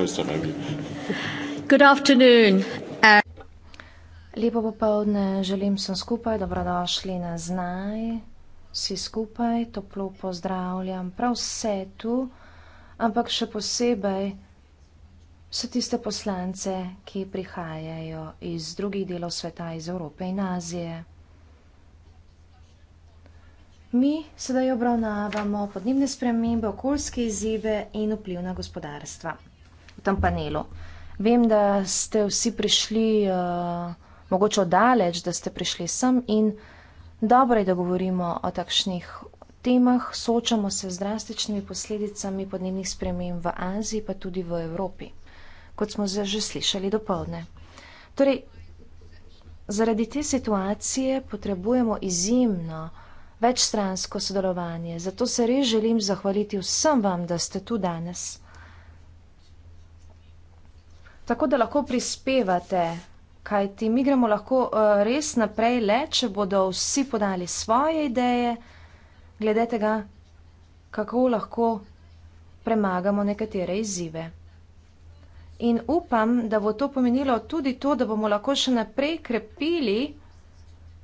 first time I've Good afternoon. Uh, Lepo popovdne, želim sem skupaj, dobrodošli na znaj, vsi skupaj, toplo pozdravljam prav vse tu, ampak še posebej vse tiste poslance, ki prihajajo iz drugih delov sveta, iz Evrope in Azije. Mi sedaj obravnavamo podnebne spremembe, okoljske izzive in vpliv na gospodarstva v tem panelu. Vem, da ste vsi prišli uh, mogoče odaleč, da ste prišli sem in dobro je, da govorimo o takšnih temah, soočamo se z drastičnimi posledicami podnebnih sprememb v Aziji, pa tudi v Evropi, kot smo že slišali do povdne. Torej, zaradi te situacije potrebujemo izjemno večstransko sodelovanje, zato se res želim zahvaliti vsem vam, da ste tu danes tako da lahko prispevate, kajti mi gremo lahko uh, res naprej le, če bodo vsi podali svoje ideje, glede tega, kako lahko premagamo nekatere izzive. In upam, da bo to pomenilo tudi to, da bomo lahko še naprej krepili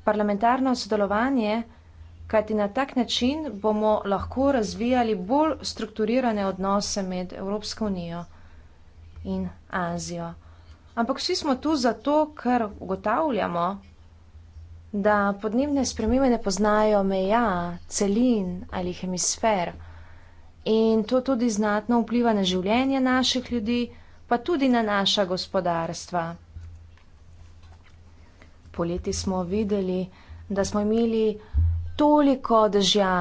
parlamentarno sodelovanje, kajti na tak način bomo lahko razvijali bolj strukturirane odnose med Evropsko unijo in Azijo. Ampak vsi smo tu zato, ker ugotavljamo, da podnebne spremembe ne poznajo meja, celin ali hemisfer. In to tudi znatno vpliva na življenje naših ljudi, pa tudi na naša gospodarstva. Poleti smo videli, da smo imeli toliko dežja,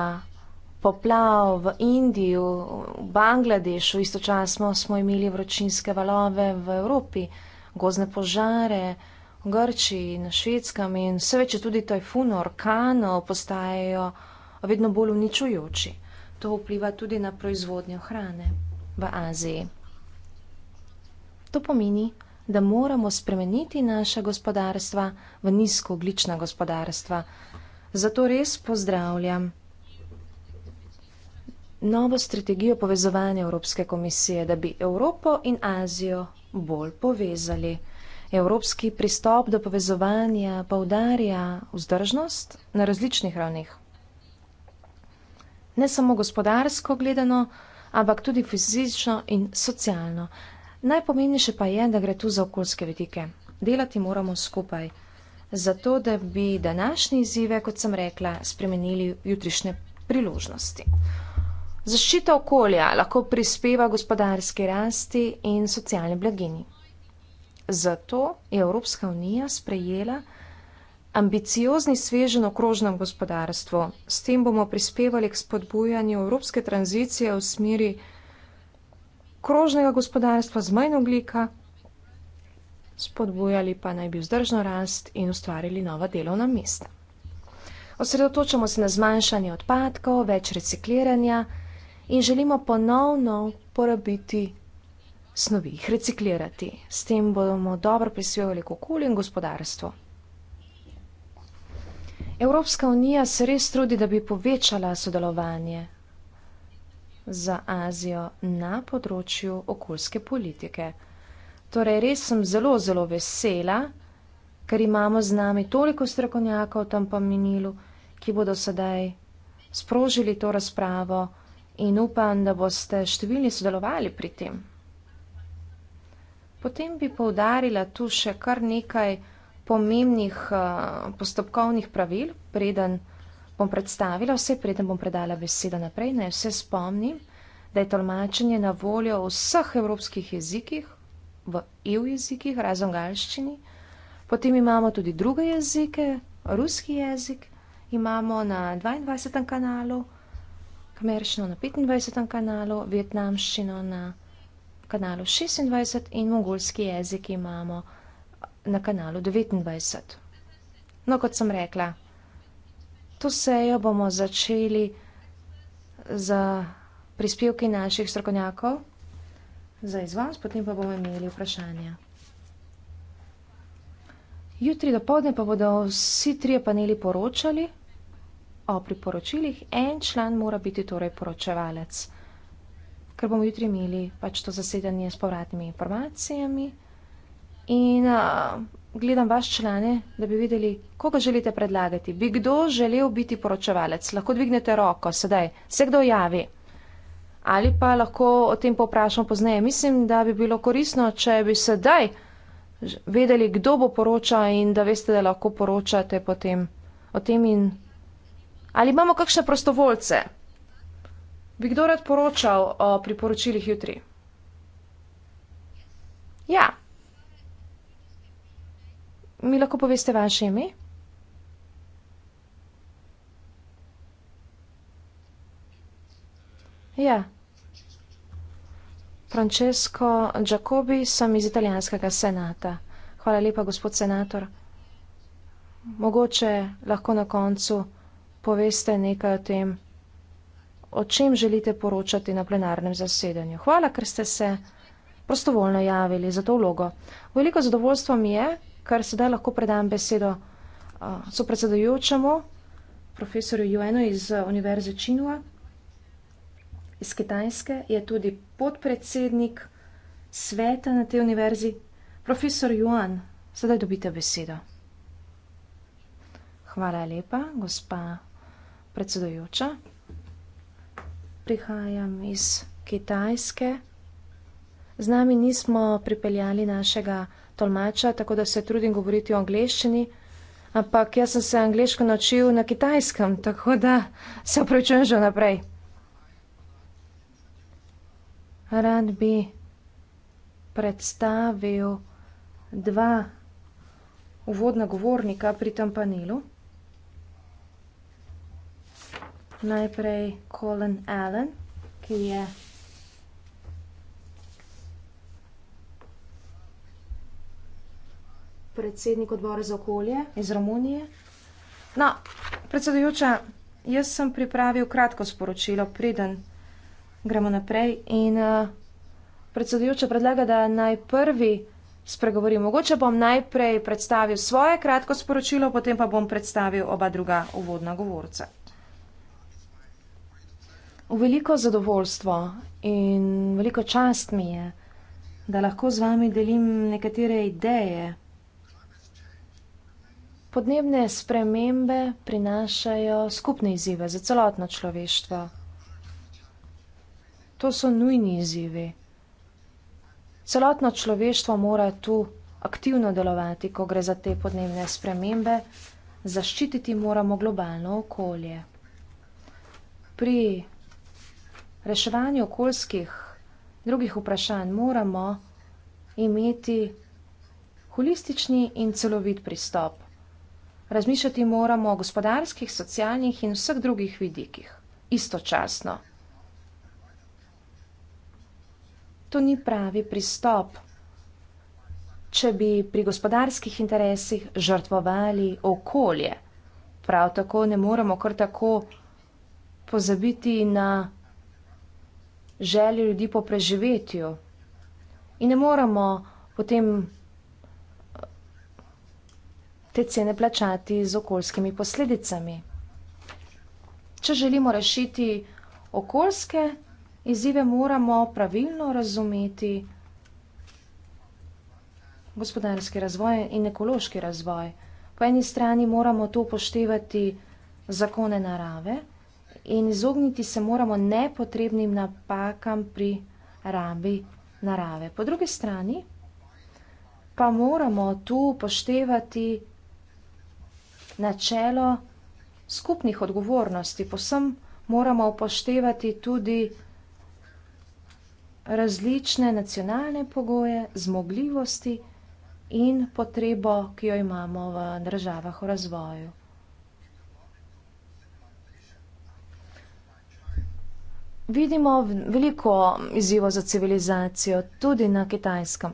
poplav v Indiji, v Bangladešu, istočasno smo imeli vročinske valove v Evropi, gozne požare v Grčiji, na Švedskem in vse več je tudi tajfunov, orkanov, postajajo vedno bolj uničujoči. To vpliva tudi na proizvodnjo hrane v Aziji. To pomeni, da moramo spremeniti naša gospodarstva v nizkooglična gospodarstva. Zato res pozdravljam novo strategijo povezovanja Evropske komisije, da bi Evropo in Azijo bolj povezali. Evropski pristop do povezovanja pa udarja vzdržnost na različnih ravnih. Ne samo gospodarsko gledano, ampak tudi fizično in socialno. Najpomembnejše pa je, da gre tu za okoljske vidike. Delati moramo skupaj, zato da bi današnje izzive, kot sem rekla, spremenili v jutrišnje priložnosti. Zaščita okolja lahko prispeva gospodarski rasti in socialni blagini. Zato je Evropska unija sprejela ambiciozni svežen okrožnem gospodarstvu. S tem bomo prispevali k spodbujanju evropske tranzicije v smeri okrožnega gospodarstva z manj oglika, spodbujali pa naj bi vzdržno rast in ustvarili nova delovna mesta. Osredotočamo se na zmanjšanje odpadkov, več recikliranja, in želimo ponovno uporabiti snovi, jih reciklirati. S tem bomo dobro prispevali k okolju in gospodarstvu. Evropska unija se res trudi, da bi povečala sodelovanje za Azijo na področju okoljske politike. Torej, res sem zelo, zelo vesela, ker imamo z nami toliko strokovnjakov tam po Minilu, ki bodo sedaj sprožili to razpravo in upam, da boste številni sodelovali pri tem. Potem bi poudarila tu še kar nekaj pomembnih eh, postopkovnih pravil, preden bom predstavila vse, preden bom predala besedo naprej. Naj vse spomnim, da je tolmačenje na voljo v vseh evropskih jezikih, v EU jezikih, razen galščini. Potem imamo tudi druge jezike, ruski jezik, imamo na 22. kanalu kmeršino na 25. kanalu, vietnamščino na kanalu 26 in mongolski jezik imamo na kanalu 29. No, kot sem rekla, to sejo bomo začeli z prispevki naših strokovnjakov za izvaz, potem pa bomo imeli vprašanja. Jutri do povdne pa bodo vsi trije paneli poročali, o priporočilih, en član mora biti torej poročevalec. Ker bomo jutri imeli pač to zasedanje s povratnimi informacijami. In uh, gledam vaš člane, da bi videli, koga želite predlagati. Bi kdo želel biti poročevalec? Lahko dvignete roko sedaj, se kdo javi. Ali pa lahko o tem poprašamo pozneje. Mislim, da bi bilo koristno, če bi sedaj vedeli, kdo bo poročal in da veste, da lahko poročate potem o tem in Ali imamo kakšne prostovoljce? Bi kdo rad poročal o priporočilih jutri? Ja. Mi lahko poveste vaše ime? Ja. Francesco Giacobbi, sem iz italijanskega senata. Hvala lepa, gospod senator. Mogoče lahko na koncu poveste nekaj o tem, o čem želite poročati na plenarnem zasedanju. Hvala, ker ste se prostovoljno javili za to vlogo. Veliko zadovoljstvo mi je, ker sedaj lahko predam besedo uh, sopredsedujočemu, profesorju Juenu iz Univerze Činua iz Kitajske. Je tudi podpredsednik sveta na tej univerzi. Profesor Juan, sedaj dobite besedo. Hvala lepa, gospa predsedujoča. Prihajam iz Kitajske. Z nami nismo pripeljali našega tolmača, tako da se trudim govoriti o angleščini, ampak jaz sem se angliško naučil na kitajskem, tako da se opravičujem že naprej. Rad bi predstavil dva uvodna govornika pri tem panelu najprej Colin Allen, ki je predsednik odbora za okolje iz Romunije. No, predsedujoča, jaz sem pripravil kratko sporočilo, preden gremo naprej. In uh, predsedujoča predlaga, da naj prvi spregovorim. Mogoče bom najprej predstavil svoje kratko sporočilo, potem pa bom predstavil oba druga uvodna govorca. V veliko zadovoljstvo in veliko čast mi je, da lahko z vami delim nekatere ideje. Podnebne spremembe prinašajo skupne izzive za celotno človeštvo. To so nujni izzivi. Celotno človeštvo mora tu aktivno delovati, ko gre za te podnebne spremembe, zaščititi moramo globalno okolje. Pri reševanju okoljskih drugih vprašanj moramo imeti holistični in celovit pristop. Razmišljati moramo o gospodarskih, socialnih in vseh drugih vidikih istočasno. To ni pravi pristop, če bi pri gospodarskih interesih žrtvovali okolje. Prav tako ne moremo kar tako pozabiti na želje ljudi po preživetju. In ne moramo potem eh, te cene plačati z okoljskimi posledicami. Če želimo rešiti okoljske izzive, moramo pravilno razumeti gospodarski razvoj in ekološki razvoj. Po eni strani moramo to upoštevati zakone narave in izogniti se moramo nepotrebnim napakam pri rabi narave. Po drugi strani pa moramo tu poštevati načelo skupnih odgovornosti. Posem moramo upoštevati tudi različne nacionalne pogoje, zmogljivosti in potrebo, ki jo imamo v državah v razvoju. vidimo veliko izzivo za civilizacijo, tudi na kitajskem.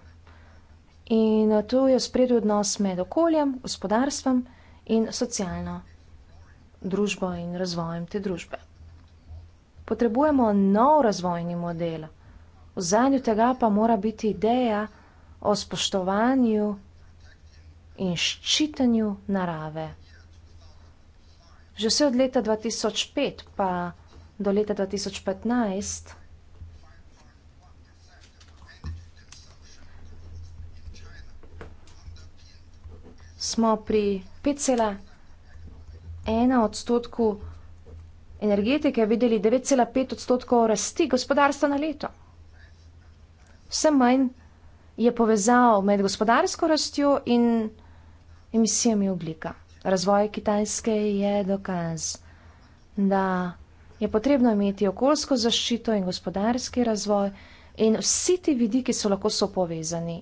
In tu je spredje odnos med okoljem, gospodarstvom in socialno družbo in razvojem te družbe. Potrebujemo nov razvojni model, v zadnju tega pa mora biti ideja o spoštovanju in ščitanju narave. Že vse od leta 2005 pa do leta 2015 smo pri 5,1 odstotku energetike videli 9,5 odstotkov rasti gospodarstva na leto. Vse manj je povezal med gospodarsko rastjo in emisijami oglika. Razvoj Kitajske je dokaz, da je potrebno imeti okoljsko zaščito in gospodarski razvoj in vsi ti vidiki so lahko sopovezani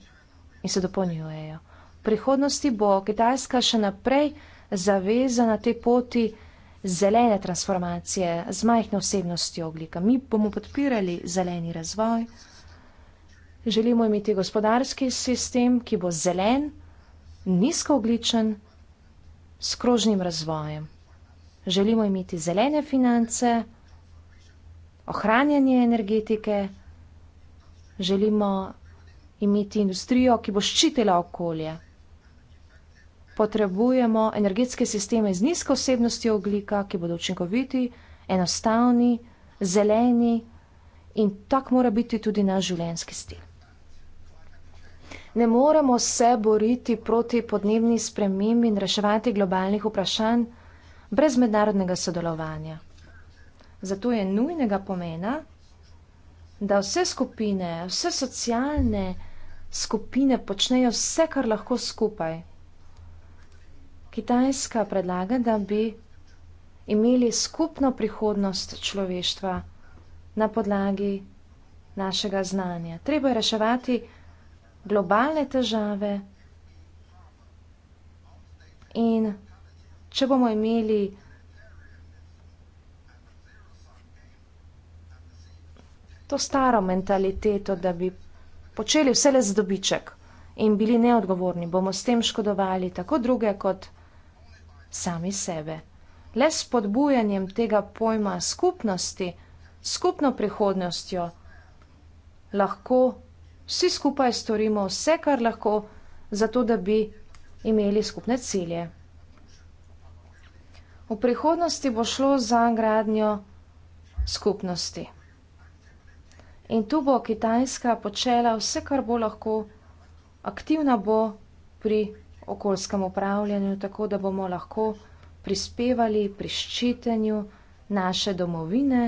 in se dopolnjujejo. V prihodnosti bo Kitajska še naprej zavezana te poti zelene transformacije z majhno osebnostjo oblika. Mi bomo podpirali zeleni razvoj, želimo imeti gospodarski sistem, ki bo zelen, nizkoogličen, s krožnim razvojem želimo imeti zelene finance, ohranjanje energetike, želimo imeti industrijo, ki bo ščitila okolje. Potrebujemo energetske sisteme z nizko vsebnostjo oglika, ki bodo učinkoviti, enostavni, zeleni in tak mora biti tudi naš življenjski stil. Ne moremo se boriti proti podnebni spremembi in reševati globalnih vprašanj brez mednarodnega sodelovanja. Zato je nujnega pomena, da vse skupine, vse socialne skupine počnejo vse, kar lahko skupaj. Kitajska predlaga, da bi imeli skupno prihodnost človeštva na podlagi našega znanja. Treba je reševati globalne težave in če bomo imeli to staro mentaliteto, da bi počeli vse le z dobiček in bili neodgovorni, bomo s tem škodovali tako druge kot sami sebe. Le s podbujanjem tega pojma skupnosti, skupno prihodnostjo, lahko vsi skupaj storimo vse, kar lahko, zato da bi imeli skupne cilje. V prihodnosti bo šlo za gradnjo skupnosti. In tu bo Kitajska počela vse, kar bo lahko, aktivna bo pri okoljskem upravljanju, tako da bomo lahko prispevali pri ščitenju naše domovine,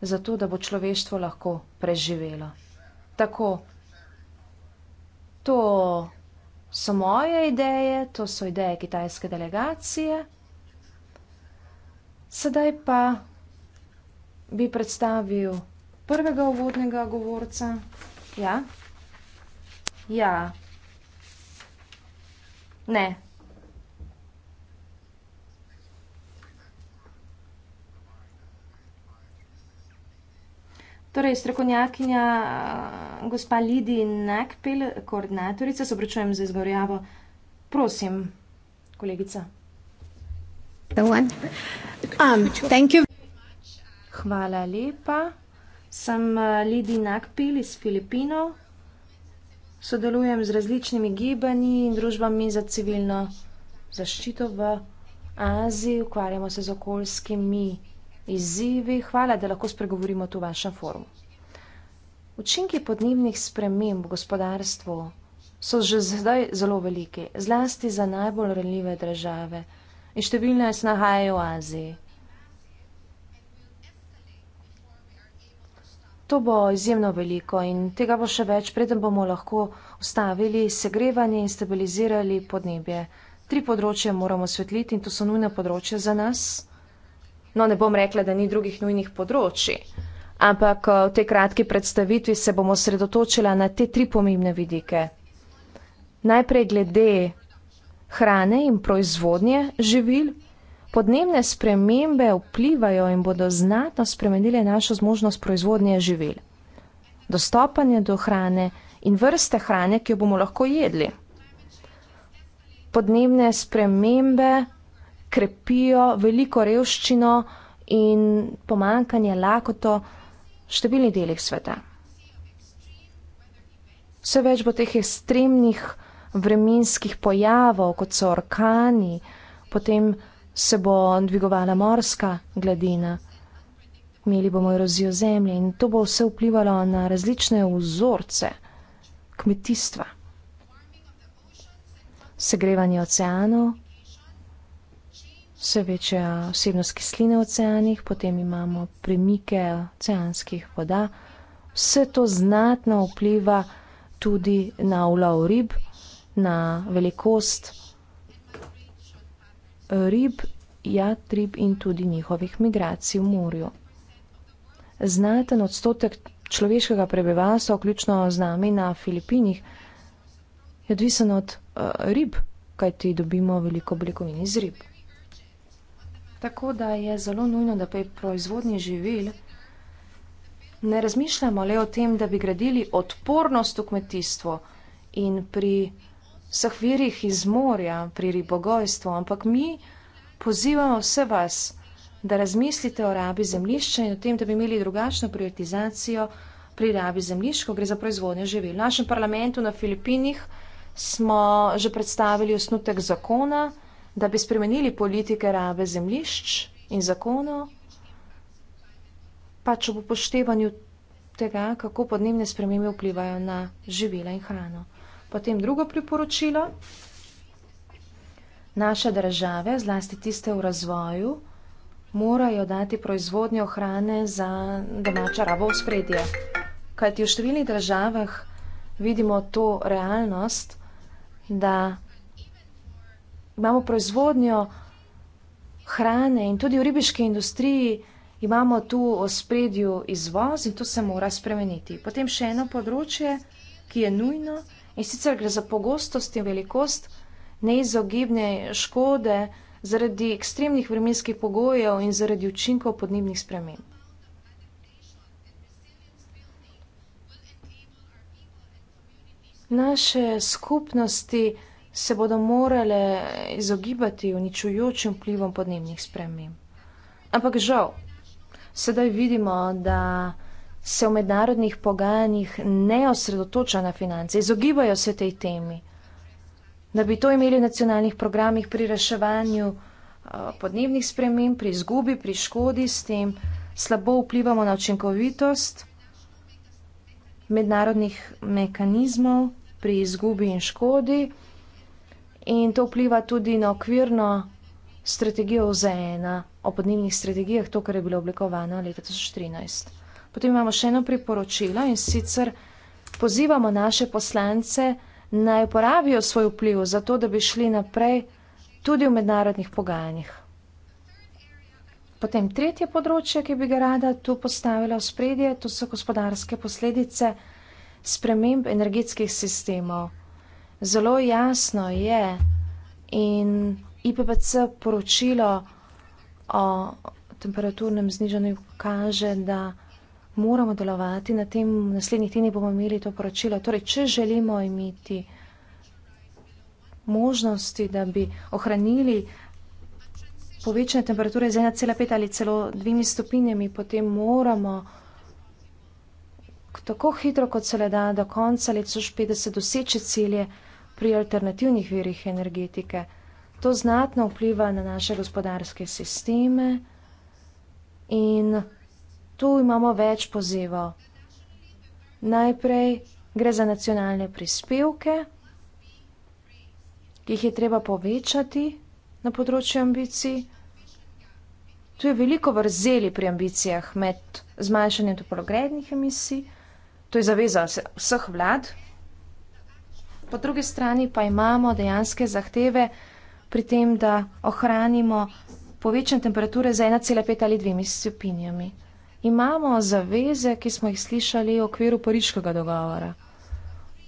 zato da bo človeštvo lahko preživelo. Tako, to so moje ideje, to so ideje kitajske delegacije. Sedaj pa bi predstavil prvega uvodnega govorca. Ja? Ja. Ne. Torej, strokovnjakinja gospa Lidi Nekpil, koordinatorica, se obračujem za izgovorjavo. Prosim, kolegica. Um, Hvala lepa. Sem uh, Lidi Nakpil iz Filipinov. Sodelujem z različnimi gibanji in družbami za civilno zaščito v Aziji. Ukvarjamo se z okoljskimi izzivi. Hvala, da lahko spregovorimo tu v vašem forumu. Učinki podnebnih sprememb v gospodarstvu so že zdaj zelo veliki, zlasti za najbolj reljive države in številne se nahajajo v Aziji. To bo izjemno veliko in tega bo še več, preden bomo lahko ustavili segrevanje in stabilizirali podnebje. Tri področje moramo svetliti in to so nujne področje za nas. No, ne bom rekla, da ni drugih nujnih področji, ampak eh, v tej kratki predstavitvi se bomo sredotočila na te tri pomembne vidike. Najprej glede hrane in proizvodnje živil. Podnebne spremembe vplivajo in bodo znatno spremenile našo zmožnost proizvodnje živil. Dostopanje do hrane in vrste hrane, ki jo bomo lahko jedli. Podnebne spremembe krepijo veliko revščino in pomankanje lakoto v številnih delih sveta. Vse več bo teh ekstremnih vremenskih pojavov, kot so orkani, potem se bo dvigovala morska gladina, imeli bomo erozijo zemlje in to bo vse vplivalo na različne vzorce kmetijstva, segrevanje oceanov, vse večja vsebnost kisline v oceanih, potem imamo premike oceanskih voda. Vse to znatno vpliva tudi na ulov rib na velikost rib, jatrib in tudi njihovih migracij v morju. Znaten odstotek človeškega prebivalstva, vključno z nami na Filipinih, je odvisen od uh, rib, kajti dobimo veliko beljakovin iz rib. Tako da je zelo nujno, da pri proizvodnji živil ne razmišljamo le o tem, da bi gradili odpornost v kmetijstvo in pri vseh virih iz morja pri ribogojstvu, ampak mi pozivamo vse vas, da razmislite o rabi zemlišča in o tem, da bi imeli drugačno prioritizacijo pri rabi zemlišč, ko gre za proizvodnjo živil. V našem parlamentu na Filipinih smo že predstavili osnutek zakona, da bi spremenili politike rabe zemlišč in zakonov, pač ob upoštevanju tega, kako podnebne spremembe vplivajo na živila in hrano. Potem drugo priporočilo. Naše države, zlasti tiste v razvoju, morajo dati proizvodnjo hrane za domača rabo v spredje. Kajti v številnih državah vidimo to realnost, da imamo proizvodnjo hrane in tudi v ribiški industriji imamo tu v spredju izvoz in to se mora spremeniti. Potem še eno področje, ki je nujno. In sicer gre za pogostost in velikost neizogibne škode zaradi ekstremnih vremenskih pogojev in zaradi učinkov podnebnih sprememb. Naše skupnosti se bodo morale izogibati uničujočim vplivom podnebnih sprememb. Ampak žal, sedaj vidimo, da se v mednarodnih pogajanjih ne osredotoča na finance, izogibajo se tej temi, da bi to imeli v nacionalnih programih pri reševanju uh, podnebnih sprememb, pri izgubi, pri škodi, s tem slabo vplivamo na učinkovitost mednarodnih mehanizmov pri izgubi in škodi in to vpliva tudi na okvirno strategijo ZN-a o podnebnih strategijah, to, kar je bilo oblikovano leta 2013. Potem imamo še eno priporočilo in sicer pozivamo naše poslance naj uporabijo svoj vpliv za to, da bi šli naprej tudi v mednarodnih pogajanjih. Potem tretje področje, ki bi ga rada tu postavila v spredje, to so gospodarske posledice sprememb energetskih sistemov. Zelo jasno je in IPPC poročilo o temperaturnem znižanju kaže, da moramo delovati na tem, naslednji tedni bomo imeli to poročilo. Torej, če želimo imeti možnosti, da bi ohranili povečane temperature z 1,5 ali celo dvimi stopinjami, potem moramo tako hitro, kot se le da, do konca leta 2050 doseči cilje pri alternativnih virih energetike. To znatno vpliva na naše gospodarske sisteme in tu imamo več pozivov. Najprej gre za nacionalne prispevke, ki jih je treba povečati na področju ambicij. Tu je veliko vrzeli pri ambicijah med zmanjšanjem topologrednih emisij, to je zaveza vseh vlad. Po drugi strani pa imamo dejanske zahteve pri tem, da ohranimo povečanje temperature za 1,5 ali 2 stopinjami imamo zaveze, ki smo jih slišali v okviru pariškega dogovora.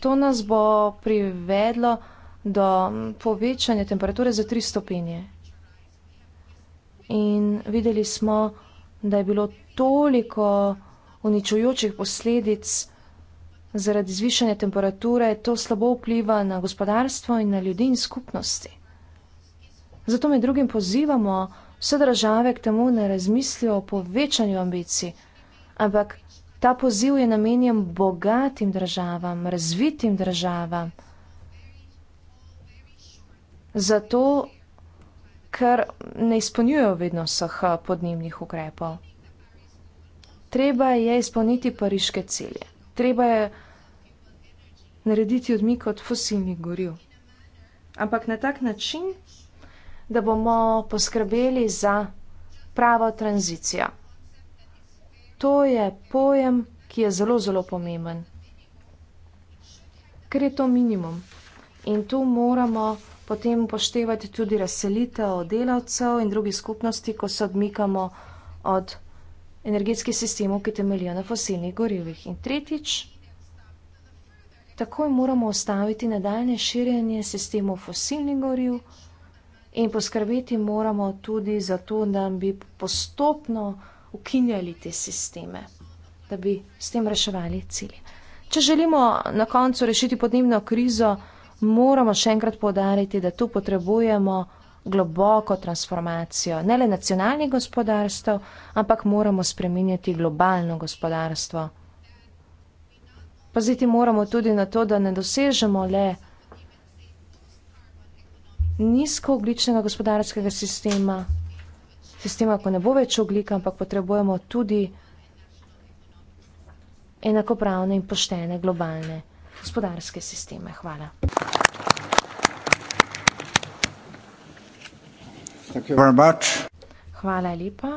To nas bo privedlo do povečanja temperature za tri stopinje. In videli smo, da je bilo toliko uničujočih posledic zaradi zvišanja temperature, to slabo vpliva na gospodarstvo in na ljudi in skupnosti. Zato med drugim pozivamo, da vse države k temu ne razmislijo o povečanju ambicij, ampak ta poziv je namenjen bogatim državam, razvitim državam. Zato, ker ne izpolnjujejo vedno vseh eh, podnebnih ukrepov. Treba je izpolniti pariške cilje, treba je narediti odmik od fosilnih goril. Ampak na tak način, da bomo poskrbeli za pravo tranzicijo. To je pojem, ki je zelo, zelo pomemben, ker je to minimum. In tu moramo potem poštevati tudi razselitev delavcev in drugih skupnosti, ko se odmikamo od energetskih sistemov, ki temeljijo na fosilnih gorivih. In tretjič, takoj moramo ostaviti nadaljne širjenje sistemov fosilnih goriv, In poskrbeti moramo tudi za to, da bi postopno ukinjali te sisteme, da bi s tem reševali cilje. Če želimo na koncu rešiti podnebno krizo, moramo še enkrat podariti, da tu potrebujemo globoko transformacijo ne le nacionalnih gospodarstv, ampak moramo spremenjati globalno gospodarstvo. Paziti moramo tudi na to, da ne dosežemo le nizkoogličnega gospodarskega sistema, sistema, ko ne bo več oglika, ampak potrebujemo tudi enakopravne in poštene globalne gospodarske sisteme. Hvala. Hvala lepa.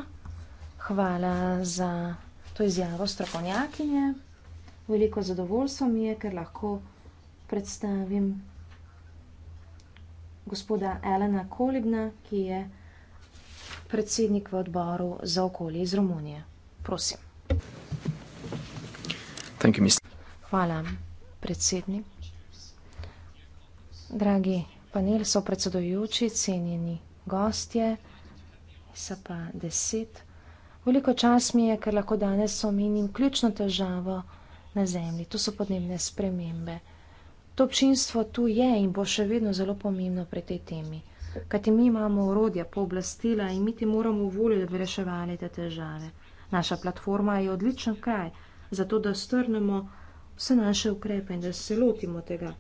Hvala za to izjavo strokovnjakinje. Veliko zadovoljstvo mi je, ker lahko predstavim gospoda Elena Kolibna, ki je predsednik v odboru za okolje iz Romunije. Prosim. Thank you, Hvala, predsednik. Dragi panel, so predsedojoči, cenjeni gostje, so pa deset. Veliko čas mi je, ker lahko danes omenim ključno težavo na zemlji, to so podnebne spremembe to občinstvo tu je in bo še vedno zelo pomembno pri tej temi. Kajti mi imamo urodja, pooblastila in mi ti moramo voljo, da bi reševali te težave. Naša platforma je odličen kraj, zato da strnemo vse naše ukrepe in da se lotimo tega.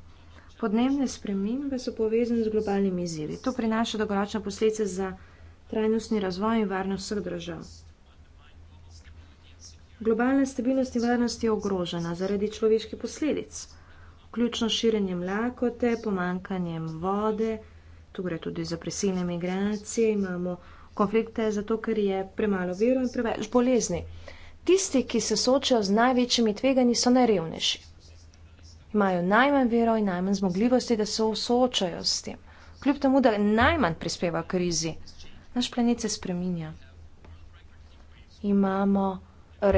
Podnebne spremembe so povezane z globalnimi izzivi. To prinaša dolgoročne posledice za trajnostni razvoj in varnost vseh držav. Globalna stabilnost in varnost je ogrožena zaradi človeških posledic vključno s širjenjem lakote, pomankanjem vode, tu gre tudi za prisilne migracije, imamo konflikte zato, ker je premalo vero in preveč bolezni. Tisti, ki se soočajo z največjimi tveganji, so najrevnejši. Imajo najmanj vero in najmanj zmogljivosti, da se soočajo s tem. Kljub temu, da najmanj prispeva krizi, naš planet se spreminja. Imamo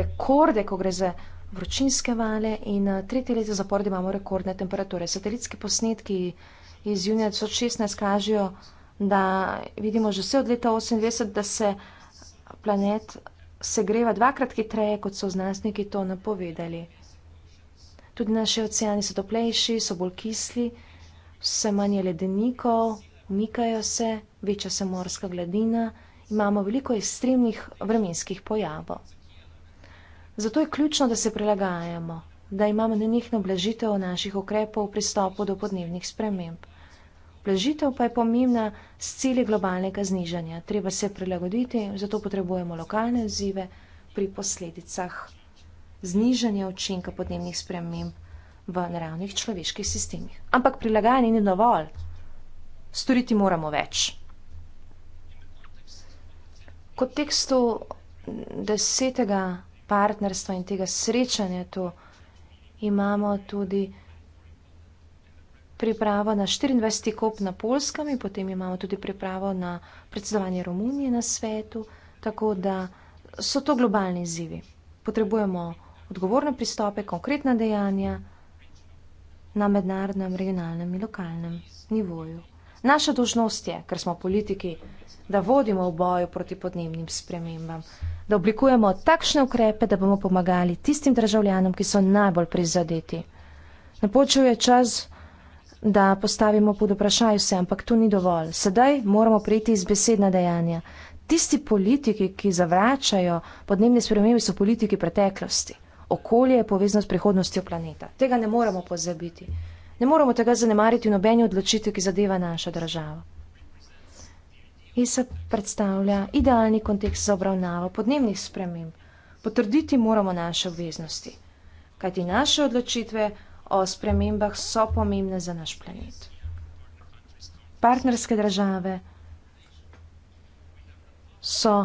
rekorde, ko gre za vročinske vale in eh, tretje leto zapored imamo rekordne temperature. Satelitski posnetki iz junija 2016 kažejo, da vidimo že vse od leta 1928, da se planet segreva dvakrat hitreje, kot so znanstveniki to napovedali. Tudi naši oceani so toplejši, so bolj kisli, vse manj je ledenikov, umikajo se, večja se morska gladina, imamo veliko ekstremnih vremenskih pojavov. Zato je ključno, da se prilagajamo, da imamo nenehno blažitev naših ukrepov v pristopu do podnebnih sprememb. Blažitev pa je pomembna s cilji globalnega znižanja. Treba se prilagoditi, zato potrebujemo lokalne odzive pri posledicah znižanja učinka podnebnih sprememb v naravnih človeških sistemih. Ampak prilagajanje ni dovolj. Storiti moramo več. Kot tekstu desetega partnerstva in tega srečanja tu imamo tudi pripravo na 24. kop na Polskem in potem imamo tudi pripravo na predsedovanje Romunije na svetu, tako da so to globalni izzivi. Potrebujemo odgovorne pristope, konkretna dejanja na mednarodnem, regionalnem in lokalnem nivoju. Naša dožnost je, ker smo politiki, da vodimo v boju proti podnebnim spremembam, da oblikujemo takšne ukrepe, da bomo pomagali tistim državljanom, ki so najbolj prizadeti. Napočil je čas, da postavimo pod vprašaj vse, ampak to ni dovolj. Sedaj moramo prijeti iz besedna dejanja. Tisti politiki, ki zavračajo podnebne spremembe, so politiki preteklosti. Okolje je povezano s prihodnostjo planeta. Tega ne moramo pozabiti. Ne moremo tega zanemariti v nobeni odločitvi, ki zadeva našo državo. In se predstavlja idealni kontekst za obravnavo podnebnih sprememb. Potrditi moramo naše obveznosti, kajti naše odločitve o spremembah so pomembne za naš planet. Partnerske države so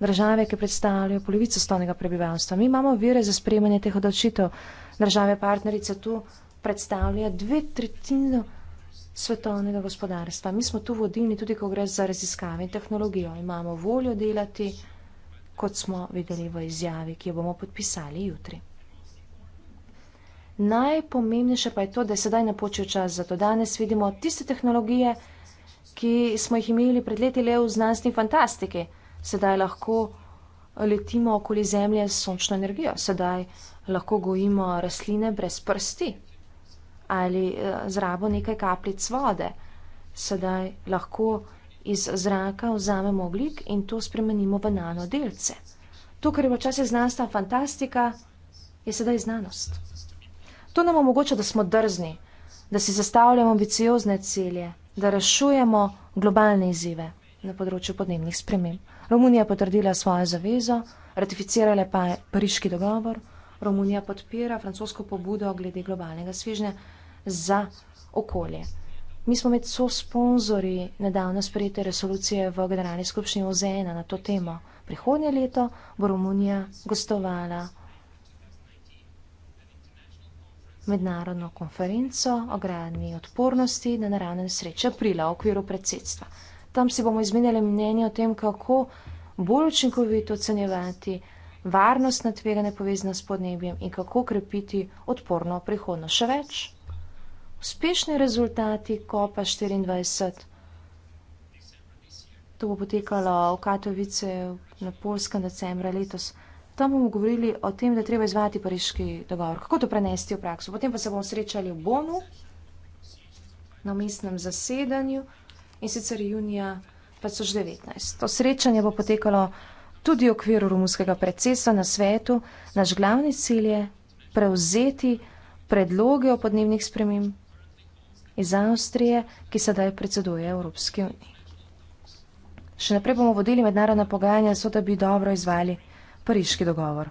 države, ki predstavljajo polovico stonega prebivalstva. Mi imamo vire za spremanje teh odločitev. Države partnerice tu predstavlja dve tretjino svetovnega gospodarstva. Mi smo tu vodilni tudi, ko gre za raziskave in tehnologijo. Imamo voljo delati, kot smo videli v izjavi, ki jo bomo podpisali jutri. Najpomembnejše pa je to, da je sedaj napočil čas za to. Danes vidimo tiste tehnologije, ki smo jih imeli pred leti le v znanstveni fantastiki. Sedaj lahko letimo okoli Zemlje s sončno energijo, sedaj lahko gojimo rastline brez prsti, ali eh, zrabo nekaj kapljic vode. Sedaj lahko iz zraka vzamemo oglik in to spremenimo v nanodelce. To, kar je včasih znanstva fantastika, je sedaj znanost. To nam omogoča, da smo drzni, da si zastavljamo ambiciozne cilje, da rešujemo globalne izzive na področju podnebnih sprememb. Romunija je potrdila svojo zavezo, ratificirala pa je pariški dogovor, Romunija podpira francosko pobudo glede globalnega svežnja za okolje. Mi smo med sosponzori nedavno sprejete resolucije v Generalni skupščini OZN na to temo. Prihodnje leto bo Romunija gostovala mednarodno konferenco o gradni odpornosti na naravne nesreče aprila v okviru predsedstva. Tam si bomo izmenjali mnenje o tem, kako bolj učinkovito ocenjevati varnost na tvegane povezane s podnebjem in kako krepiti odporno prihodnost. Še več? uspešni rezultati COP24. To bo potekalo v Katovice na Polskem decembra letos. Tam bomo govorili o tem, da treba izvati pariški dogovor. Kako to prenesti v prakso? Potem pa se bomo srečali v Bonu na mestnem zasedanju in sicer junija 2019. To srečanje bo potekalo tudi v okviru rumunskega predsedstva na svetu. Naš glavni cilj je prevzeti predloge o podnebnih spremembah iz Avstrije, ki sedaj predseduje Evropski uniji. Še naprej bomo vodili mednarodna pogajanja, so da bi dobro izvali pariški dogovor.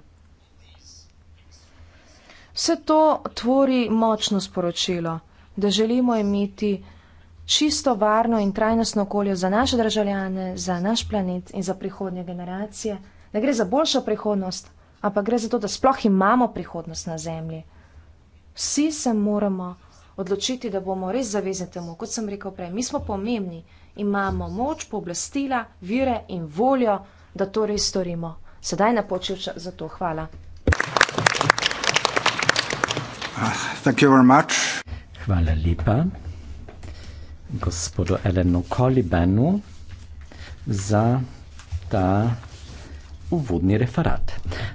Vse to tvori močno sporočilo, da želimo imeti čisto varno in trajnostno okolje za naše državljane, za naš planet in za prihodnje generacije. Ne gre za boljšo prihodnost, ampak gre za to, da sploh imamo prihodnost na Zemlji. Vsi se moramo odločiti, da bomo res zavezni temu, kot sem rekel prej. Mi smo pomembni, imamo moč, pooblastila, vire in voljo, da to res storimo. Sedaj napočil za to. Hvala. Uh, Hvala lepa gospodu Elenu Kolibenu za ta uvodni referat.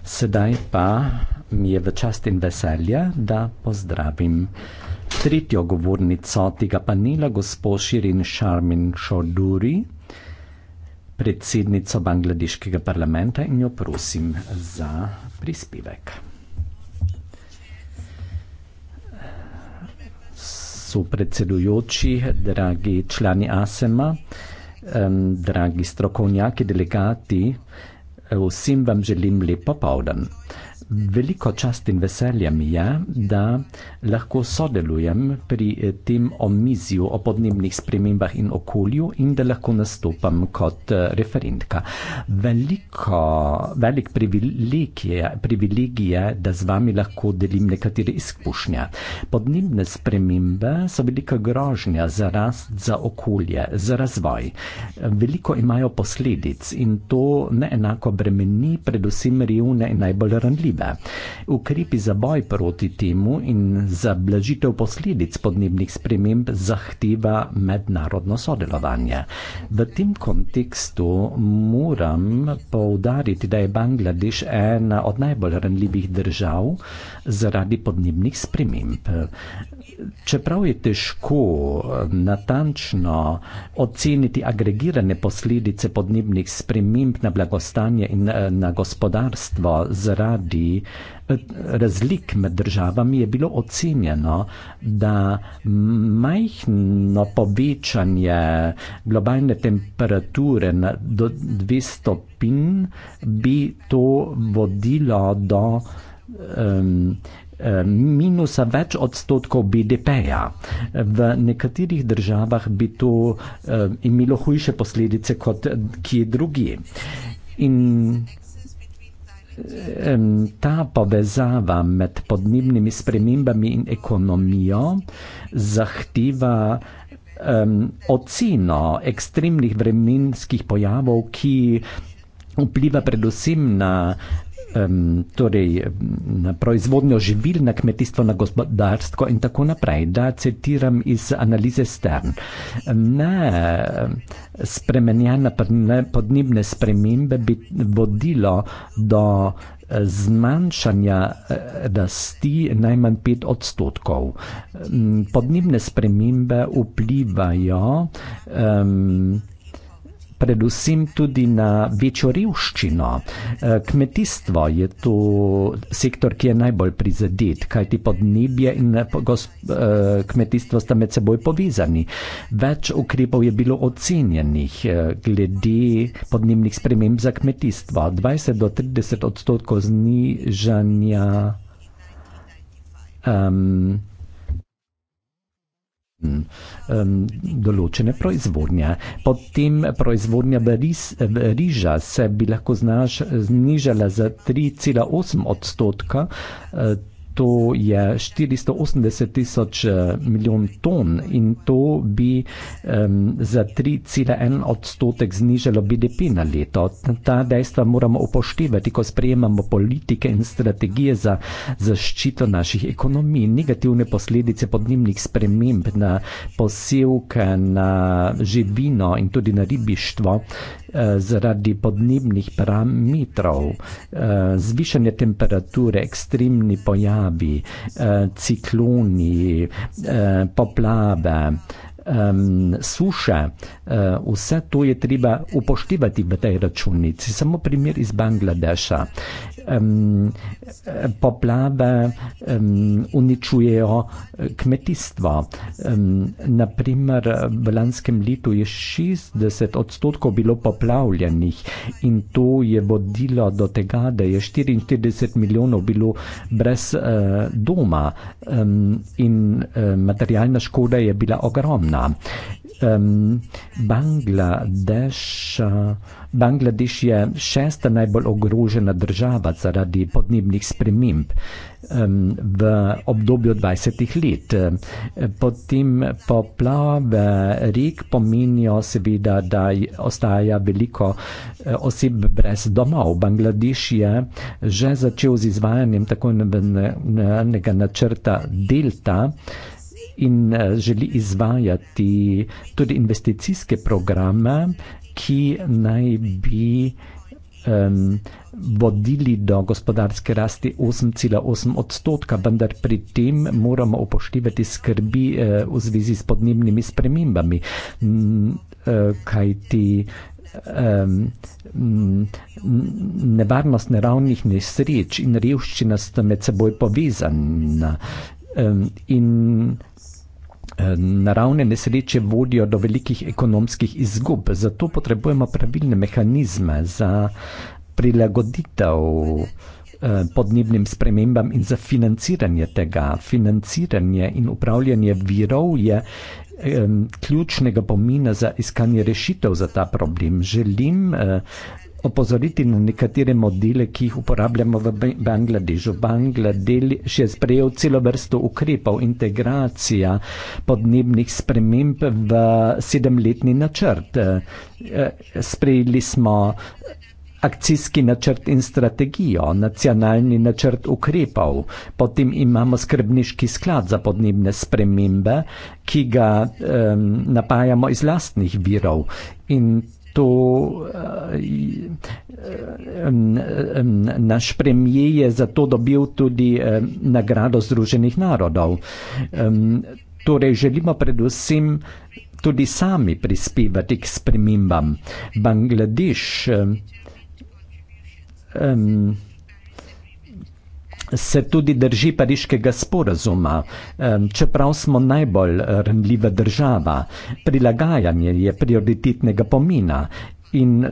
Sedaj pa mi je v čast in veselje, da pozdravim uh, tretjo govornico tega panela, gospo Širin Šarmin Šoduri, predsednico Bangladeškega parlamenta in jo prosim za prispevek. So predsedujoči, dragi člani ASEMA, dragi strokovnjaki, delegati, eh, vsem vam želim lepo povdan veliko čast in veselje mi je, da lahko sodelujem pri eh, tem omizju o podnebnih spremembah in okolju in da lahko nastopam kot eh, referentka. Veliko, velik privilegij je, da z vami lahko delim nekatere izkušnje. Podnebne spremembe so velika grožnja za rast, za okolje, za razvoj. Veliko imajo posledic in to neenako bremeni predvsem revne in najbolj ranljive. Karibe. Ukrepi za boj proti temu in za blažitev posledic podnebnih sprememb zahteva mednarodno sodelovanje. V tem kontekstu moram poudariti, da je Bangladeš ena od najbolj ranljivih držav zaradi podnebnih sprememb. Čeprav je težko eh, natančno oceniti agregirane posledice podnebnih sprememb na blagostanje in eh, na gospodarstvo zaradi študiji razlik med državami je bilo ocenjeno, da majhno povečanje globalne temperature na do 2 stopin bi to vodilo do um, minusa več odstotkov BDP-ja. V nekaterih državah bi to um, imelo hujše posledice kot kje drugi. In ta povezava med podnebnimi spremembami in ekonomijo zahteva um, oceno ekstremnih vremenskih pojavov, ki vpliva predvsem na torej, na proizvodnjo živil, na kmetijstvo, na gospodarstvo in tako naprej. Da citiram iz analize Stern. Na spremenjene podnebne spremembe bi vodilo do eh, zmanjšanja eh, rasti najmanj 5 odstotkov. Podnebne spremembe vplivajo. Um, predvsem tudi na večjo revščino. Eh, kmetijstvo je tu sektor, ki je najbolj prizadet, kajti podnebje in eh, eh, kmetijstvo sta med seboj povezani. Več ukrepov je bilo ocenjenih glede podnebnih sprememb za kmetijstvo. 20 do 30 odstotkov znižanja. Um, določene proizvodnje. Potem proizvodnja riža se bi lahko znižala za 3,8 odstotka. Eh, to je 480 tisoč eh, milijon ton in to bi um, za 3,1 odstotek znižalo BDP na leto. Ta dejstva moramo upoštevati, ko sprejemamo politike in strategije za zaščito naših ekonomij. Negativne posledice podnebnih sprememb na posevke, na živino in tudi na ribištvo Eh, zaradi podnebnih parametrov, eh, zvišanje temperature, ekstremni pojavi, eh, cikloni, poplave um, suša, uh, eh, vse to je treba upoštevati v tej računici. Samo primer iz Bangladeša. Um, poplave um, uničujejo eh, kmetijstvo. Um, naprimer, v lanskem letu je 60 odstotkov bilo poplavljenih in to je vodilo do tega, da je 44 milijonov bilo brez uh, doma um, in uh, materialna škoda je bila ogromna. Ghana. Um, Bangladesh, Bangladesh je šesta najbolj ogrožena država zaradi podnebnih sprememb um, v obdobju 20 let. Potem poplave rek pomenijo seveda, da ostaja veliko eh, oseb brez domov. Bangladesh je že začel z izvajanjem tako imenovanega načrta Delta in eh, želi izvajati tudi investicijske programe, ki naj bi um, vodili do gospodarske rasti 8,8 odstotka, vendar pri tem moramo upoštevati skrbi uh, v zvezi s podnebnimi spremembami, uh, kajti um, nevarnost neravnih nesreč in revščina sta med seboj povezana. Um, Eh, naravne nesreče vodijo do velikih ekonomskih izgub, zato potrebujemo pravilne mehanizme za prilagoditev eh, podnebnim spremembam in za financiranje tega. Financiranje in upravljanje virov je eh, ključnega pomena za iskanje rešitev za ta problem. Želim opozoriti na nekatere modele, ki jih uporabljamo v Bangladežu. Bangladež je sprejel celo vrsto ukrepov, integracija podnebnih sprememb v sedemletni načrt. Eh, sprejeli smo akcijski načrt in strategijo, nacionalni načrt ukrepov, potem imamo skrbniški sklad za podnebne spremembe, ki ga um, napajamo iz lastnih virov. In to eh, naš premijer je zato dobil tudi eh, nagrado Združenih narodov. Torej želimo predvsem tudi sami prispevati k spremembam. Bangladeš um, se tudi drži pariškega sporazuma, čeprav smo najbolj rnljiva država. Prilagajanje je prioritetnega pomena in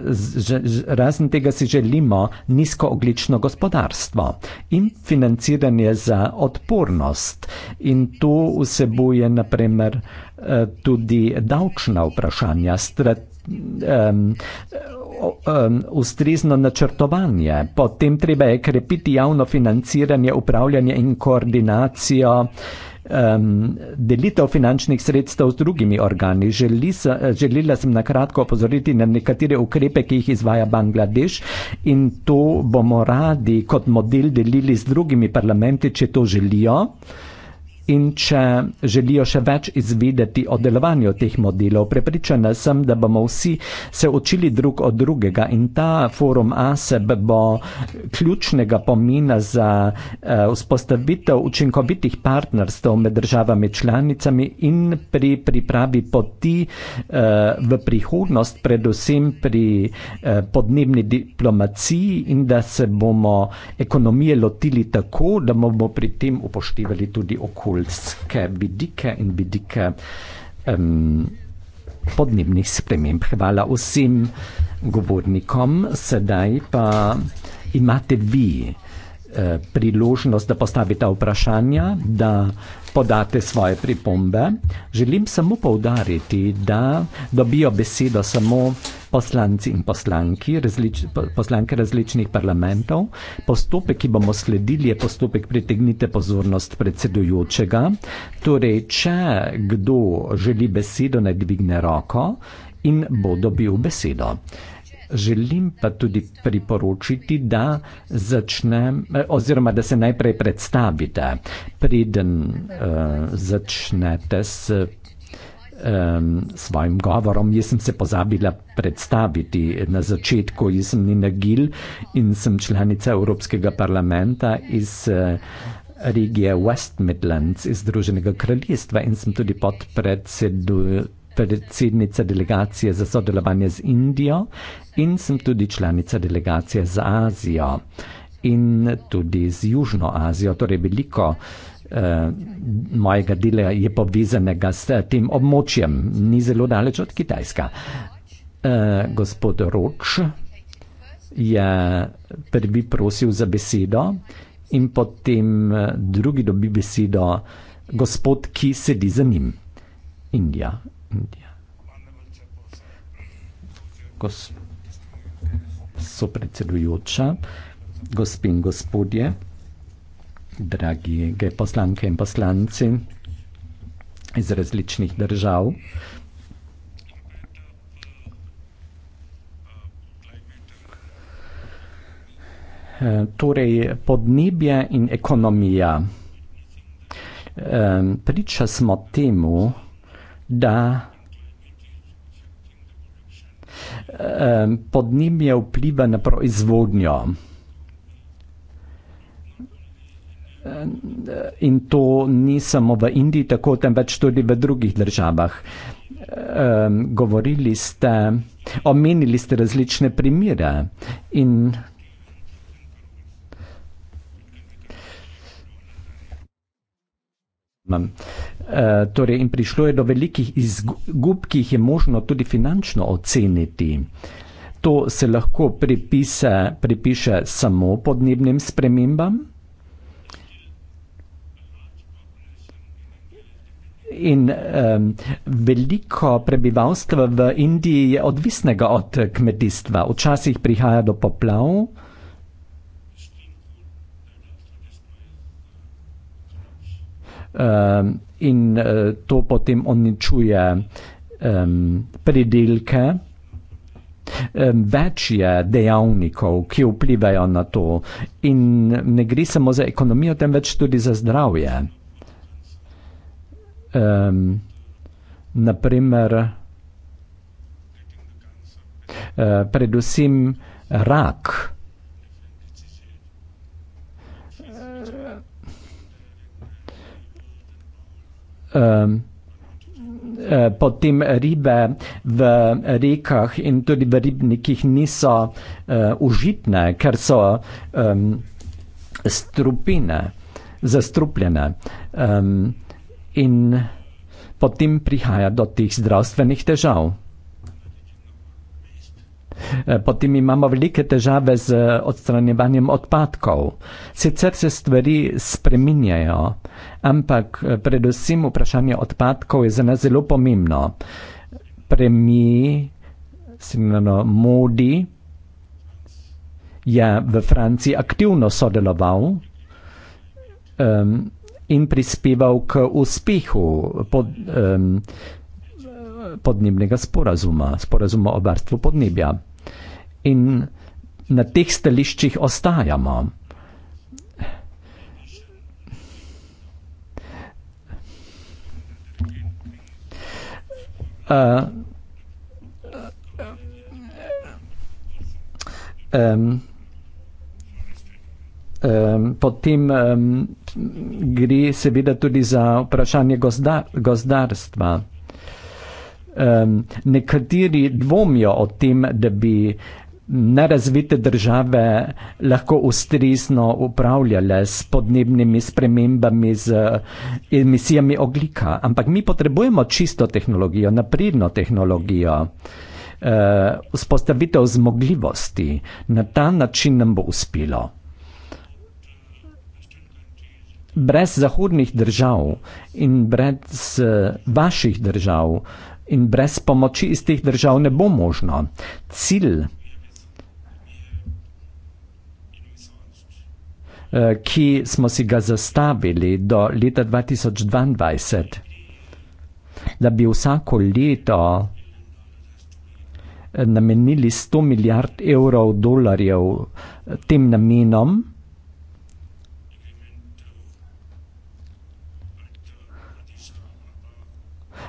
razen tega si želimo nizkooglično gospodarstvo in financiranje za odpornost. In to vsebuje naprimer eh, tudi davčna vprašanja, strategija um, um, ustrezno načrtovanje, potem treba je krepiti javno financiranje, upravljanje in koordinacijo. Um, delitev finančnih sredstev z drugimi organi. Želi se, želila sem na kratko opozoriti na nekatere ukrepe, ki jih izvaja Bangladeš in to bomo radi kot model delili z drugimi parlamenti, če to želijo. Uh, In če želijo še več izvedeti o delovanju teh modelov, prepričana sem, da bomo vsi se učili drug od drugega in ta forum ASEB bo ključnega pomena za eh, vzpostavitev učinkovitih partnerstv med državami članicami in pri pripravi poti eh, v prihodnost, predvsem pri eh, podnebni diplomaciji in da se bomo ekonomije lotili tako, da bomo pri tem upoštevali tudi okolje okoljske vidike in vidike um, podnebnih sprememb. Hvala vsem govornikom, sedaj pa imate vi. Eh, priložnost, da postavite vprašanja, da podate svoje pripombe. Želim samo povdariti, da dobijo besedo samo poslanci in poslanki, različ, poslanke različnih parlamentov. Postopek, ki bomo sledili, je postopek pritegnite pozornost predsedujočega. Torej, če kdo želi besedo, ne dvigne roko in bo dobil besedo. Uh, želim pa tudi priporočiti, da začnem, oziroma da se najprej predstavite, preden uh, začnete s um, svojim govorom. Jaz sem se pozabila predstaviti na začetku, jaz sem Nina Gil in sem članica Evropskega parlamenta iz. Uh, Regije West Midlands iz Združenega kraljestva in sem tudi podpredsednik predsednica delegacije za sodelovanje z Indijo in sem tudi članica delegacije za Azijo in tudi z Južno Azijo. Torej, veliko eh, mojega dela je povezanega s eh, tem območjem, ni zelo daleč od Kitajska. Eh, gospod Roč je prvi prosil za besedo in potem eh, drugi dobi besedo gospod, ki sedi za njim. Indija. India. Gos so predsedujoča, gospi in gospodje, dragi poslanke in poslanci iz različnih držav, Torej, podnebje in ekonomija. priča smo temu, da podnebje vpliva na proizvodnjo. In to ni samo v Indiji, tako temveč tudi v drugih državah. Govorili ste, omenili ste različne primere in imam Eh, torej, in prišlo je do velikih izgub, ki jih je možno tudi finančno oceniti. To se lahko pripise, pripiše samo podnebnim spremembam. In um, veliko prebivalstva v Indiji je odvisnega od kmetijstva. Včasih prihaja do poplav, um, in uh, to potem uničuje um, pridelke. Um, več je dejavnikov, ki vplivajo na to, in ne gre samo za ekonomijo, temveč tudi za zdravje. Um, naprimer, uh, eh, predvsem rak. um, eh, Potem ribe v rekah in tudi v ribnikih niso uh, užitne, ker so um, strupine, zastrupljene. Um, in potem prihaja do teh zdravstvenih težav. Eh, potem imamo velike težave z eh, odstranjevanjem odpadkov. Sicer se stvari spreminjajo, ampak eh, predvsem vprašanje odpadkov je za nas zelo pomembno. Premi, sinono Modi, je v Franciji aktivno sodeloval um, in prispeval k uspehu. Pod, um, podnebnega sporazuma, sporazuma o varstvu podnebja. In na teh stališčih ostajamo. Uh, um, um, potem um, gre seveda tudi za vprašanje gozda, gozdarstva um, nekateri dvomijo o tem, da bi nerazvite države lahko ustrezno upravljale s podnebnimi spremembami, z emisijami oglika. Ampak mi potrebujemo čisto tehnologijo, napredno tehnologijo. Eh, vzpostavitev zmogljivosti na ta način nam bo uspelo. Brez zahodnih držav in brez eh, vaših držav in brez pomoči iz teh držav ne bo možno. Cilj, eh, ki smo si ga zastavili do leta 2022, da bi vsako leto eh, namenili 100 milijard evrov dolarjev eh, tem namenom,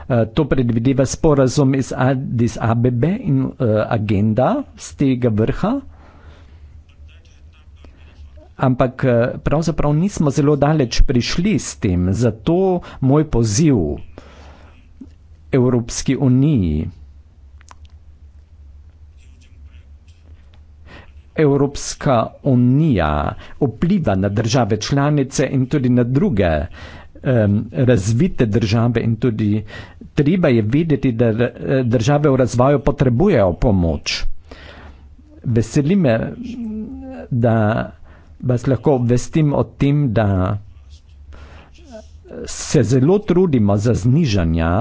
Eh, to predvideva sporazum iz Addis Abebe in uh, agenda z tega vrha. Ampak eh, pravzaprav nismo zelo daleč prišli s tem, zato moj poziv Evropski uniji. Evropska unija vpliva na države članice in tudi na druge um, razvite države in tudi uh, Treba je videti, da eh, države v razvoju potrebujejo pomoč. Veseli me, da vas lahko obvestim o tem, da eh, se zelo trudimo za znižanja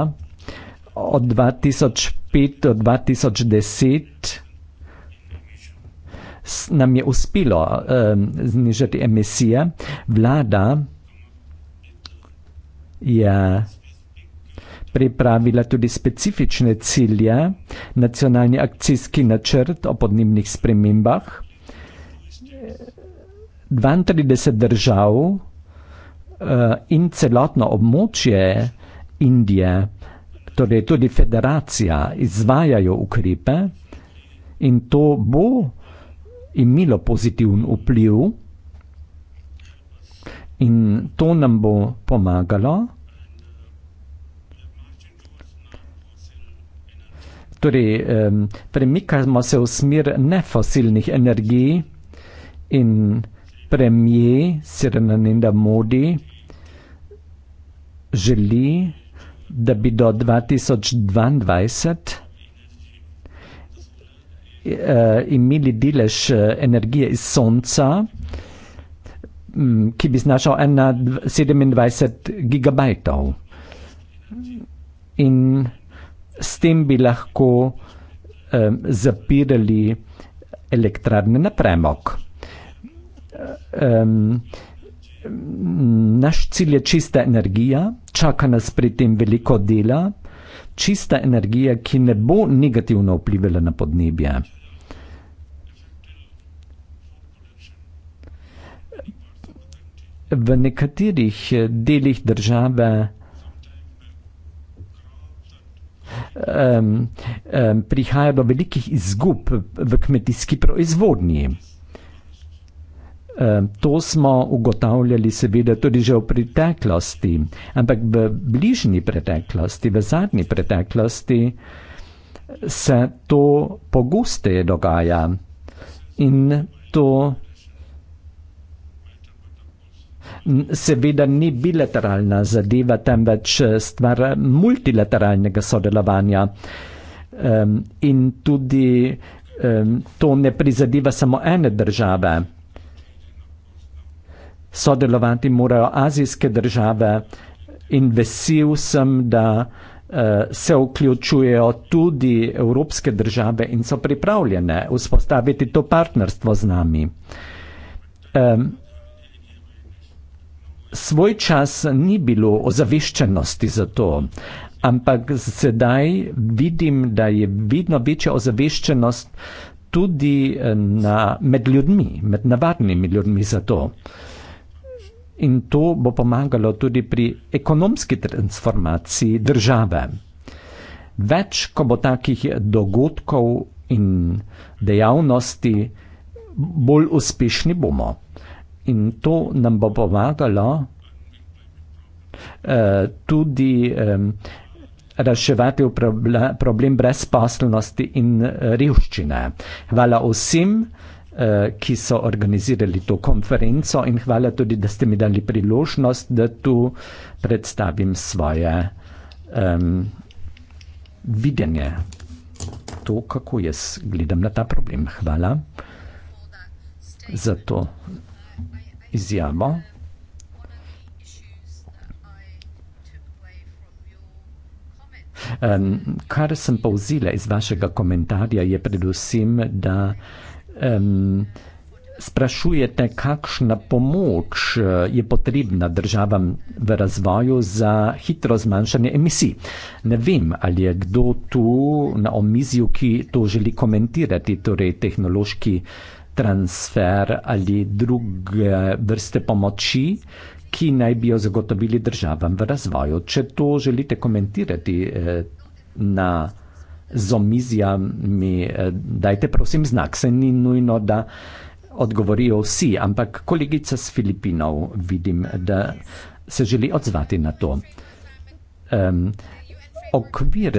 od 2005 do 2010. Nam je uspelo um, znižati emisije. Vlada je. Ja, pripravila tudi specifične cilje, nacionalni akcijski načrt o podnebnih spremembah. 32 držav eh, in celotno območje Indije, torej tudi federacija, izvajajo ukrepe in to bo imelo pozitiven vpliv. In to nam bo pomagalo, Torej, um, premikamo se v smer nefosilnih energij in premijer Sirenaninda Modi želi, da bi do 2022 uh, eh, imeli delež eh, energije iz sonca, um, ki bi znašal 1,27 gigabajtov. In s tem bi lahko um, zapirali elektrarne na premog. Um, naš cilj je čista energija, čaka nas pri tem veliko dela, čista energija, ki ne bo negativno vplivala na podnebje. V nekaterih delih države um, um, prihaja do velikih izgub v kmetijski proizvodnji. To smo ugotavljali seveda tudi že v preteklosti, ampak v bližnji preteklosti, v zadnji preteklosti se to pogosteje dogaja in to seveda ni bilateralna zadeva, temveč eh, stvar eh, multilateralnega sodelovanja. Um, in tudi um, to ne prizadeva samo ene države. Sodelovati morajo azijske države in vesel sem, da uh, se vključujejo tudi evropske države in so pripravljene vzpostaviti to partnerstvo z nami. Um, svoj čas ni bilo ozaveščenosti za to, ampak sedaj vidim, da je vedno večja ozaveščenost tudi eh, na, med ljudmi, med navadnimi ljudmi za to. In to bo pomagalo tudi pri ekonomski transformaciji države. Več, ko bo takih dogodkov in dejavnosti, bolj uspešni bomo in to nam bo pomagalo eh, tudi eh, reševati problem, problem brezposelnosti in eh, revščine. Hvala vsem, eh, ki so organizirali to konferenco in hvala tudi, da ste mi dali priložnost, da tu predstavim svoje eh, videnje. To, kako jaz gledam na ta problem. Hvala za to izjavo. Um, kar sem povzela iz vašega komentarja, je predvsem, da um, sprašujete, kakšna pomoč eh, je potrebna državam v razvoju za hitro zmanjšanje emisij. Ne vem, ali je kdo tu na omizju, ki to želi komentirati, torej tehnološki uh, transfer ali druge vrste pomoči, ki naj bi jo zagotovili državam v razvoju. Če to želite komentirati eh, na zomizija, mi eh, dajte prosim znak, se ni nujno, da odgovorijo vsi, ampak kolegica z Filipinov vidim, da se želi odzvati na to. Um, okvir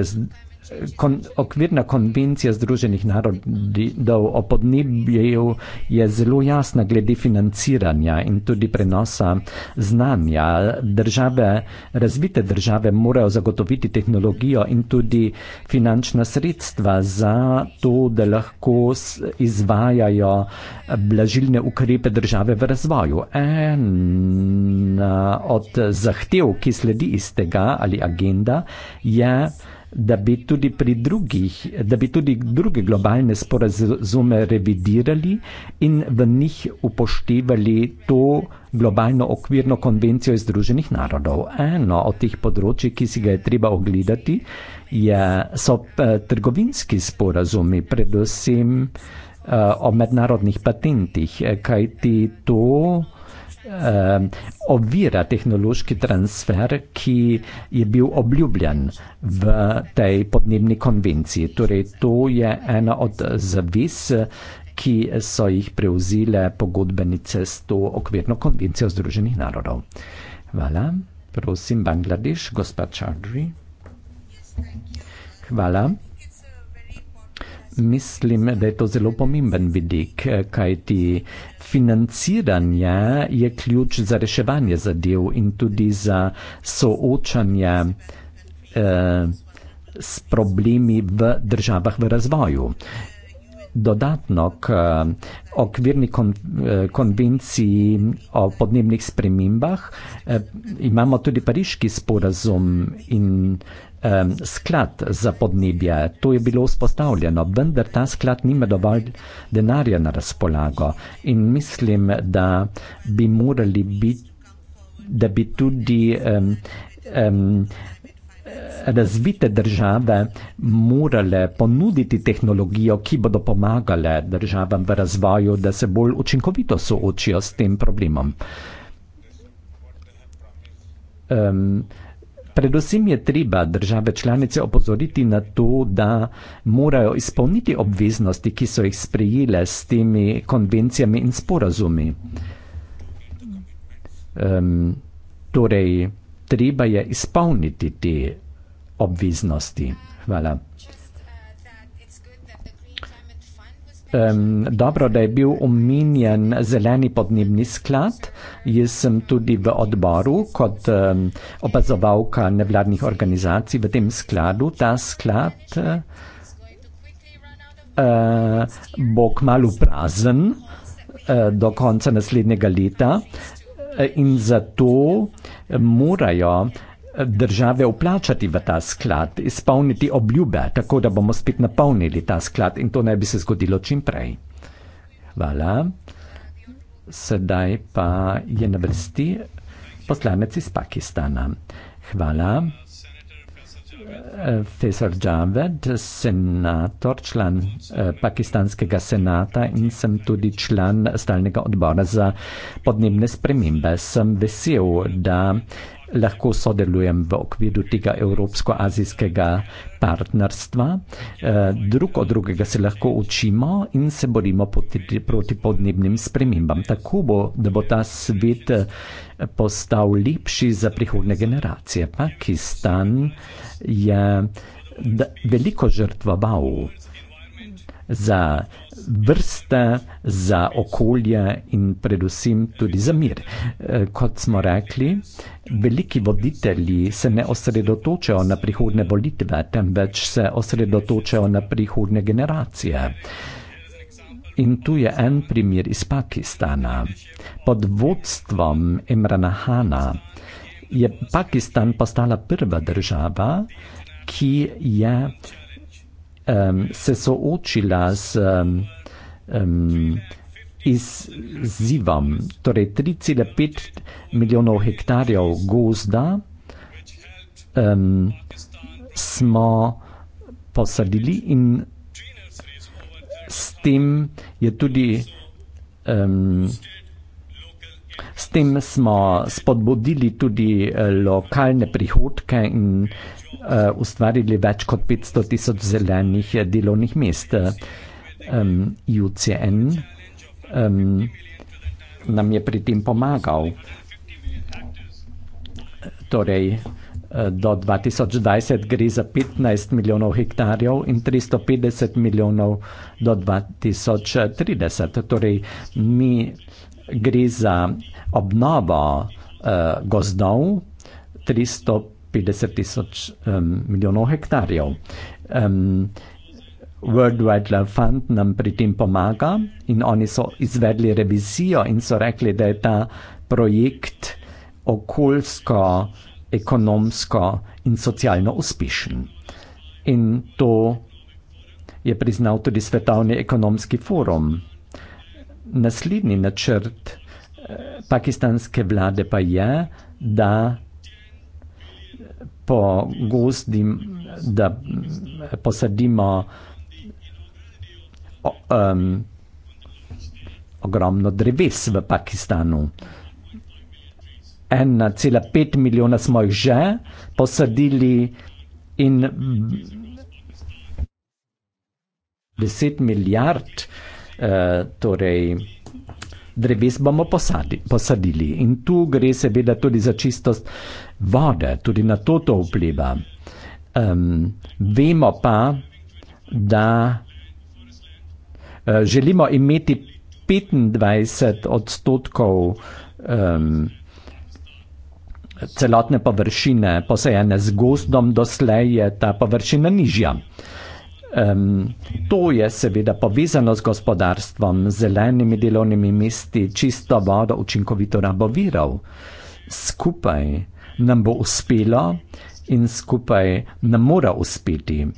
kon, okvirna konvencija Združenih narodov o podnebju je zelo jasna glede financiranja in tudi prenosa znanja. Države, razvite države morajo zagotoviti tehnologijo in tudi finančna sredstva za to, da lahko izvajajo blažilne ukrepe države v razvoju. En od zahtev, ki sledi iz tega ali agenda, je, da bi tudi pri drugih, da bi tudi druge globalne sporazume revidirali in v njih upoštevali to globalno okvirno konvencijo Združenih narodov. Eno od teh področji, ki si ga je treba ogledati, je, so eh, trgovinski sporazumi, predvsem eh, o mednarodnih patentih, eh, kajti to eh, ovira tehnološki transfer, ki je bil obljubljen v tej podnebni konvenciji. Torej, to je ena od zavis, ki so jih prevzile pogodbenice s to okvirno konvencijo Združenih narodov. Hvala. Prosim, Bangladeš, gospod Čardri. Hvala. Mislim, da je to zelo pomemben vidik, kajti financiranje je ključ za reševanje zadev in tudi za soočanje eh, s problemi v državah v razvoju. Dodatno k eh, okvirni kon, eh, konvenciji o podnebnih spremembah eh, imamo tudi pariški sporazum in sklad za podnebje. To je bilo vzpostavljeno, vendar ta sklad nima dovolj denarja na razpolago in mislim, da bi morali biti, da bi tudi um, um, razvite države morale ponuditi tehnologijo, ki bodo pomagale državam v razvoju, da se bolj učinkovito soočijo s tem problemom. Um, Predvsem je treba države članice opozoriti na to, da morajo izpolniti obveznosti, ki so jih sprejele s temi konvencijami in sporazumi. Um, torej, treba je izpolniti te obveznosti. Hvala. Um, dobro, da je bil omenjen zeleni podnebni sklad. Jaz sem tudi v odboru kot um, opazovalka nevladnih organizacij v tem skladu. Ta sklad uh, bo kmalo prazen uh, do konca naslednjega leta uh, in zato morajo uh, države vplačati v ta sklad, izpolniti obljube, tako da bomo spet napolnili ta sklad in to naj bi se zgodilo čim prej. Hvala. Sedaj pa je na vrsti poslanec iz Pakistana. Hvala. Fesor Javed, senator, član eh, pakistanskega senata in sem tudi član stalnega odbora za podnebne spremembe. Sem vesel, da lahko sodelujem v okviru tega evropsko-azijskega partnerstva. Eh, Drugo od drugega se lahko učimo in se borimo proti podnebnim spremembam. Tako bo, da bo ta svet eh, postal lepši za prihodne generacije. Pakistan je veliko žrtvoval za vrste, za okolje in predvsem tudi za mir. Eh, kot smo rekli, veliki voditelji se ne osredotočajo na prihodne volitve, temveč se osredotočajo na prihodne generacije. In tu je en primer iz Pakistana. Pod vodstvom Imrana Hana je Pakistan postala prva država, ki je um, se soočila z um, um, izzivom. Torej, 3,5 milijonov hektarjev gozda um, smo posadili in s tem je tudi. Um, S tem smo spodbudili tudi eh, lokalne prihodke in uh, Eh, ustvarili več kot 500 tisoč zelenih eh, delovnih mest. Um, UCN um, nam je pri tem pomagal. Torej, eh, do 2020 gre za 15 milijonov hektarjev in 350 milijonov do 2030. Torej, mi gre za obnovo uh, gozdov, 350 50 tisoč um, milijonov hektarjev. Um, World Wildlife Fund nam pri tem pomaga in oni so izvedli revizijo in so rekli, da je ta projekt okoljsko, ekonomsko in socialno uspešen. In to je priznal tudi Svetovni ekonomski forum. Naslednji načrt eh, pakistanske vlade pa je, da po gusti, da posadimo o, um, ogromno dreves v Pakistanu. 1,5 milijona smo jih že posadili in 10 milijard, uh, torej dreves bomo posadi, posadili. In tu gre seveda tudi za čistost vode, tudi na to to vpliva. Um, vemo pa, da uh, želimo imeti 25 odstotkov um, celotne površine posajene z gozdom, doslej je ta površina nižja. Um, to je seveda povezano z gospodarstvom, z zelenimi delovnimi mesti, čisto vodo, učinkovito rabo virov. Skupaj nam bo uspelo in skupaj nam mora uspeti uh,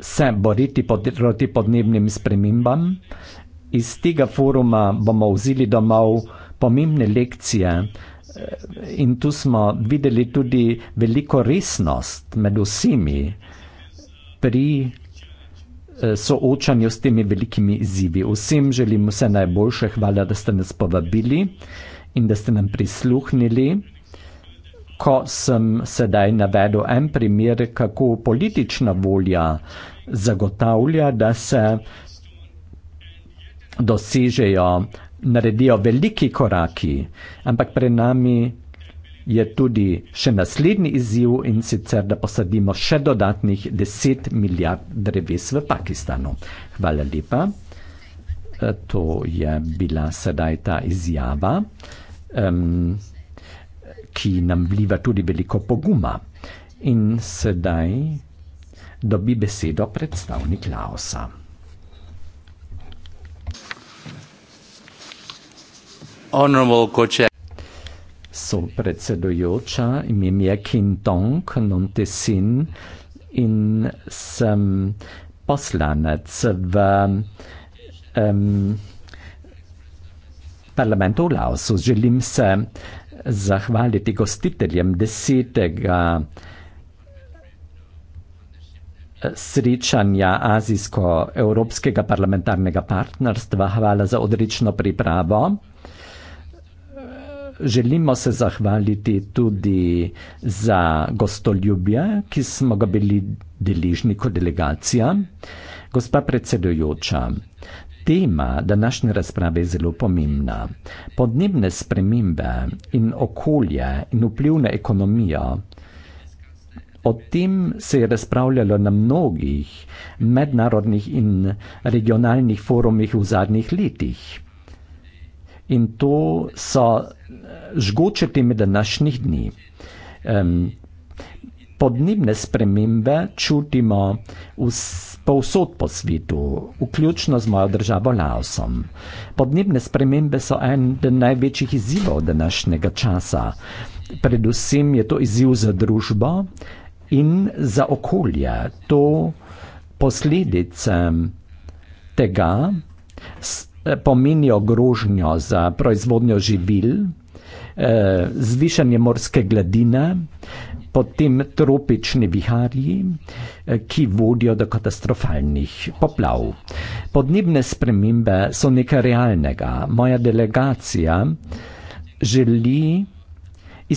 se boriti proti pod, podnebnim spremembam. Iz tega foruma bomo vzeli domov pomembne lekcije. Eh, in tu smo videli tudi veliko resnost med vsemi, pri eh, soočanju s temi velikimi izzivi. Vsem želim vse najboljše, hvala, da ste nas povabili in da ste nam prisluhnili. Ko sem sedaj navedel en primer, kako politična volja zagotavlja, da se dosežejo, naredijo veliki koraki, ampak pred nami je tudi še naslednji izziv in sicer, da posadimo še dodatnih 10 milijard dreves v Pakistanu. Hvala lepa. E, to je bila sedaj ta izjava, ki nam vliva tudi veliko poguma. In sedaj dobi besedo predstavnik Laosa. Honorable Coach so predsedujoča, ime je Kim Dong, non te sin in sem poslanec v um, parlamentu v Laosu. Želim se zahvaliti gostiteljem desetega srečanja Azijsko-Evropskega parlamentarnega partnerstva. Hvala za odlično pripravo želimo se zahvaliti tudi za gostoljubje, ki smo ga bili deležni kot delegacija. Gospa predsedujoča, tema današnje razprave je zelo pomembna. Podnebne spremembe in okolje in vpliv na ekonomijo. O tem se je razpravljalo na mnogih mednarodnih in regionalnih forumih v zadnjih letih. In to so žgoče teme današnjih dni. Um, podnebne spremembe čutimo povsod po svetu, vključno z mojo državo Laosom. Podnebne spremembe so eden največjih izzivov današnjega časa. Predvsem je to izziv za družbo in za okolje. To posledice tega pomenijo grožnjo za proizvodnjo živil. Eh, zvišanje morske gladine, potem tropični viharji, eh, ki vodijo do katastrofalnih poplav. Podnebne spremembe so nekaj realnega. Moja delegacija želi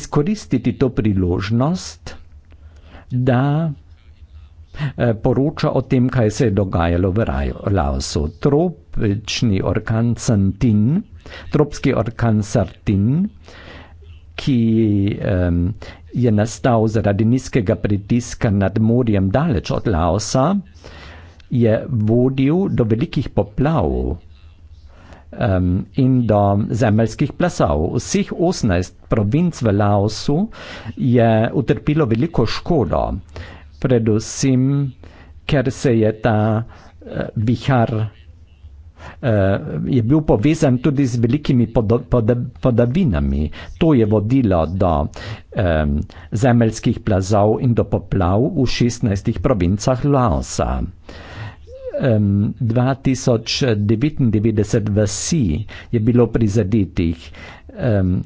izkoristiti to priložnost, da eh, poroča o tem, kaj se je dogajalo v Laosu. Tropični orkan Santin, tropski orkan Sartin, ki um, je nastal zaradi nizkega pritiska nad morjem daleč od Laosa, je vodil do velikih poplav um, in do zemeljskih plasov. Vseh 18 provinc v Laosu je utrpilo veliko škodo, predvsem ker se je ta uh, vihar Eh, je bil povezan tudi z velikimi podavinami. To je vodilo do zemeljskih plazov in do poplav v 16 provincah Laosa. 2099 vasi je bilo prizadetih, 1380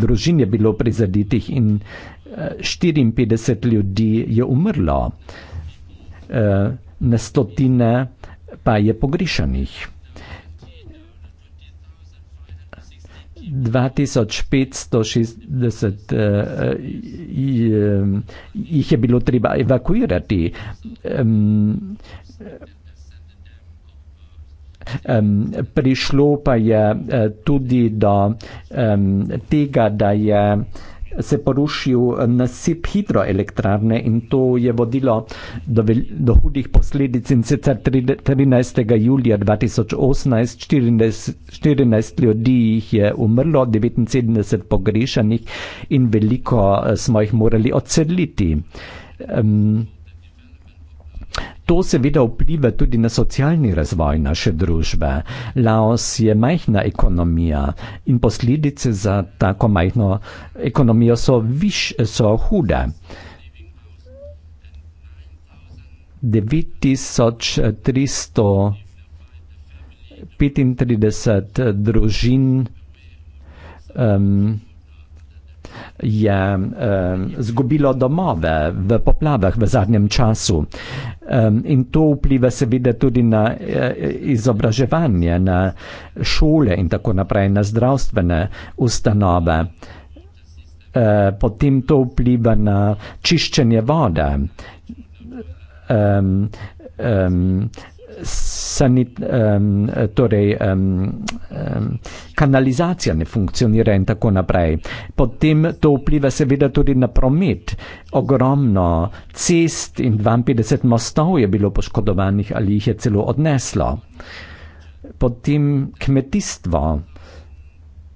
družin je bilo prizadetih in 54 eh, ljudi je umrlo. Eh, na stotine pa je pogrišanih. 2560 uh, jih je bilo treba evakuirati. Um, um, prišlo pa je uh, tudi do um, tega, da je uh, se porušil nasip hidroelektrarne in to je vodilo do, do hudih posledic in sicer 13. julija 2018 14, 14 ljudi jih je umrlo, 79 pogrešanih in veliko eh, smo jih morali odsedliti. Um, To seveda vpliva tudi na socialni razvoj naše družbe. Laos je majhna ekonomija in posledice za tako majhno ekonomijo so, viš, so hude. 9335 družin um, je um, zgubilo domove v poplavah v zadnjem času. Um, in to vpliva seveda tudi na uh, izobraževanje, na šole in tako naprej, na zdravstvene ustanove. Uh, potem to vpliva na čiščenje vode. Um, um, sanit, um, torej, um, um, kanalizacija ne funkcionira in tako naprej. Potem to vpliva seveda tudi na promet. Ogromno cest in 52 mostov je bilo poškodovanih ali jih je celo odneslo. Potem kmetijstvo.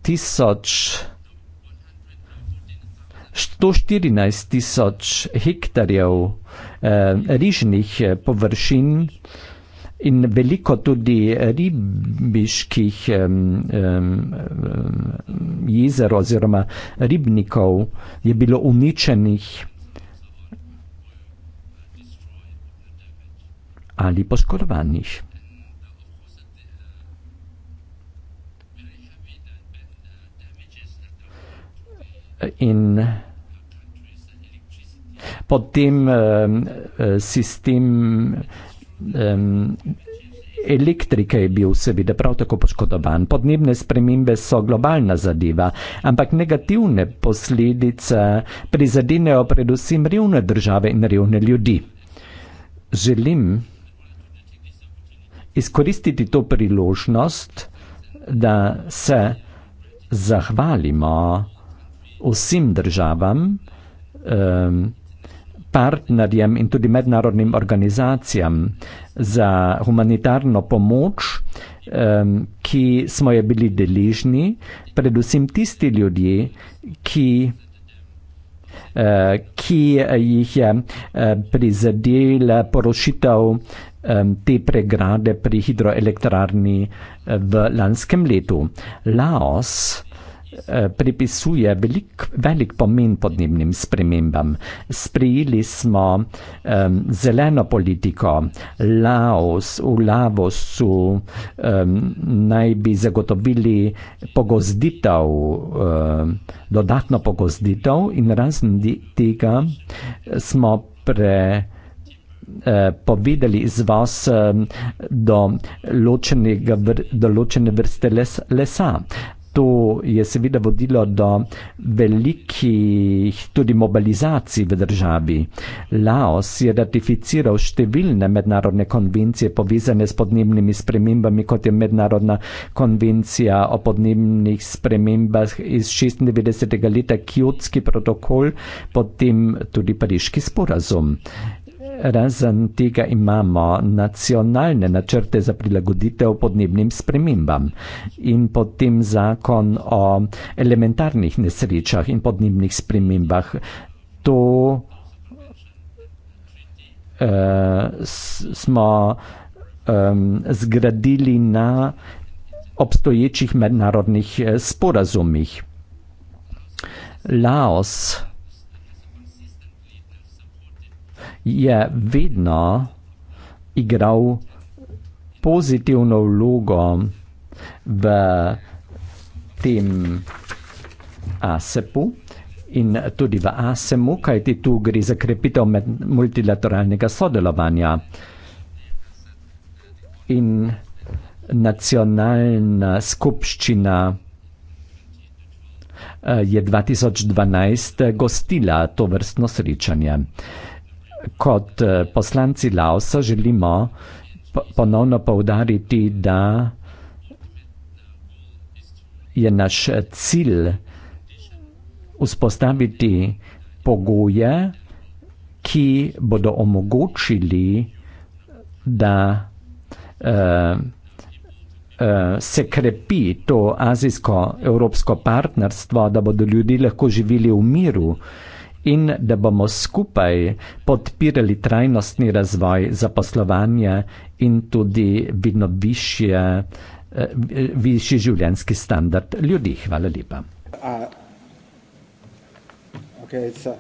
114 tisoč hektarjev eh, rižnih površin in veliko tudi eh, ribiških um, um, jezer oziroma ribnikov je bilo uničenih ali poškodovanih. In potem um, sistem um, elektrike je bil seveda prav tako poškodovan. Podnebne spremembe so globalna zadeva, ampak negativne posledice prizadenejo predvsem revne države in revne ljudi. Želim izkoristiti to priložnost, da se zahvalimo vsem državam, um, partnerjem in tudi mednarodnim organizacijam za humanitarno pomoč, um, ki smo jo bili deližni, predvsem tisti ljudje, ki, uh, ki jih je uh, prizadela porušitev um, te pregrade pri hidroelektrarni uh, v lanskem letu. Laos. Eh, pripisuje velik, velik pomen podnebnim spremembam. Sprijeli smo um, zeleno politiko, Laos, v Laosu um, naj bi zagotovili pogozditev, um, dodatno pogozditev in razen tega eh, smo pre eh, povedali izvoz do, do ločene vrste les, lesa to je seveda vodilo do velikih tudi mobilizacij v državi. Laos je ratificiral številne mednarodne konvencije povezane s podnebnimi spremembami, kot je mednarodna konvencija o podnebnih spremembah iz 96. leta, kjotski protokol, potem tudi pariški sporazum razen tega imamo nacionalne načrte za prilagoditev podnebnim spremembam in potem zakon o elementarnih nesrečah in podnebnih spremembah. To eh, smo eh, zgradili na obstoječih mednarodnih eh, sporazumih. Laos je vedno igral pozitivno vlogo v tem ASEP-u in tudi v ASEM-u, kajti tu gre za krepitev multilateralnega sodelovanja in nacionalna skupščina eh, je 2012 gostila to vrstno srečanje kot eh, poslanci Laosa želimo ponovno povdariti, da je naš eh, cilj vzpostaviti pogoje, ki bodo omogočili, da eh, se krepi to azijsko-evropsko partnerstvo, da bodo ljudi lahko živili v miru in da bomo skupaj podpirali trajnostni razvoj zaposlovanja in tudi vedno višje, eh, višji življenski standard ljudi. Hvala lepa. Uh, okay, it's a,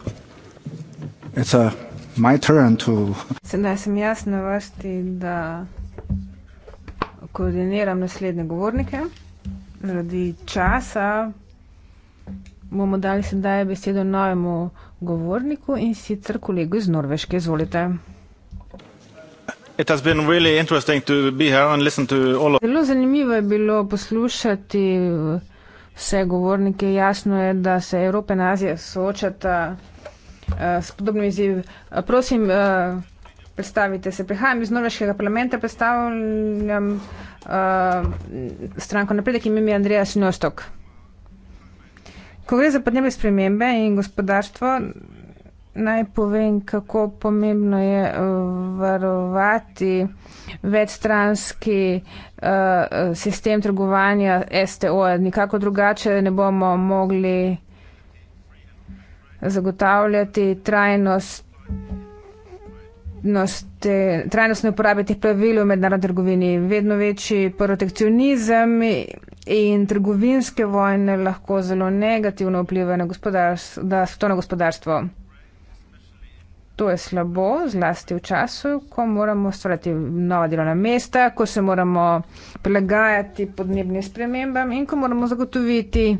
it's a my turn to... Sedaj sem jaz na vrsti, da koordiniram naslednje govornike. Zaradi časa bomo dali sedaj besedo novemu govorniku in sicer kolegu iz Norveške. Izvolite. Zelo zanimivo je bilo poslušati vse govornike. Jasno je, da se Evropa in Azija soočata eh, s podobnim izziv. Eh, prosim, eh, predstavite se. Prihajam iz Norveškega parlamenta, predstavljam stranko napredek in imam je Andreja Sinostok. Hvala. Ko gre za podnebne spremembe in gospodarstvo, naj povem, kako pomembno je eh, varovati večstranski uh, sistem trgovanja STO. Nikako drugače ne bomo mogli zagotavljati trajnost, trajnostne uporabe teh pravil v mednarodni trgovini. Vedno večji protekcionizem in trgovinske vojne lahko zelo negativno vplivajo na gospodarstvo. Na gospodarstvo. To je slabo, zlasti v času, ko moramo stvarjati nova delovna mesta, ko se moramo prilagajati podnebnim spremembam in ko moramo zagotoviti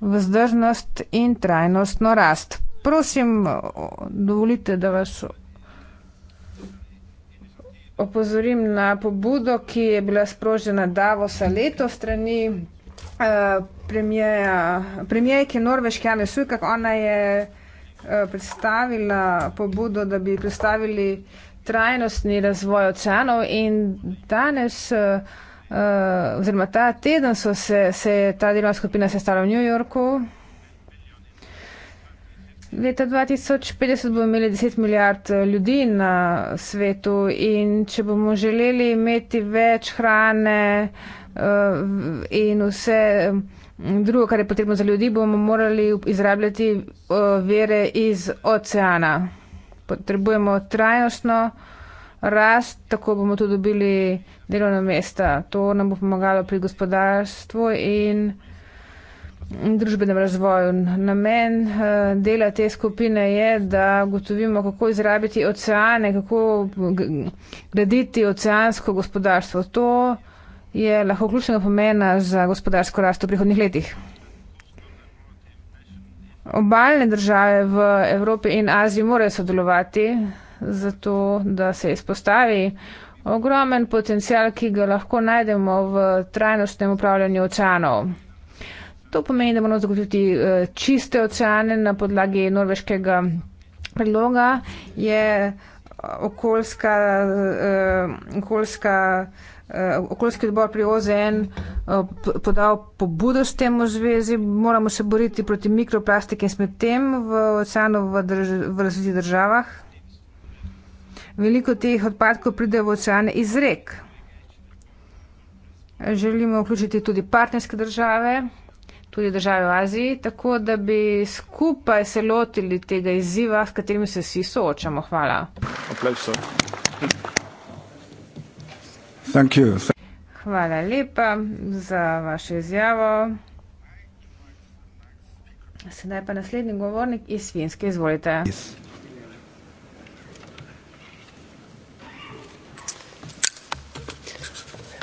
vzdržnost in trajnostno rast. Prosim, dovolite, da vas opozorim na pobudo, ki je bila sprožena Davosa leto strani uh, premijejke Norveške Ane Sujkak. Ona je uh, predstavila pobudo, da bi predstavili trajnostni razvoj oceanov in danes, uh, oziroma ta teden, se, se je ta delovna skupina sestala v New Yorku. Leta 2050 bomo imeli 10 milijard eh, ljudi na svetu in če bomo želeli imeti več hrane eh, in vse mm, drugo, kar je potrebno za ljudi, bomo morali izrabljati eh, vere iz oceana. Potrebujemo trajnostno rast, tako bomo tudi dobili delovna mesta. To nam bo pomagalo pri gospodarstvu in družbenem razvoju. Namen eh, dela te skupine je, da gotovimo, kako izrabiti oceane, kako graditi oceansko gospodarstvo. To je lahko ključnega pomena za gospodarsko rast v prihodnih letih. Obaljne države v Evropi in Aziji morajo sodelovati zato, da se izpostavi ogromen potencial, ki ga lahko najdemo v trajnostnem upravljanju oceanov. To pomeni, da moramo zagotoviti uh, čiste oceane na podlagi norveškega predloga. Je eh, okoljska, uh, okoljska, uh, okoljski odbor pri OZN uh, podal pobudo s tem v zvezi. Moramo se boriti proti mikroplastike in smetem v oceanu v, drž v različnih državah. Veliko teh odpadkov pride v oceane iz rek. Želimo vključiti tudi partnerske države tudi države v Aziji, tako da bi skupaj se lotili tega izziva, s katerim se vsi soočamo. Hvala. Hvala lepa za vašo izjavo. Sedaj pa naslednji govornik iz Finske, izvolite.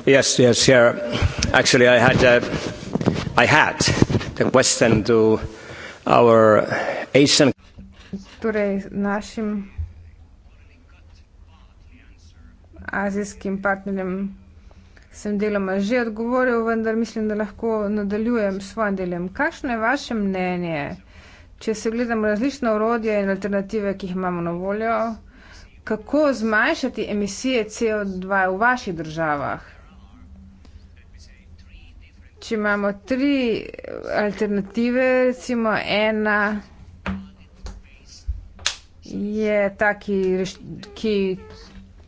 Yes, yes, yeah. Actually, I had uh... I had, the Western to our Asian. Torej, našim azijskim partnerjem sem deloma že odgovoril, vendar mislim, da lahko nadaljujem s svojim delom. Kakšno je vaše mnenje, če se gledam različne orodje in alternative, ki jih imamo na voljo, kako zmanjšati emisije CO2 v vaših državah? če imamo tri alternative, recimo ena je ta, ki, ki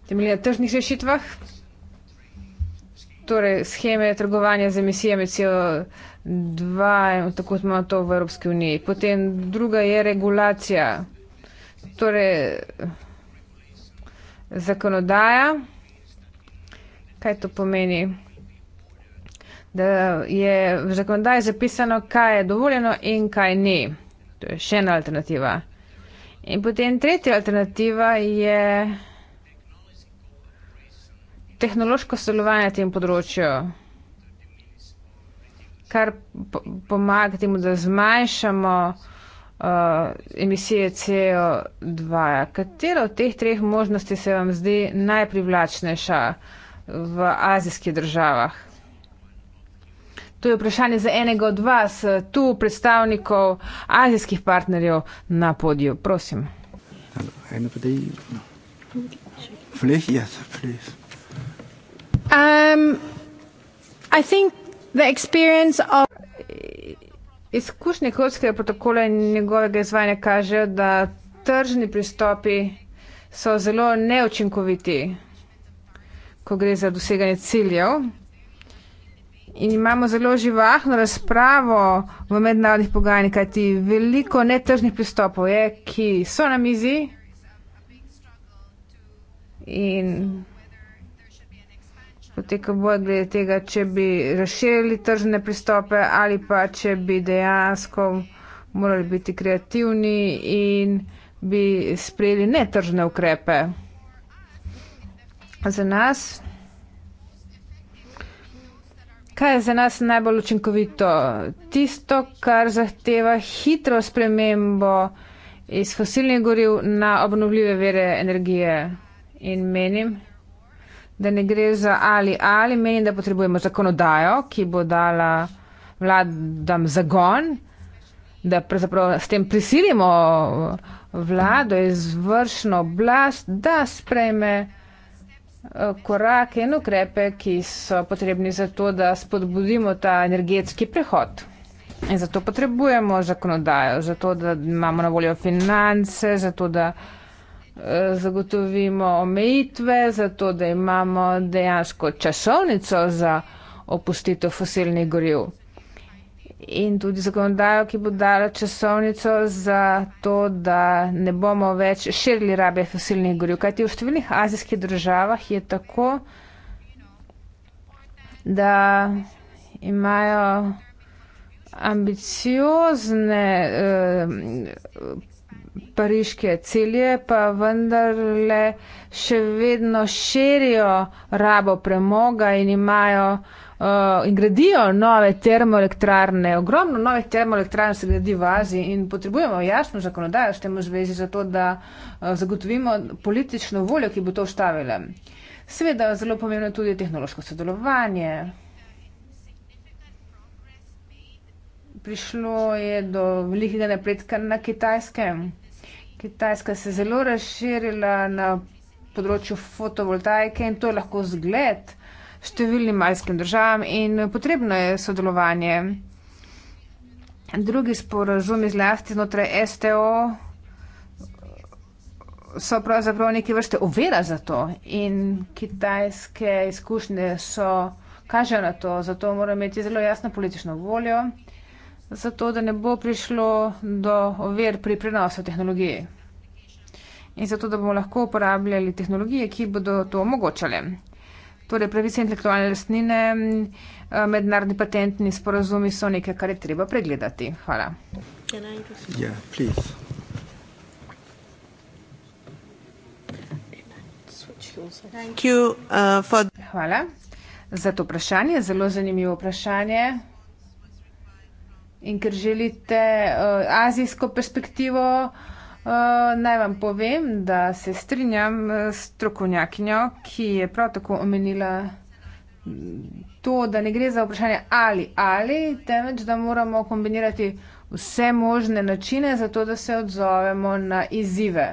temelji na tržnih rešitvah, torej scheme trgovanja z emisijami CO2, tako smo to v Evropski uniji. Potem druga je regulacija, torej zakonodaja. Kaj to pomeni? da je v zakonodaji zapisano, kaj je dovoljeno in kaj ni. To je še ena alternativa. In potem tretja alternativa je tehnološko sodelovanje na tem področju, kar pomaga temu, da zmanjšamo uh, emisije CO2. Katera od teh treh možnosti se vam zdi najprivlačnejša v azijskih državah? To je vprašanje za enega od vas, tu predstavnikov azijskih partnerjev na podiju. Prosim. No. Ja, um, Izkušnje kolskega protokola in njegovega izvajanja kažejo, da tržni pristopi so zelo neučinkoviti, ko gre za doseganje ciljev. In imamo zelo živahno razpravo v mednarodnih pogajanjih, kajti veliko netržnih pristopov je, ki so na mizi. In poteka boj glede tega, če bi razširili tržne pristope ali pa če bi dejansko morali biti kreativni in bi sprejeli netržne ukrepe. Za nas kaj je za nas najbolj učinkovito? Tisto, kar zahteva hitro spremembo iz fosilnih goriv na obnovljive vere energije. In menim, da ne gre za ali ali, menim, da potrebujemo zakonodajo, ki bo dala vladam zagon, da pravzaprav s tem prisilimo vlado izvršno oblast, da sprejme korake in ukrepe, ki so potrebni za to, da spodbudimo ta energetski prehod. In zato potrebujemo zakonodajo, zato da imamo na voljo finance, zato da eh, zagotovimo omejitve, zato da imamo dejansko časovnico za opustitev fosilnih goriv in tudi zakonodajo, ki bo dala časovnico za to, da ne bomo več širili rabe fosilnih goriv. Kajti v številnih azijskih državah je tako, da imajo ambiciozne eh, pariške cilje, pa vendarle še vedno širijo rabo premoga in imajo eh, uh, in gradijo nove termoelektrarne. Ogromno novih termoelektrarn se gradi v Aziji in potrebujemo jasno zakonodajo s tem v zvezi za to, da uh, zagotovimo politično voljo, ki bo to ustavila. Seveda je zelo pomembno tudi tehnološko sodelovanje. Prišlo je do velikega napredka na kitajskem. Kitajska se je zelo razširila na področju fotovoltaike in to je lahko zgled uh, številnim malskim državam in potrebno je sodelovanje. Drugi sporožumi z lasti znotraj STO so pravzaprav neke vrste ovira za to in kitajske izkušnje so kažejo na to, zato mora imeti zelo jasno politično voljo, zato da ne bo prišlo do ovir pri prenosu tehnologije in zato, da bomo lahko uporabljali tehnologije, ki bodo to omogočale. Torej, pravice intelektualne lastnine, mednarodni patentni sporazumi so nekaj, kar je treba pregledati. Hvala. Ja, prosim. Uh, Hvala za to vprašanje, zelo zanimivo vprašanje. In ker želite uh, azijsko perspektivo, uh, Eh, naj vam povem, da se strinjam eh, s trokovnjakinjo, ki je prav tako omenila mm, to, da ne gre za vprašanje ali ali, temveč da moramo kombinirati vse možne načine za to, da se odzovemo na izzive.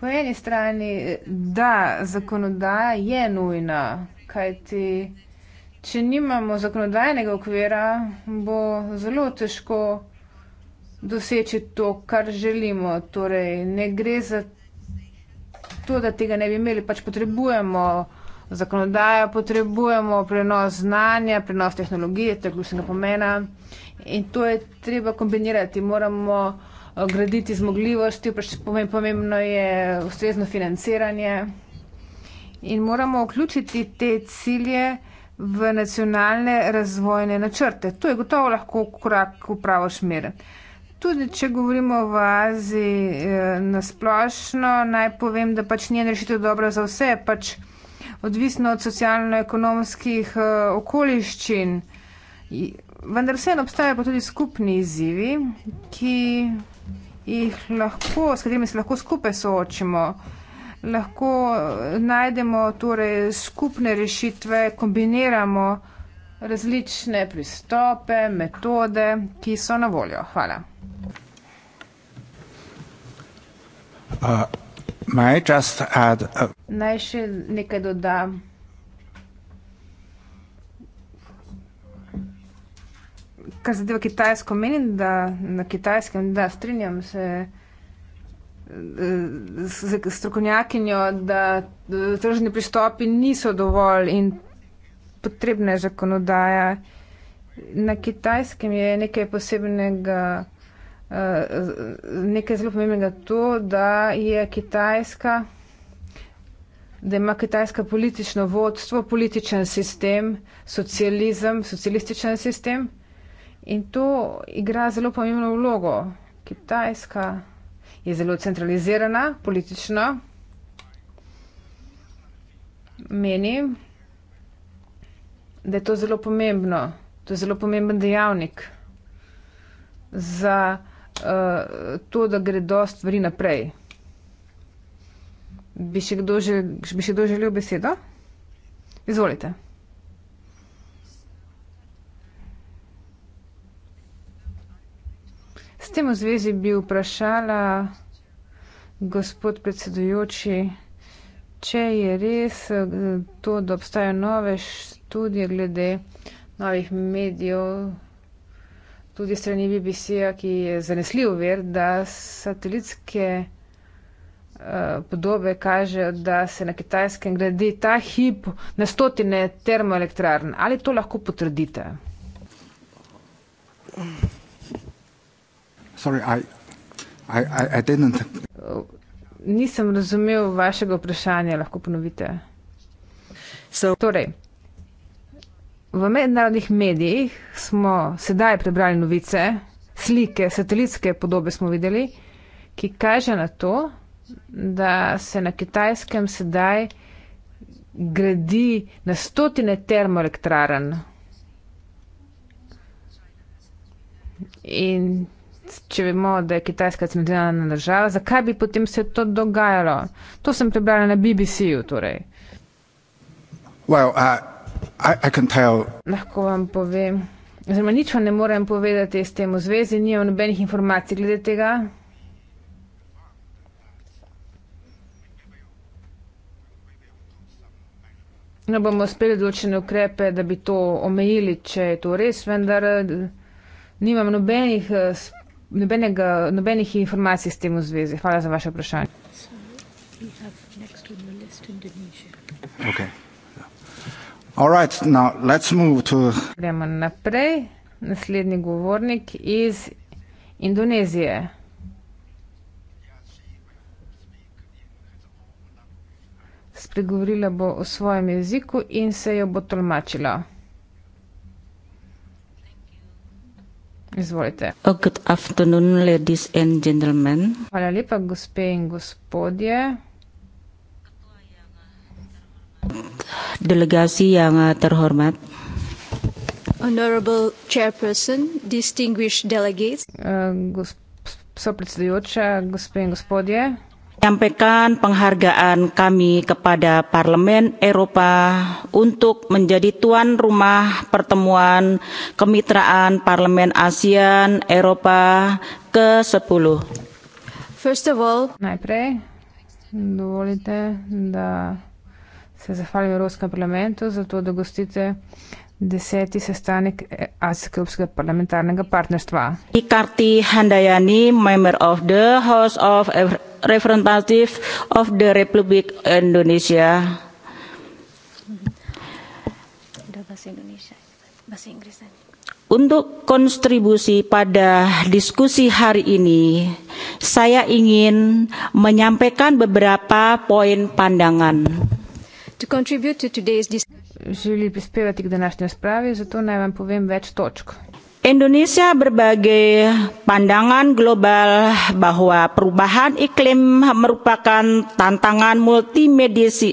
Po eni strani, da, zakonodaja je nujna, kajti če nimamo zakonodajnega okvira, bo zelo težko doseči to, kar želimo. Torej, ne gre za to, da tega ne bi imeli, pač potrebujemo zakonodajo, potrebujemo prenos znanja, prenos tehnologije, to je ključnega pomena. In to je treba kombinirati. Moramo eh, graditi zmogljivosti, pač pomembno je ustrezno financiranje. In moramo vključiti te cilje v nacionalne razvojne načrte. To je gotovo lahko korak v pravo smer. Uh, Tudi če govorimo o vazi eh, nasplošno, naj povem, da pač njen rešitev dobra za vse, pač odvisno od socialno-ekonomskih eh, okoliščin. Vendar vseeno obstajajo pa tudi skupni izzivi, ki jih lahko, s katerimi se lahko skupaj soočimo. Lahko eh, najdemo torej skupne rešitve, kombiniramo različne pristope, metode, ki so na voljo. Hvala. Uh, add, uh, Naj še nekaj dodam. Kar zadeva kitajsko, menim, da na kitajskem, da strinjam se z eh, strokovnjakinjo, da eh, tržni pristopi niso dovolj in potrebna zakonodaja. Na kitajskem je nekaj posebnega, eh, nekaj zelo pomembnega to, da je kitajska, da ima kitajska politično vodstvo, političen sistem, socializem, socialističen sistem in to igra zelo pomembno vlogo. Kitajska je zelo centralizirana politično. Menim, da je to zelo pomembno. To je zelo pomemben dejavnik za uh, to, da gre dost stvari naprej. Bi še kdo, že, bi še kdo želel besedo? Izvolite. S tem v zvezi bi vprašala gospod predsedujoči, če je res eh, to, da obstajajo nove tudi glede novih medijev, tudi strani BBC-ja, ki je zanesljiv ver, da satelitske eh, podobe kažejo, da se na kitajskem gradi ta hip na stotine termoelektrarn. Ali to lahko potrdite? Sorry, I, I, I didn't. Nisem razumel vašega vprašanja, lahko ponovite. So. Torej, V mednarodnih medijih smo sedaj prebrali novice, slike, satelitske podobe smo videli, ki kaže na to, da se na kitajskem sedaj gradi na stotine termoelektraren. In če vemo, da je kitajska centralna država, zakaj bi potem se to dogajalo? To sem prebrala na BBC-ju torej. Well, uh... Lahko vam povem. Oziroma, nič vam ne morem povedati s tem v zvezi, nijem nobenih informacij glede tega. No, bomo uspeli določene ukrepe, da bi to omejili, če je to res, vendar eh, nimam nobenih, eh, nobenega, nobenih informacij s tem v zvezi. Hvala za vaše vprašanje. Okay right, to... Gremo naprej. Naslednji govornik iz Indonezije. Spregovorila bo o svojem jeziku in se jo bo tolmačila. Izvolite. Oh, good afternoon, ladies and gentlemen. Hvala lepa, gospe in gospodje. delegasi yang uh, terhormat. Honorable Chairperson, distinguished delegates. Uh, gosp predsedujoča, gospe in gospodje. Sampaikan penghargaan kami kepada Parlemen Eropa untuk menjadi tuan rumah pertemuan kemitraan Parlemen ASEAN Eropa ke-10. First of all, najprej dovolite da se zahvalim Evropskem parlamentu za to, da gostite deseti sestanek eh, ASEKEVSKEG parlamentarnega partnerstva. Karti Handajani, member of the House of Representative of the Republic Indonesia. Untuk kontribusi pada diskusi hari ini, saya ingin menyampaikan beberapa poin pandangan. Terima kasih. Želi prispevati k današnji razpravi, zato naj vam povem več točk. Indonesia berbagai pandangan global bahwa perubahan iklim merupakan tantangan multimediasi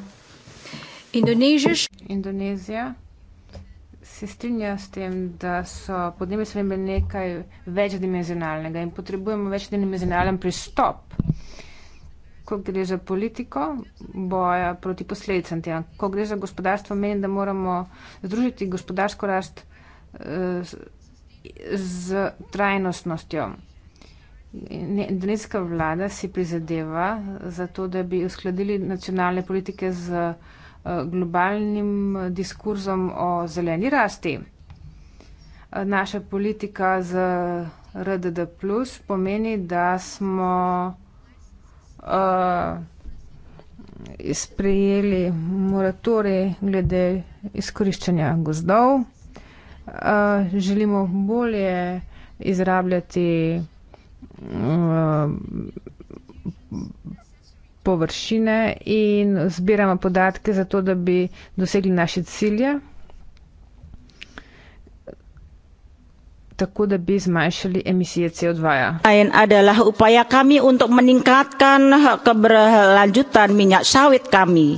Indonežiš. Indonezija se strinja s tem, da so podnebne spremembe nekaj večdimenzionalnega in potrebujemo večdimenzionalen pristop, ko gre za politiko, boja proti posledicam tega. Ko gre za gospodarstvo, menim, da moramo združiti gospodarsko rast eh, z, z trajnostnostjo. Indonezijska vlada si prizadeva za to, da bi uskladili nacionalne politike z globalnim diskurzom o zeleni rasti. Naša politika z RDD plus pomeni, da smo uh, sprejeli moratori glede izkoriščanja gozdov. Uh, želimo bolje izrabljati uh, površine in zbiramo podatke za to, da bi dosegli naše cilje, tako da bi zmanjšali emisije CO2. Lain adalah upaya kami untuk meningkatkan keberlanjutan minyak sawit kami.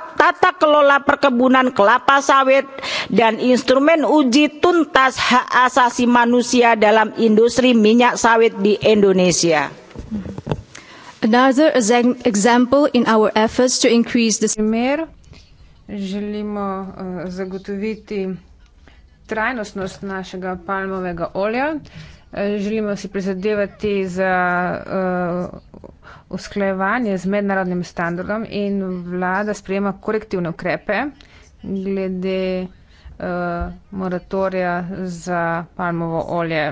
tata kelola perkebunan kelapa sawit dan instrumen uji tuntas hak asasi manusia dalam industri minyak sawit di Indonesia. Another example in our efforts to increase the Primer, želimo uh, zagotoviti trajnostnost našega palmovega olja. Uh, želimo si prizadevati za uh, usklajevanje z mednarodnim standardom in vlada sprejema korektivne ukrepe glede uh, moratorija za palmovo olje.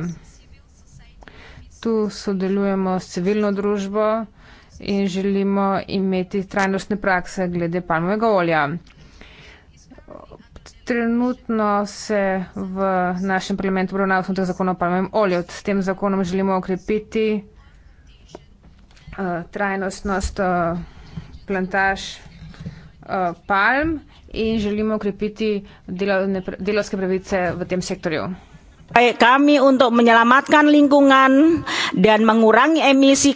Tu sodelujemo s civilno družbo in želimo imeti trajnostne prakse glede palmovega olja. Trenutno se v našem parlamentu obravnava zakon o palmovem olju. S tem zakonom želimo okrepiti uh, Eh, trajnostnost eh, plantaž eh, palm in želimo okrepiti delovne, delovske pravice v tem sektorju. Kami untuk menyelamatkan lingkungan dan mengurangi emisi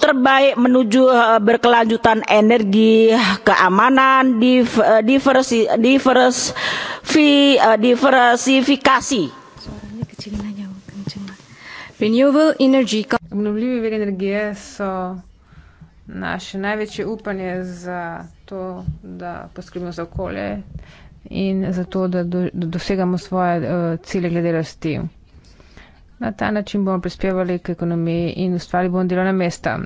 terbaik menuju eh, berkelanjutan energi keamanan eh, diversi divers fi eh, diversifikasi renewable energy obnovljivi viri energije so naše največje upanje za to da poskrbimo za okolje in za to da do, dosegamo svoje uh, cilje glede rasti Na ta način bomo prispevali k ekonomiji in ustvarili bomo delovna mesta.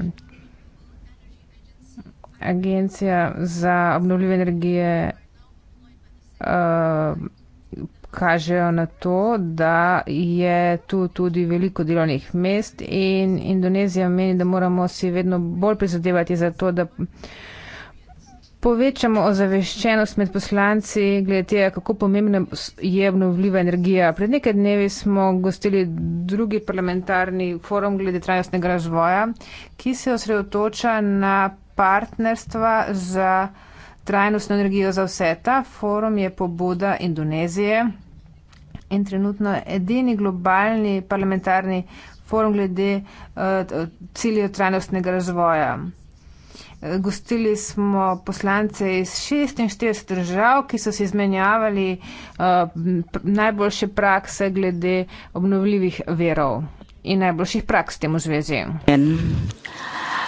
Agencija za obnovljive energije uh, kažejo na to, da je tu tudi veliko delovnih mest in Indonezija meni, da moramo si vedno bolj prizadevati za to, da povečamo ozaveščenost med poslanci glede tega, kako pomembna je obnovljiva energija. Pred nekaj dnevi smo gostili drugi parlamentarni forum glede trajnostnega razvoja, ki se osredotoča na partnerstva za trajnostno energijo za vse. Ta forum je pobuda Indonezije in trenutno edini globalni parlamentarni forum glede uh, ciljev trajnostnega razvoja. Gostili smo poslance iz 46 držav, ki so se izmenjavali uh, najboljše prakse glede obnovljivih verov in najboljših praks temu zvezi. Yeah.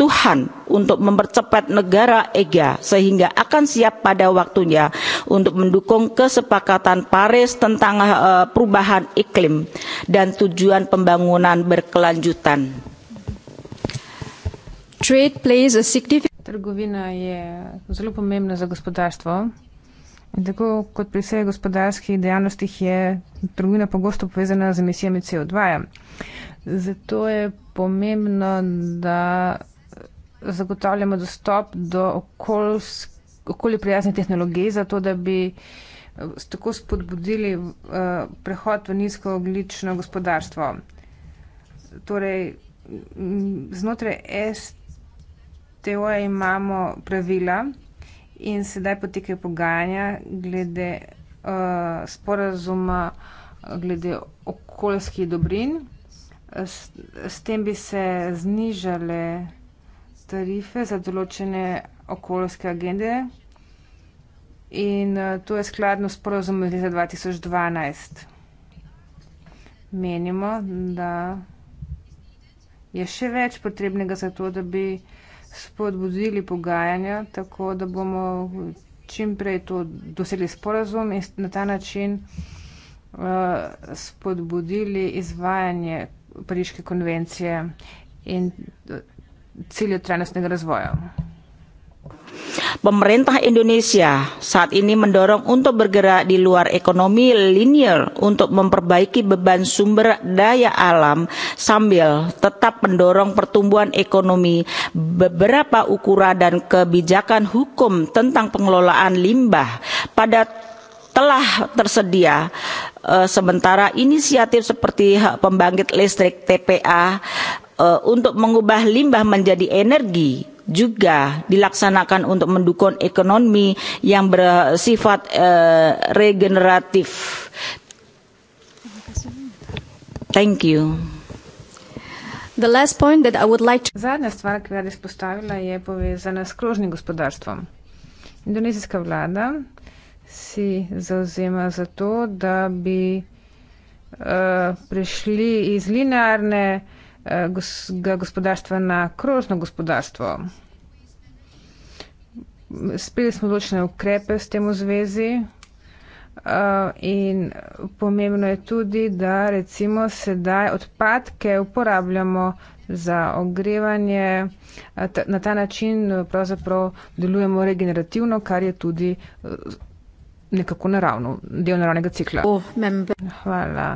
Tuhan untuk mempercepat negara EGA sehingga akan siap pada waktunya untuk mendukung kesepakatan Paris tentang uh, perubahan iklim dan tujuan pembangunan berkelanjutan. Trade plays a significant Trgovina je zelo pomembna za gospodarstvo. In tako kot pri vseh gospodarskih dejavnostih je trgovina pogosto povezana z emisijami CO2. -ja. Zato je pomembno, da zagotavljamo dostop do okolje prijazne tehnologije, zato da bi eh, tako spodbudili eh, prehod v nizkooglično gospodarstvo. Torej, mm, znotraj STO imamo pravila in sedaj potekajo pogajanja glede uh, sporazuma, glede okoljskih dobrin. S, s tem bi se znižale tarife za določene okoljske agende in eh, to je skladno s porazumem leta 2012. Menimo, da je še več potrebnega za to, da bi spodbudili pogajanja, tako da bomo čim prej to dosegli sporazum in na ta način uh, spodbudili izvajanje Pariške konvencije. In cilje trenesnega razvoja? Pemerintah Indonesia saat ini mendorong untuk bergerak di luar ekonomi linear untuk memperbaiki beban sumber daya alam sambil tetap mendorong pertumbuhan ekonomi. Beberapa ukuran dan kebijakan hukum tentang pengelolaan limbah pada telah tersedia. Eh, sementara inisiatif seperti pembangkit listrik TPA uh, untuk mengubah limbah menjadi energi juga dilaksanakan untuk mendukung ekonomi yang bersifat uh, regeneratif. Thank you. The last point that I would like to... Zadnja stvar, ki je izpostavila, je povezana s krožnim gospodarstvom. Indonezijska vlada si zauzema za to, da bi uh, prišli iz linearne uh, Eh, gospodarstva na krožno gospodarstvo. Spreli smo določene ukrepe s tem v zvezi eh, in pomembno je tudi, da recimo sedaj odpadke uporabljamo za ogrevanje. Eh, na ta način pravzaprav delujemo regenerativno, kar je tudi nekako naravno, del naravnega cikla. Hvala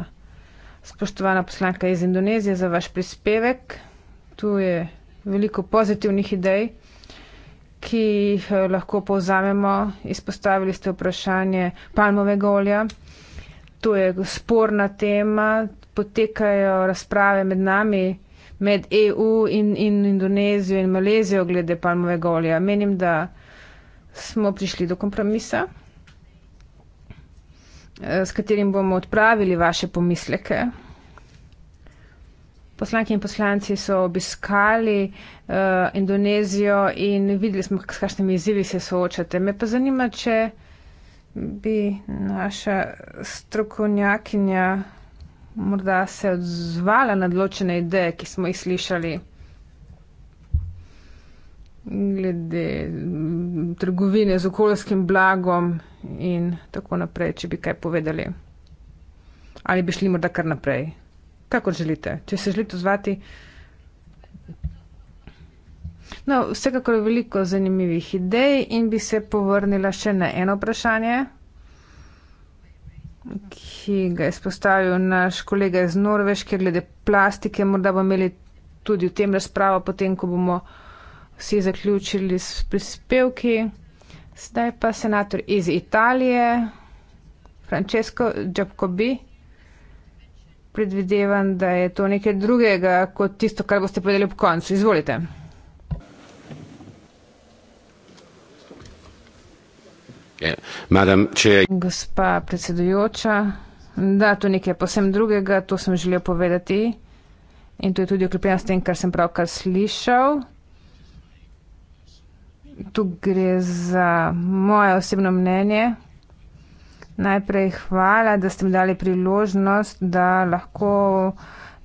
spoštovana poslanka iz Indonezije, za vaš prispevek. Tu je veliko pozitivnih idej, ki jih eh, lahko povzamemo. Izpostavili ste vprašanje palmovega olja. To je sporna tema, potekajo razprave med nami, med EU in, in Indonezijo in Malezijo glede palmovega olja. Menim, da smo prišli do kompromisa. Eh, s katerim bomo odpravili vaše pomisleke. Poslanke in poslanci so obiskali uh, Indonezijo in videli smo, s kakšnimi izzivi se soočate. Me pa zanima, če bi naša strokovnjakinja morda se odzvala na odločene ideje, ki smo jih slišali glede trgovine z okoljskim blagom in tako naprej, če bi kaj povedali. Ali bi šli morda kar naprej, kako želite, če se želite zvati. No, vsekakor je veliko zanimivih idej in bi se povrnila še na eno vprašanje, ki ga je spostavil naš kolega iz Norveške glede plastike. Morda bomo imeli tudi v tem razpravo, potem, ko bomo uh, vsi zaključili s prispevki. Zdaj pa senator iz Italije, Francesco Giacobbi. Predvidevam, da je to nekaj drugega kot tisto, kar boste povedali ob koncu. Izvolite. Gospa predsedujoča, da to nekaj posem drugega, to sem želel povedati. In to je tudi okrepljeno s tem, kar sem pravkar slišal tu gre za moje osebno mnenje. Najprej hvala, da ste mi dali priložnost, da lahko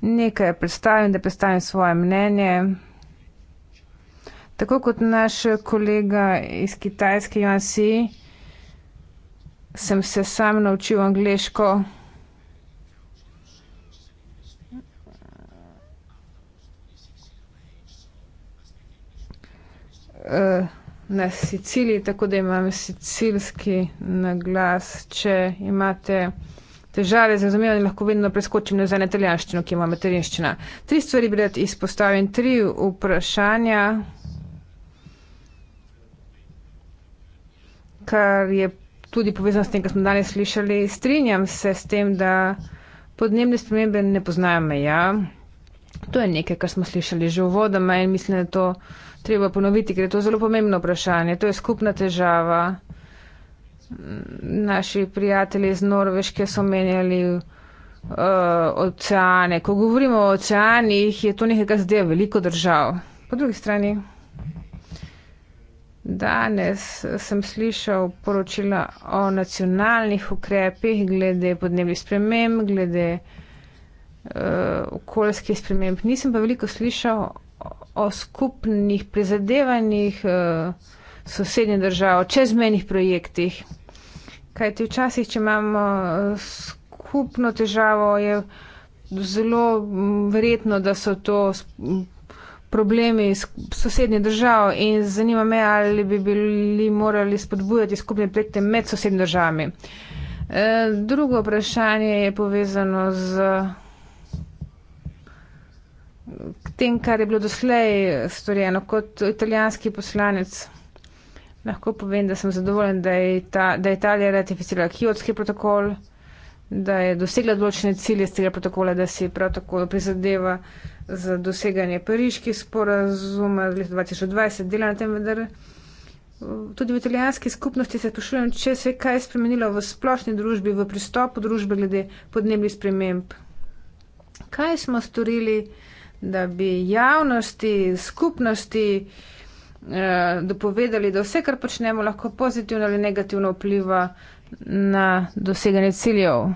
nekaj predstavim, da predstavim svoje mnenje. Tako kot naš kolega iz Kitajske, Joan Si, sem se sam naučil angliško. Eh, na Siciliji, tako da imam sicilski naglas. Če imate težave z razumevanjem, lahko vedno preskočim nazaj na italijanščino, ki ima materinščina. Tri stvari bi rad izpostavil in tri vprašanja. kar je tudi povezano s tem, kar smo danes slišali. Strinjam se s tem, da podnebne spremembe ne poznajo meja. To je nekaj, kar smo slišali že v vodama in mislim, da to treba ponoviti, ker je to zelo pomembno vprašanje. To je skupna težava. Naši prijatelji iz Norveške so menjali uh, oceane. Ko govorimo o oceanih, je to nekaj, kar zdaj veliko držav. Po drugi strani, danes sem slišal poročila o nacionalnih ukrepih glede podnebnih sprememb, glede uh, okoljskih sprememb. Nisem pa veliko slišal o skupnih prizadevanjih uh, sosednje države, o čezmenih projektih. Kaj ti včasih, če imamo eh, skupno težavo, je zelo mm, verjetno, da so to mm, problemi sosednje države in zanima me, ali bi bili morali spodbujati skupne projekte med sosednje državami. Eh, drugo vprašanje je povezano z tem, kar je bilo doslej storjeno kot italijanski poslanec. Lahko povem, da sem zadovoljen, da je, ta, da je Italija ratificirala kiotski protokol, da je dosegla določene cilje z tega protokola, da si prav tako prizadeva za doseganje pariških sporazuma v letu 2020, dela na tem, vendar tudi v italijanski skupnosti se sprašujem, če se je kaj spremenilo v splošni družbi, v pristopu družbe glede podnebnih sprememb. Kaj smo storili? da bi javnosti, skupnosti eh, dopovedali, da vse, kar počnemo, lahko pozitivno ali negativno vpliva na doseganje ciljev.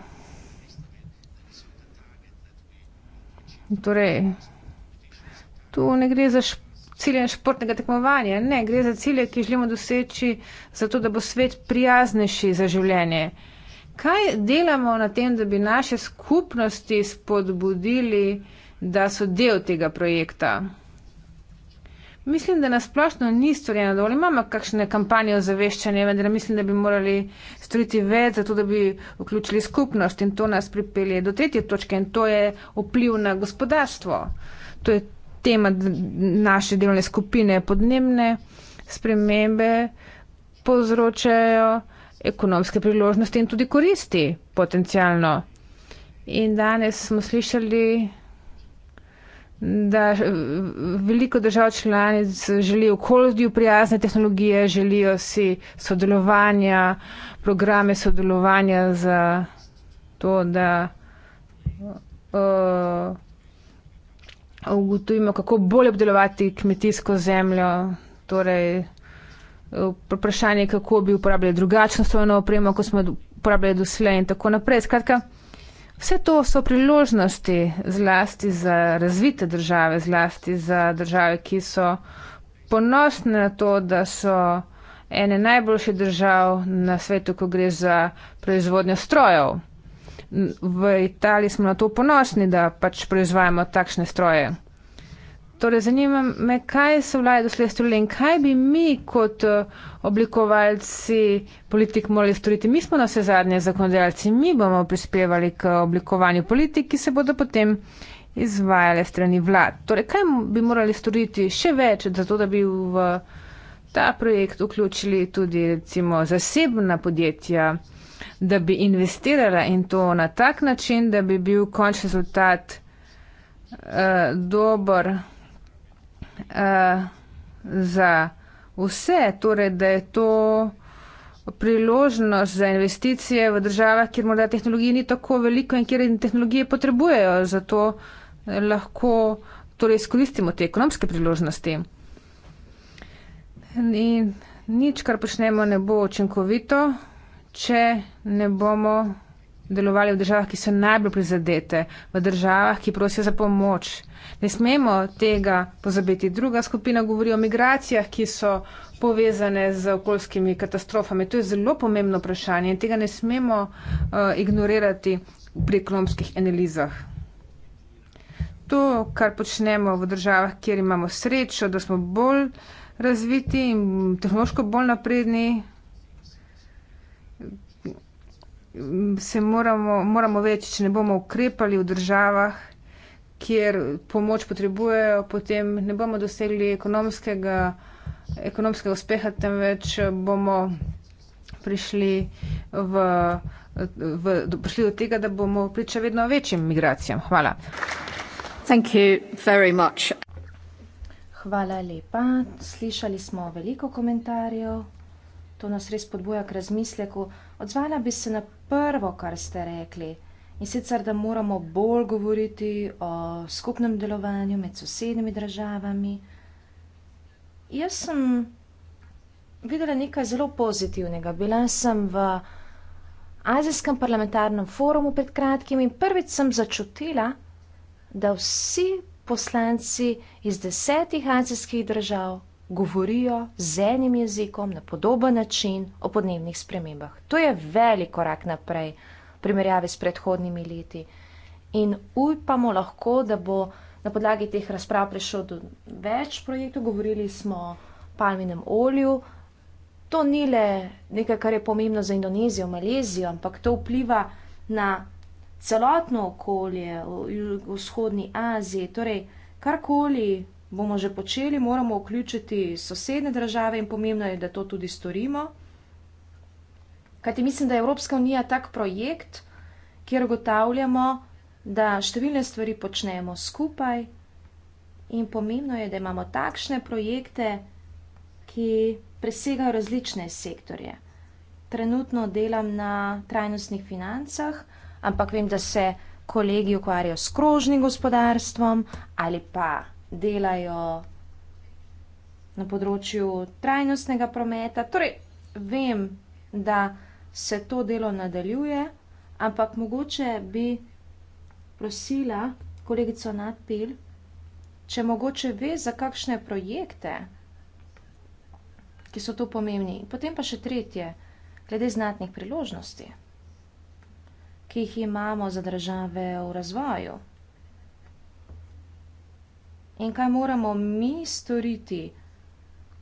Torej, tu ne gre za šport. Ciljem športnega tekmovanja. Ne, gre za cilje, ki želimo doseči, zato da bo svet prijaznejši za življenje. Kaj delamo na tem, da bi naše skupnosti spodbudili uh, da so del tega projekta. Mislim, da nasplošno ni storjeno dovolj. Imamo kakšne kampanje o zaveščanju, vendar mislim, da bi morali storiti več, zato da bi vključili skupnost in to nas pripelje do tretje točke in to je vpliv na gospodarstvo. To je tema naše delovne skupine. Podnebne spremembe povzročajo ekonomske priložnosti in tudi koristi potencialno. In danes smo slišali da eh, veliko držav članic želi okolju prijazne tehnologije, želijo si sodelovanja, programe sodelovanja za to, da uh, ugotovimo, kako bolje obdelovati kmetijsko zemljo. Torej, eh, vprašanje, kako bi uporabljali drugačno strojno opremo, kot smo uporabljali doslej in tako naprej. Skratka, Vse to so priložnosti zlasti za razvite države, zlasti za države, ki so ponosne na to, da so ene najboljših držav na svetu, ko gre za proizvodnjo strojev. V Italiji smo na to ponosni, da pač proizvajamo takšne stroje. Torej, zanima me, kaj so vlade doslej storile in kaj bi mi kot eh, oblikovalci politik morali storiti. Mi smo na vse zadnje zakonodajalci, mi bomo prispevali k oblikovanju politik, ki se bodo potem izvajale strani vlad. Torej, kaj bi morali storiti še več, zato da bi v ta projekt vključili tudi recimo zasebna podjetja, da bi investirala in to na tak način, da bi bil končni rezultat uh, dober uh, za vse, torej da je to priložnost za investicije v državah, kjer morda tehnologij ni tako veliko in kjer tehnologije potrebujejo, zato eh, lahko torej izkoristimo te ekonomske priložnosti. In nič, kar počnemo, ne bo učinkovito, če ne bomo delovali v državah, ki so najbolj prizadete, v državah, ki prosijo za pomoč. Ne smemo tega pozabiti. Druga skupina govori o migracijah, ki so povezane z okoljskimi katastrofami. To je zelo pomembno vprašanje in tega ne smemo uh, ignorirati pri ekonomskih analizah. To, kar počnemo v državah, kjer imamo srečo, da smo bolj razviti in tehnološko bolj napredni, se moramo, moramo več, če ne bomo ukrepali v državah, kjer pomoč potrebujejo, potem ne bomo dosegli ekonomskega, ekonomskega uspeha, temveč bomo prišli, v, v, prišli do tega, da bomo priča vedno večjim migracijam. Hvala. Thank you very much. Hvala lepa. Slišali smo veliko komentarjev. To nas res podbuja k razmisleku. Odzvala bi se na prvo, kar ste rekli. In sicer, da moramo bolj govoriti o skupnem delovanju med sosednjimi državami. Jaz sem videla nekaj zelo pozitivnega. Bila sem v Azijskem parlamentarnem forumu pred kratkim in prvič sem začutila, da vsi poslanci iz desetih azijskih držav govorijo z enim jezikom na podoben način o podnebnih spremembah. To je velik korak naprej v primerjavi s predhodnimi leti. In upamo lahko, da bo na podlagi teh razprav prišlo do več projektov. Govorili smo o palminem olju. To ni le nekaj, kar je pomembno za Indonezijo, Malezijo, ampak to vpliva na celotno okolje v jugovzhodni Aziji. Torej, karkoli bomo že počeli, moramo vključiti sosedne države in pomembno je, da to tudi storimo. Kajti mislim, da je Evropska unija tak projekt, kjer ugotavljamo, da številne stvari počnemo skupaj in pomembno je, da imamo takšne projekte, ki presegajo različne sektorje. Trenutno delam na trajnostnih financah, ampak vem, da se kolegi ukvarjajo s krožnim gospodarstvom ali pa delajo na področju trajnostnega prometa. Torej, vem, da se to delo nadaljuje, ampak mogoče bi prosila kolegico Nadpil, če mogoče ve za kakšne projekte, ki so to pomembni. Potem pa še tretje, glede znatnih priložnosti, ki jih imamo za države v razvoju. In kaj moramo mi storiti,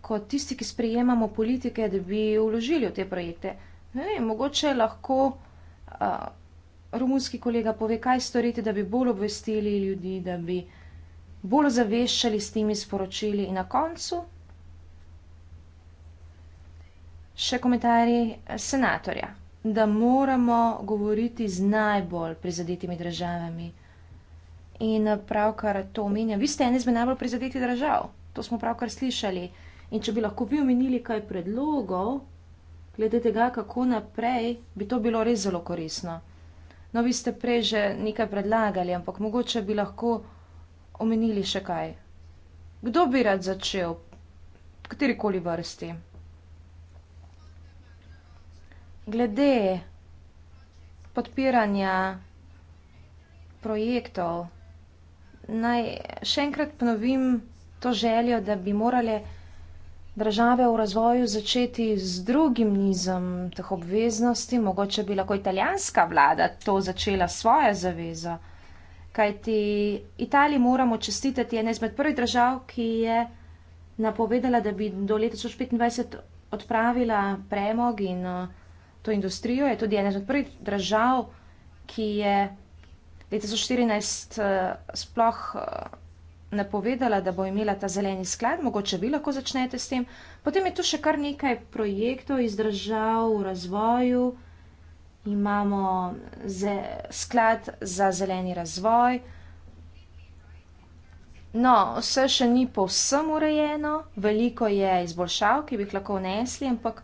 kot tisti, ki sprejemamo politike, da bi vložili v te projekte? Ne, mogoče lahko uh, romunski kolega pove, kaj storiti, da bi bolj obvestili ljudi, da bi bolj zaveščali s temi sporočili. In na koncu še komentarji senatorja, da moramo govoriti z najbolj prizadetimi državami. In pravkar to omenjam, vi ste en izmed najbolj prizadetih držav, to smo pravkar slišali. In če bi lahko vi omenili kaj predlogov, glede tega, kako naprej, bi to bilo res zelo korisno. No, vi ste prej že nekaj predlagali, ampak mogoče bi lahko omenili še kaj. Kdo bi rad začel? Katerikoli vrsti. Glede podpiranja projektov, naj še enkrat ponovim to željo, da bi morale države v razvoju začeti z drugim nizom teh obveznosti. Mogoče bi lahko italijanska vlada to začela svojo zavezo. Kaj ti Italiji moramo čestitati, je ena izmed prvih držav, ki je napovedala, da bi do leta 2025 odpravila premog in uh, to industrijo. Je tudi ena izmed prvih držav, ki je leta 2014 eh, sploh eh, napovedala, da bo imela ta zeleni sklad, mogoče vi lahko začnete s tem. Potem je tu še kar nekaj projektov iz držav v razvoju. Imamo ze, sklad za zeleni razvoj. No, vse še ni povsem urejeno, veliko je izboljšav, ki bi jih lahko vnesli, ampak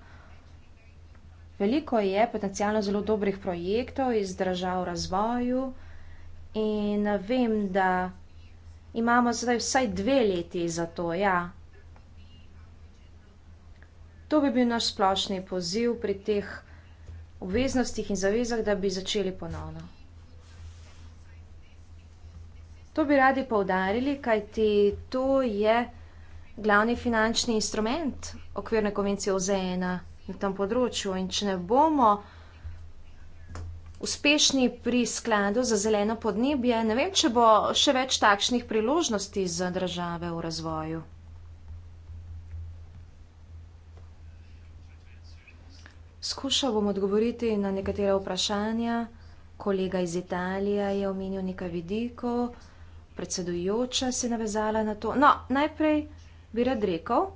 veliko je potencialno zelo dobrih projektov iz držav v razvoju. In eh, vem, da imamo zdaj vsaj dve leti za to, ja. To bi bil naš splošni poziv pri teh obveznostih in zavezah, da bi začeli ponovno. To bi radi poudarili, kajti to je glavni finančni instrument okvirne konvencije OZN na tem področju. In če ne bomo uspešni pri skladu za zeleno podnebje. Ne vem, če bo še več takšnih priložnosti za države v razvoju. Skušal bom odgovoriti na nekatera vprašanja. Kolega iz Italije je omenil nekaj vidikov, predsedujoča se je navezala na to. No, najprej bi rad rekel,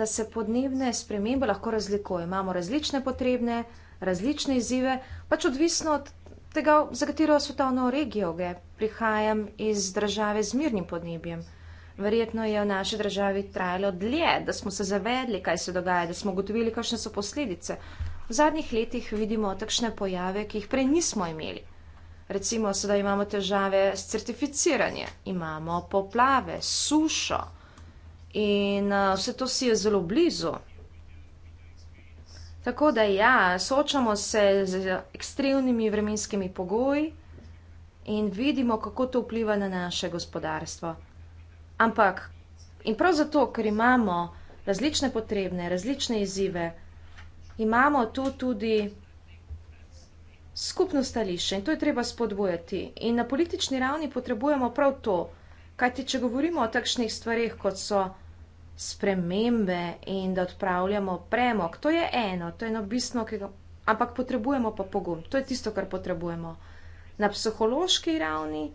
da se podnebne spremembe lahko razlikujejo. Imamo različne potrebne različne izzive, pač odvisno od tega, za katero svetovno regijo gre. Prihajam iz države z mirnim podnebjem. Verjetno je v naši državi trajalo dlje, da smo se zavedli, kaj se dogaja, da smo ugotovili, kakšne so posledice. V zadnjih letih vidimo takšne pojave, ki jih prej nismo imeli. Recimo, sedaj imamo težave s certificiranjem, imamo poplave, sušo in eh, vse to si je zelo blizu. Tako da ja, soočamo se z ekstremnimi vremenskimi pogoji in vidimo, kako to vpliva na naše gospodarstvo. Ampak in prav zato, ker imamo različne potrebne, različne izzive, imamo tu tudi skupno stališče in to je treba spodbujati. In na politični ravni potrebujemo prav to, kajti če govorimo o takšnih stvarih, kot so spremembe in da odpravljamo premog. To je eno, to je eno bistvo, ga... ampak potrebujemo pa pogum. To je tisto, kar potrebujemo. Na psihološki ravni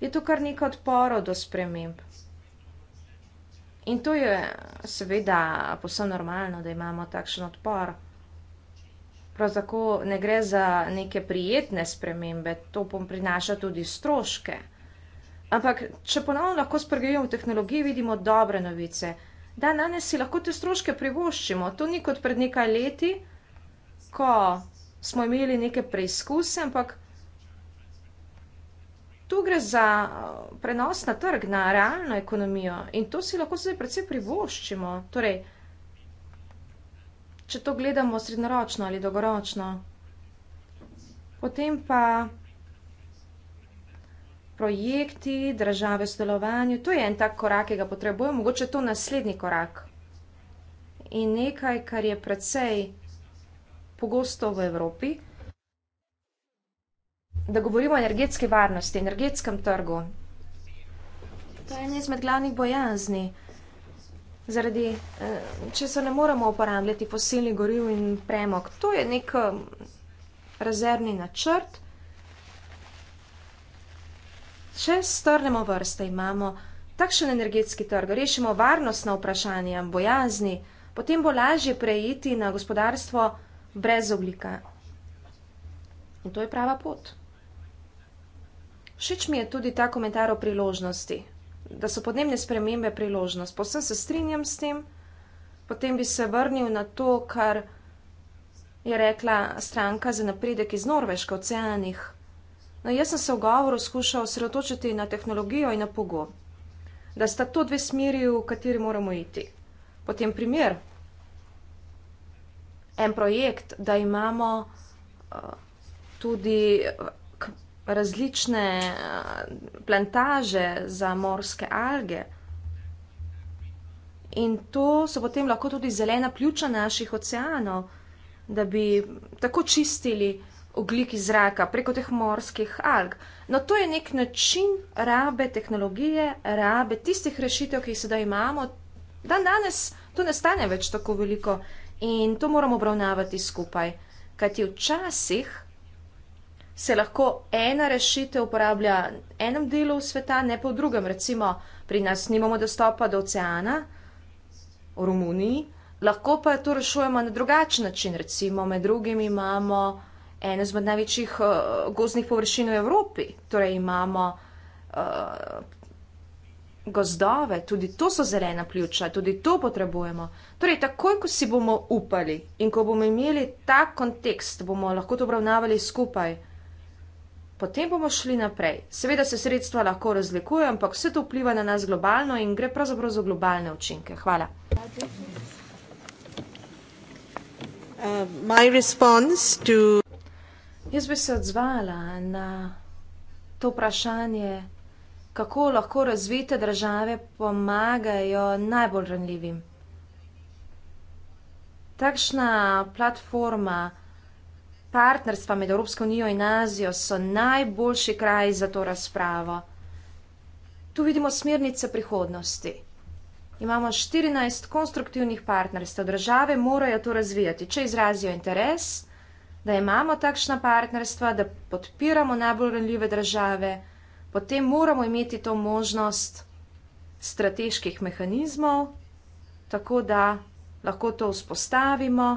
je to kar neko odporo do sprememb. In to je seveda posebno normalno, da imamo takšen odpor. Pravzako ne gre za neke prijetne spremembe, to pom prinaša tudi stroške. Ampak, če ponovno lahko spregledujemo v tehnologiji, vidimo dobre novice da danes si lahko te stroške privoščimo. To ni kot pred nekaj leti, ko smo imeli neke preizkuse, ampak tu gre za uh, prenos na trg, na realno ekonomijo in to si lahko zdaj predvsem privoščimo. Torej, če to gledamo srednjeročno ali dolgoročno, potem pa projekti, države v sodelovanju. To je en tak korak, ki ga potrebujemo, mogoče to naslednji korak. In nekaj, kar je precej pogosto v Evropi, da govorimo o energetski varnosti, energetskem trgu. To je en izmed glavnih bojazni, zaradi eh, če se ne moremo uporabljati fosilnih goriv in premog. To je nek eh, rezervni načrt. Če strnemo vrste, imamo takšen energetski trg, rešimo varnostna vprašanja, bojazni, potem bo lažje prejiti na gospodarstvo brez oblika. In to je prava pot. Všeč mi je tudi ta komentar o priložnosti, da so podnebne spremembe priložnost. Povsem se strinjam s tem, potem bi se vrnil na to, kar je rekla stranka za napredek iz Norveške, oceanih. No, jaz sem se v govoru skušal osredotočiti na tehnologijo in na pogo, da sta to dve smeri, v kateri moramo iti. Potem primer, en projekt, da imamo uh, tudi različne uh, plantaže za morske alge. In to so potem lahko tudi zelena pljuča naših oceanov, da bi tako čistili ogliki zraka, preko teh morskih alg. No, to je nek način rabe tehnologije, rabe tistih rešitev, ki jih sedaj imamo. Dan danes to ne stane več tako veliko in to moramo obravnavati skupaj. Kajti včasih se lahko ena rešitev uporablja v enem delu sveta, ne pa v drugem. Recimo pri nas nimamo dostopa do oceana, v Romuniji, lahko pa to rešujemo na drugačen način. Recimo med drugim imamo eno izmed največjih uh, gozdnih površin v Evropi. Torej imamo uh, gozdove, tudi to so zelena pljuča, tudi to potrebujemo. Torej, takoj, ko si bomo upali in ko bomo imeli ta kontekst, bomo lahko to obravnavali skupaj, potem bomo šli naprej. Seveda se sredstva lahko razlikujejo, ampak vse to vpliva na nas globalno in gre pravzaprav za globalne učinke. Hvala. Uh, my response to Jaz bi se odzvala na to vprašanje, kako lahko razvite države pomagajo najbolj ranljivim. Takšna platforma partnerstva med Evropsko unijo in Azijo so najboljši kraj za to razpravo. Tu vidimo smernice prihodnosti. Imamo 14 konstruktivnih partnerstv, države morajo to razvijati, če izrazijo interes da imamo takšna partnerstva, da podpiramo najbolj ranljive države, potem moramo imeti to možnost strateških mehanizmov, tako da lahko to vzpostavimo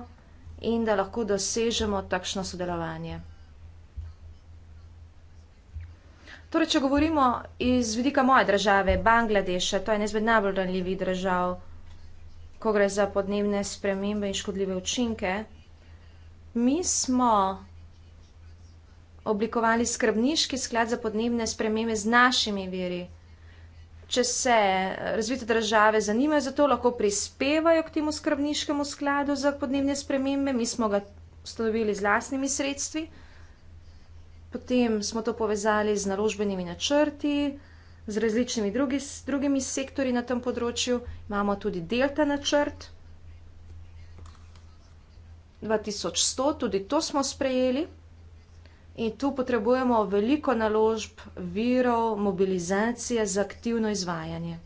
in da lahko dosežemo takšno sodelovanje. Torej, če govorimo iz vidika moje države, Bangladeša, to je ena izmed najbolj ranljivih držav, ko gre za podnebne spremembe in škodljive učinke. Mi smo oblikovali skrbniški sklad za podnebne spremembe z našimi viri. Če se eh, razvite države zanimajo za to, lahko prispevajo k temu skrbniškemu skladu za podnebne spremembe. Mi smo ga ustanovili z lastnimi sredstvi. Potem smo to povezali z naložbenimi načrti, z različnimi drugi, drugimi sektori na tem področju. Imamo tudi delta načrt. 2100, tudi to smo sprejeli. In tu potrebujemo veliko naložb, virov, mobilizacije za aktivno izvajanje.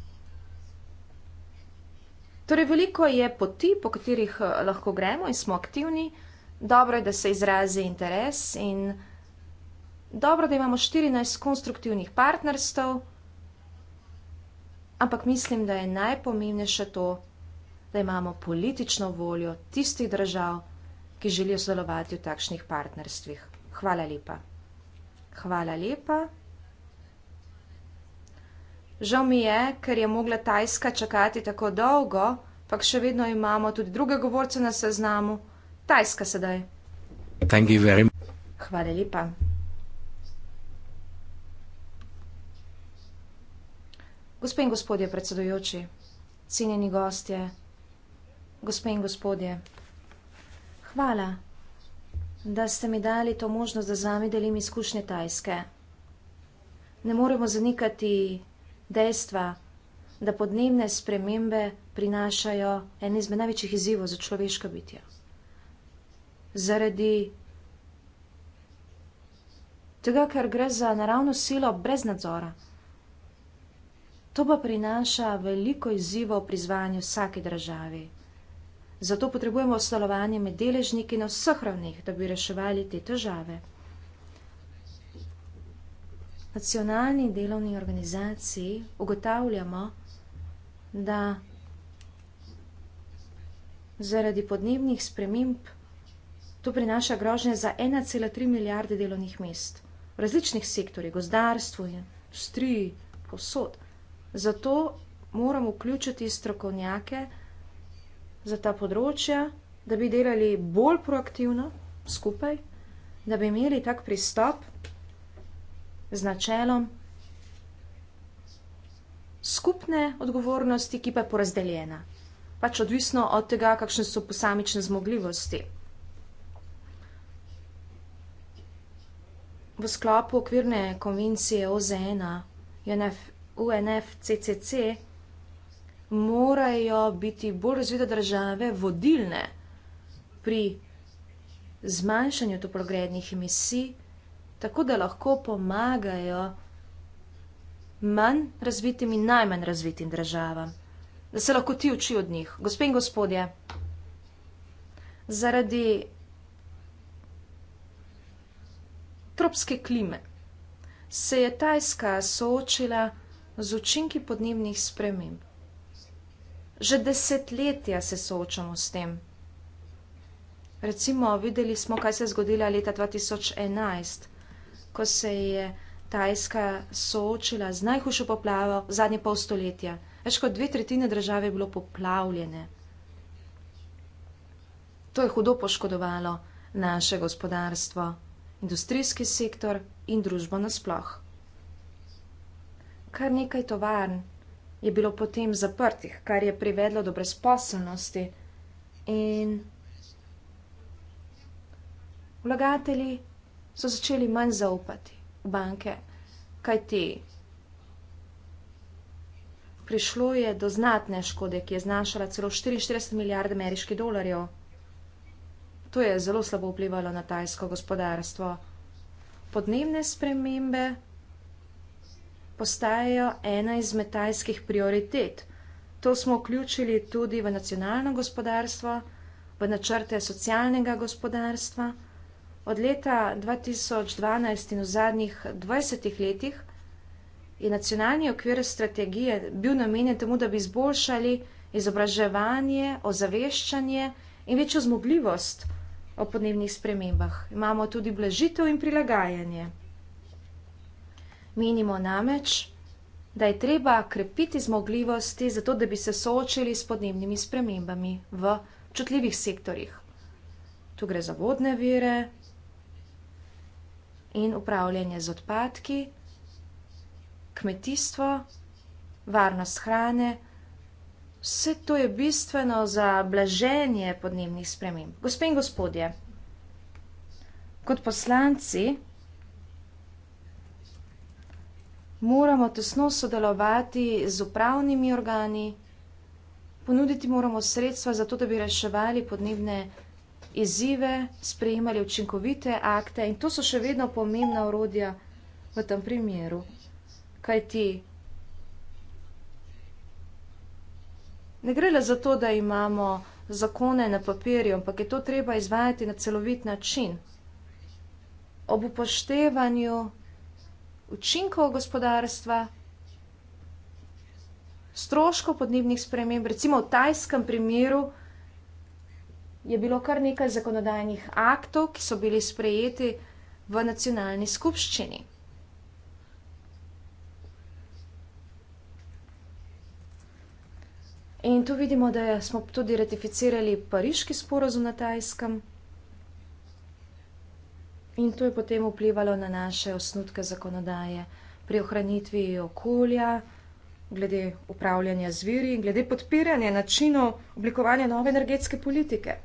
Torej, veliko je poti, po katerih eh, lahko gremo in smo aktivni. Dobro je, da se izrazi interes in dobro, da imamo 14 konstruktivnih partnerstv, ampak mislim, da je najpomembnejše to, da imamo politično voljo tistih držav, ki želijo sodelovati v takšnih partnerstvih. Hvala lepa. Hvala lepa. Žal mi je, ker je mogla Tajska čakati tako dolgo, pa še vedno imamo tudi druge govorce na seznamu. Tajska sedaj. Hvala lepa. Gospe in gospodje predsedujoči, cenjeni gostje, gospe in gospodje. Hvala, da ste mi dali to možnost, da z vami delim izkušnje tajske. Ne moremo zanikati dejstva, da podnebne spremembe prinašajo en izmed največjih izzivov za človeška bitja. Zaradi tega, ker gre za naravno silo brez nadzora. To pa prinaša veliko izzivov pri izvajanju vsake države. Zato potrebujemo sodelovanje med deležniki na vseh ravneh, da bi reševali te težave. Nacionalni delovni organizaciji ugotavljamo, da zaradi podnebnih sprememb to prinaša grožnje za 1,3 milijarde delovnih mest v različnih sektorjih, gozdarstvu, industriji, posod. Zato moramo vključiti strokovnjake, za ta področja, da bi delali bolj proaktivno skupaj, da bi imeli tak pristop z načelom skupne odgovornosti, ki pa je porazdeljena. Pač odvisno od tega, kakšne so posamične zmogljivosti. V sklopu okvirne konvencije OZN-a, UNFCCC, UNF morajo biti bolj razvite države vodilne pri zmanjšanju toplogrednih emisij, tako da lahko pomagajo manj razvitim in najmanj razvitim državam, da se lahko ti učijo od njih. Gospe in gospodje, zaradi tropske klime se je Tajska soočila z učinki podnebnih sprememb. Že desetletja se soočamo s tem. Recimo, videli smo, kaj se je zgodilo leta 2011, ko se je Tajska soočila z najhujšo poplavo zadnje pol stoletja. Več kot dve tretjine države je bilo poplavljene. To je hudo poškodovalo naše gospodarstvo, industrijski sektor in družbo nasploh. Kar nekaj tovarn je bilo potem zaprtih, kar je privedlo do brezposelnosti. In vlagatelji so začeli manj zaupati v banke, kajti prišlo je do znatne škode, ki je znašala celo 44 milijard ameriških dolarjev. To je zelo slabo vplivalo na tajsko gospodarstvo. Podnebne spremembe postajajo ena iz metajskih prioritet. To smo vključili tudi v nacionalno gospodarstvo, v načrte socialnega gospodarstva. Od leta 2012 in v zadnjih 20 letih je nacionalni okvir strategije bil namenjen temu, da bi izboljšali izobraževanje, ozaveščanje in večjo zmogljivost o podnebnih spremembah. Imamo tudi blažitev in prilagajanje. Menimo namreč, da je treba krepiti zmogljivosti, zato da bi se soočili s podnebnimi spremembami v čutljivih sektorjih. Tu gre za vodne vire in upravljanje z odpadki, kmetijstvo, varnost hrane. Vse to je bistveno za blaženje podnebnih sprememb. Gospe in gospodje, kot poslanci. moramo tesno sodelovati z upravnimi organi, ponuditi moramo sredstva za to, da bi reševali podnebne izzive, sprejemali učinkovite akte in to so še vedno pomembna urodja v tem primeru. Kaj ti? Ne gre le za to, da imamo zakone na papirju, ampak je to treba izvajati na celovit način. Ob upoštevanju učinkov gospodarstva, stroškov podnebnih sprememb. Recimo v tajskem primeru je bilo kar nekaj zakonodajnih aktov, ki so bili sprejeti v nacionalni skupščini. In tu vidimo, da smo tudi ratificirali pariški sporozum na tajskem. In to je potem vplivalo na naše osnutke zakonodaje pri ohranitvi okolja, glede upravljanja z viri in glede podpiranja načinov oblikovanja nove energetske politike.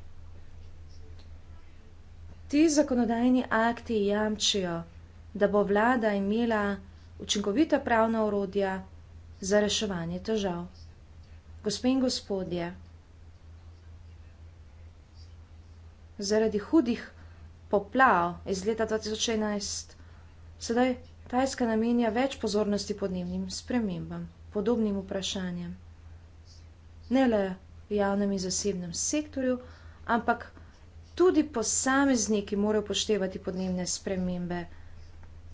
Ti zakonodajni akti jamčijo, da bo vlada imela učinkovita pravna urodja za reševanje težav. Gospe in gospodje, zaradi hudih poplav iz leta 2011. Sedaj Tajska namenja več pozornosti podnebnim spremembam, podobnim vprašanjem. Ne le v javnem in zasebnem sektorju, ampak tudi posamezniki morajo poštevati podnebne spremembe.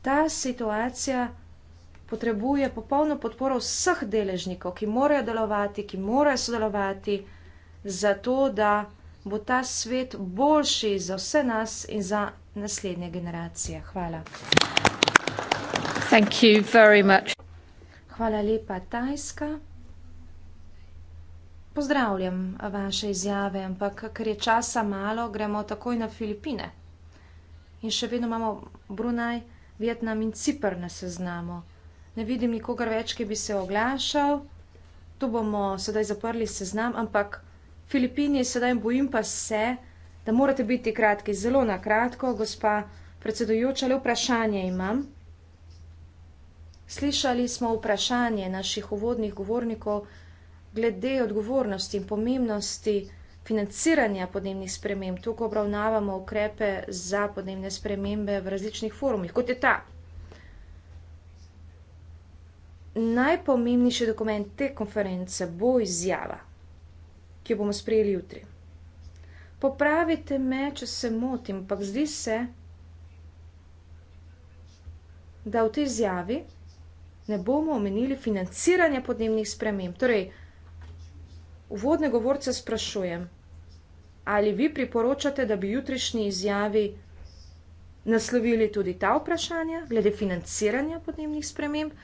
Ta situacija potrebuje popolno podporo vseh deležnikov, ki morajo delovati, ki morajo sodelovati, zato da bo ta svet boljši za vse nas in za naslednje generacije. Hvala. Hvala lepa, Tajska. Pozdravljam vaše izjave, ampak ker je časa malo, gremo takoj na Filipine. In še vedno imamo Brunaj, Vietnam in Cipr na seznamu. Ne vidim nikogar več, ki bi se oglašal. Tu bomo sedaj zaprli seznam, ampak Filipini, sedaj bojim pa se, da morate biti kratki, zelo na kratko, gospa predsedujoča, le vprašanje imam. Slišali smo vprašanje naših uvodnih govornikov glede odgovornosti in pomembnosti financiranja podnebnih sprememb. Tukaj obravnavamo ukrepe za podnebne spremembe v različnih forumih, kot je ta. Najpomembnejši dokument te konference bo izjava ki jo bomo sprejeli jutri. Popravite me, če se motim, ampak zdi se, da v tej izjavi ne bomo omenili financiranja podnebnih sprememb. Torej, uvodne govorce sprašujem, ali vi priporočate, da bi jutrišnji izjavi naslovili tudi ta vprašanja glede financiranja podnebnih sprememb,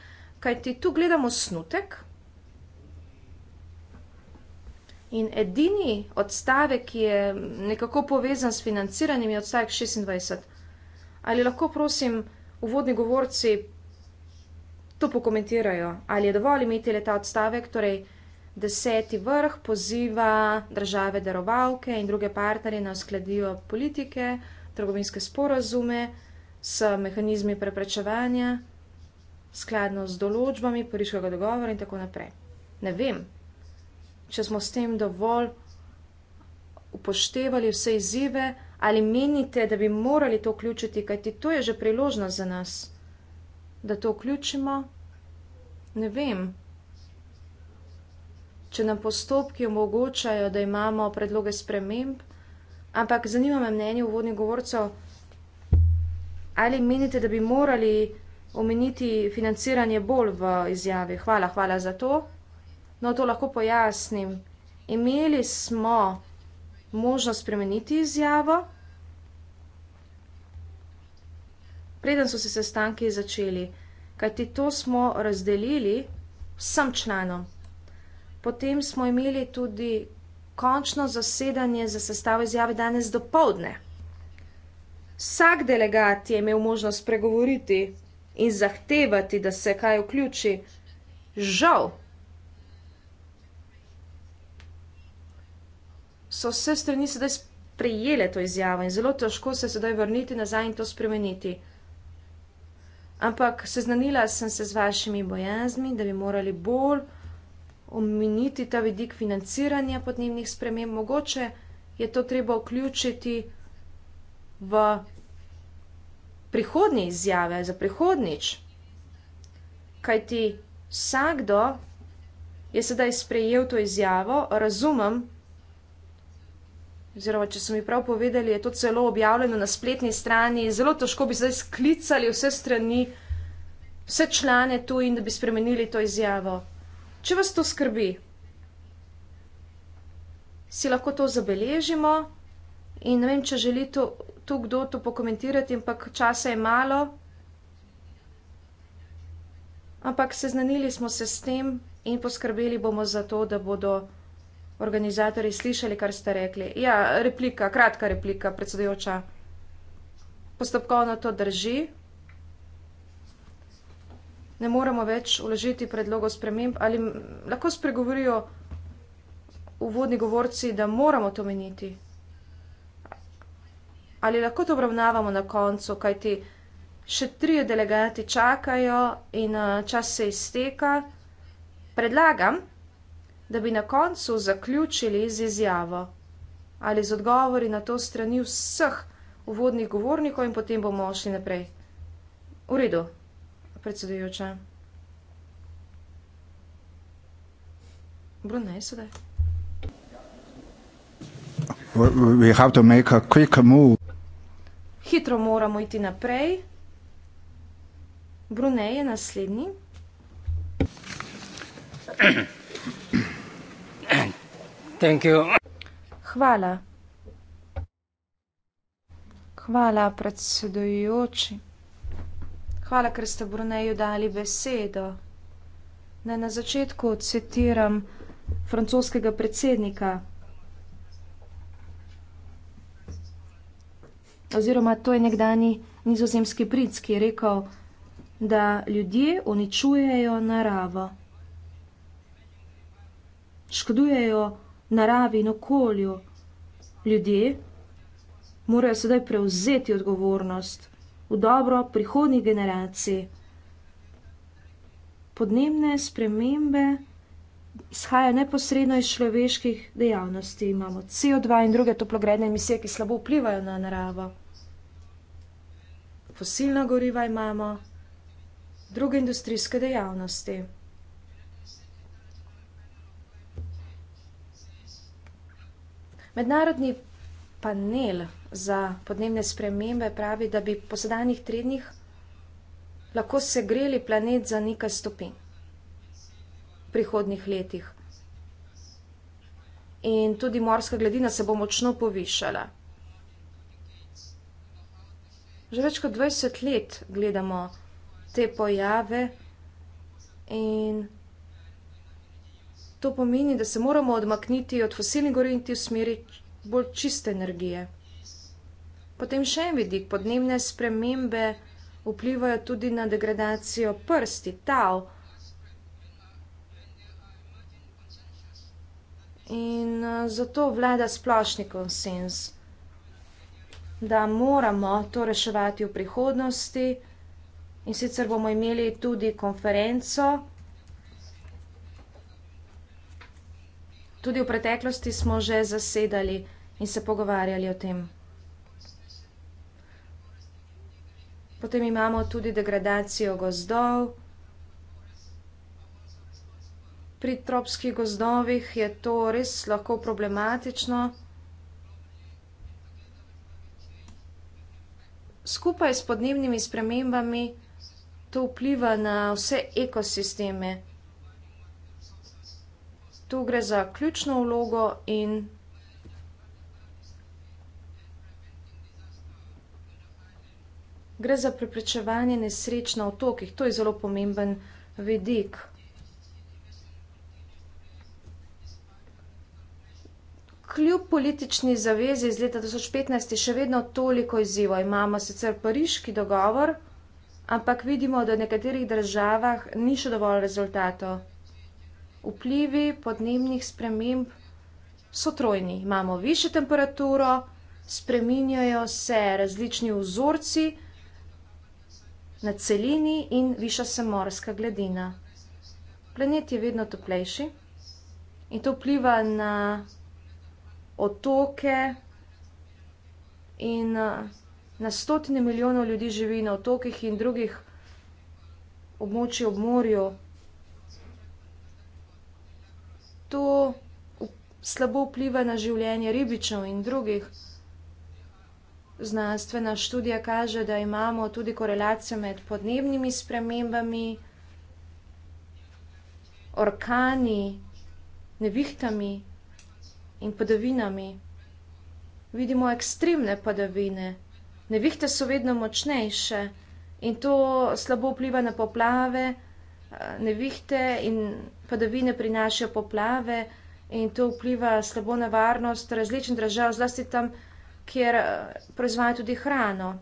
kajti tu gledamo snutek. In edini odstavek, ki je nekako povezan s financiranjem, je odstavek 26. Ali lahko, prosim, uvodni govorci to pokomentirajo? Ali je dovolj imeti le ta odstavek, torej deseti vrh poziva države darovalke in druge partnerje na uskladijo politike, trgovinske sporazume s mehanizmi preprečevanja, skladno z določbami pariškega dogovora in tako naprej? Ne vem, če smo s tem dovolj upoštevali vse izzive, ali menite, da bi morali to vključiti, kajti to je že priložnost za nas, da to vključimo? Ne vem. Če nam postopki omogočajo, da imamo predloge sprememb, ampak zanima me mnenje uvodnih govorcev, ali menite, da bi morali omeniti financiranje bolj v izjavi? Hvala, hvala za to. No, to lahko pojasnim. Imeli smo možnost spremeniti izjavo, preden so se sestanki začeli, kajti to smo razdelili vsem članom. Potem smo imeli tudi končno zasedanje za sestavo izjave danes do povdne. Vsak delegat je imel možnost spregovoriti in zahtevati, da se kaj vključi. Žal, so vse strani sedaj sprejele to izjavo in zelo težko se sedaj vrniti nazaj in to spremeniti. Ampak seznanila sem se z vašimi bojazmi, da bi morali bolj omeniti ta vidik financiranja podnebnih sprememb. Mogoče je to treba vključiti v prihodnje izjave, za prihodnič. Kajti vsakdo je sedaj sprejel to izjavo, razumem, oziroma če so mi prav povedali, je to celo objavljeno na spletni strani, zelo težko bi zdaj sklicali vse strani, vse člane tu in da bi spremenili to izjavo. Če vas to skrbi, si lahko to zabeležimo in ne vem, če želi to, to kdo to pokomentirati, ampak časa je malo. Ampak seznanili smo se s tem in poskrbeli bomo za to, da bodo organizatorji slišali, kar ste rekli. Ja, replika, kratka replika, predsedujoča. Postopkovno to drži. Ne moremo več uložiti predlogov sprememb ali lahko spregovorijo uvodni govorci, da moramo to meniti. Ali lahko to obravnavamo na koncu, kajti še trije delegati čakajo in čas se izteka. Predlagam, da bi na koncu zaključili z izjavo ali z odgovori na to strani vseh uvodnih govornikov in potem bomo šli naprej. V redu, predsedujoča. Brunej, sedaj. We have to make a quick move. Hitro moramo iti naprej. Brunej je naslednji. Hvala. Hvala, predsedujoči. Hvala, ker ste Bruneju dali besedo. Ne na začetku citiram francoskega predsednika. Oziroma, to je nekdani nizozemski princ, ki je rekel, da ljudje uničujejo naravo. Škodujejo naravo naravi in okolju. Ljudje morajo sedaj prevzeti odgovornost v dobro prihodnjih generacij. Podnebne spremembe izhajajo neposredno iz človeških dejavnosti. Imamo CO2 in druge toplogredne emisije, ki slabo vplivajo na naravo. Fosilna goriva imamo, druge industrijske dejavnosti. Mednarodni panel za podnebne spremembe pravi, da bi po sedanjih trednih lahko segreli planet za nekaj stopinj v prihodnih letih. In tudi morska gladina se bo močno povišala. Že več kot 20 let gledamo te pojave in to pomeni, da se moramo odmakniti od fosilnih goriv in ti usmeriti bolj čiste energije. Potem še en vidik, podnebne spremembe vplivajo tudi na degradacijo prsti, tal. In eh, zato vlada splošni konsens, da moramo to reševati v prihodnosti in sicer bomo imeli tudi konferenco, tudi v preteklosti smo že zasedali in se pogovarjali o tem. Potem imamo tudi degradacijo gozdov. Pri tropskih gozdovih je to res lahko problematično. Skupaj s podnebnimi spremembami to vpliva na vse ekosisteme tu gre za ključno vlogo in gre za preprečevanje nesreč na otokih. To je zelo pomemben vidik. Kljub politični zavezi iz leta 2015 je še vedno toliko izzivo. Imamo sicer pariški dogovor, ampak vidimo, da v nekaterih državah ni še dovolj rezultatov vplivi podnebnih sprememb so trojni. Imamo više temperaturo, spreminjajo se različni vzorci na celini in viša se morska gladina. Planet je vedno toplejši in to vpliva na otoke in na stotine milijonov ljudi živi na otokih in drugih območjih ob morju to slabo vpliva na življenje ribičev in drugih. Znanstvena študija kaže, da imamo tudi korelacijo med podnebnimi spremembami, orkani, nevihtami in padavinami. Vidimo ekstremne padavine. Nevihte so vedno močnejše in to slabo vpliva na poplave. Eh, nevihte in padavine prinašajo poplave in to vpliva slabo na varnost različnih držav, zlasti tam, kjer eh, proizvajajo tudi hrano.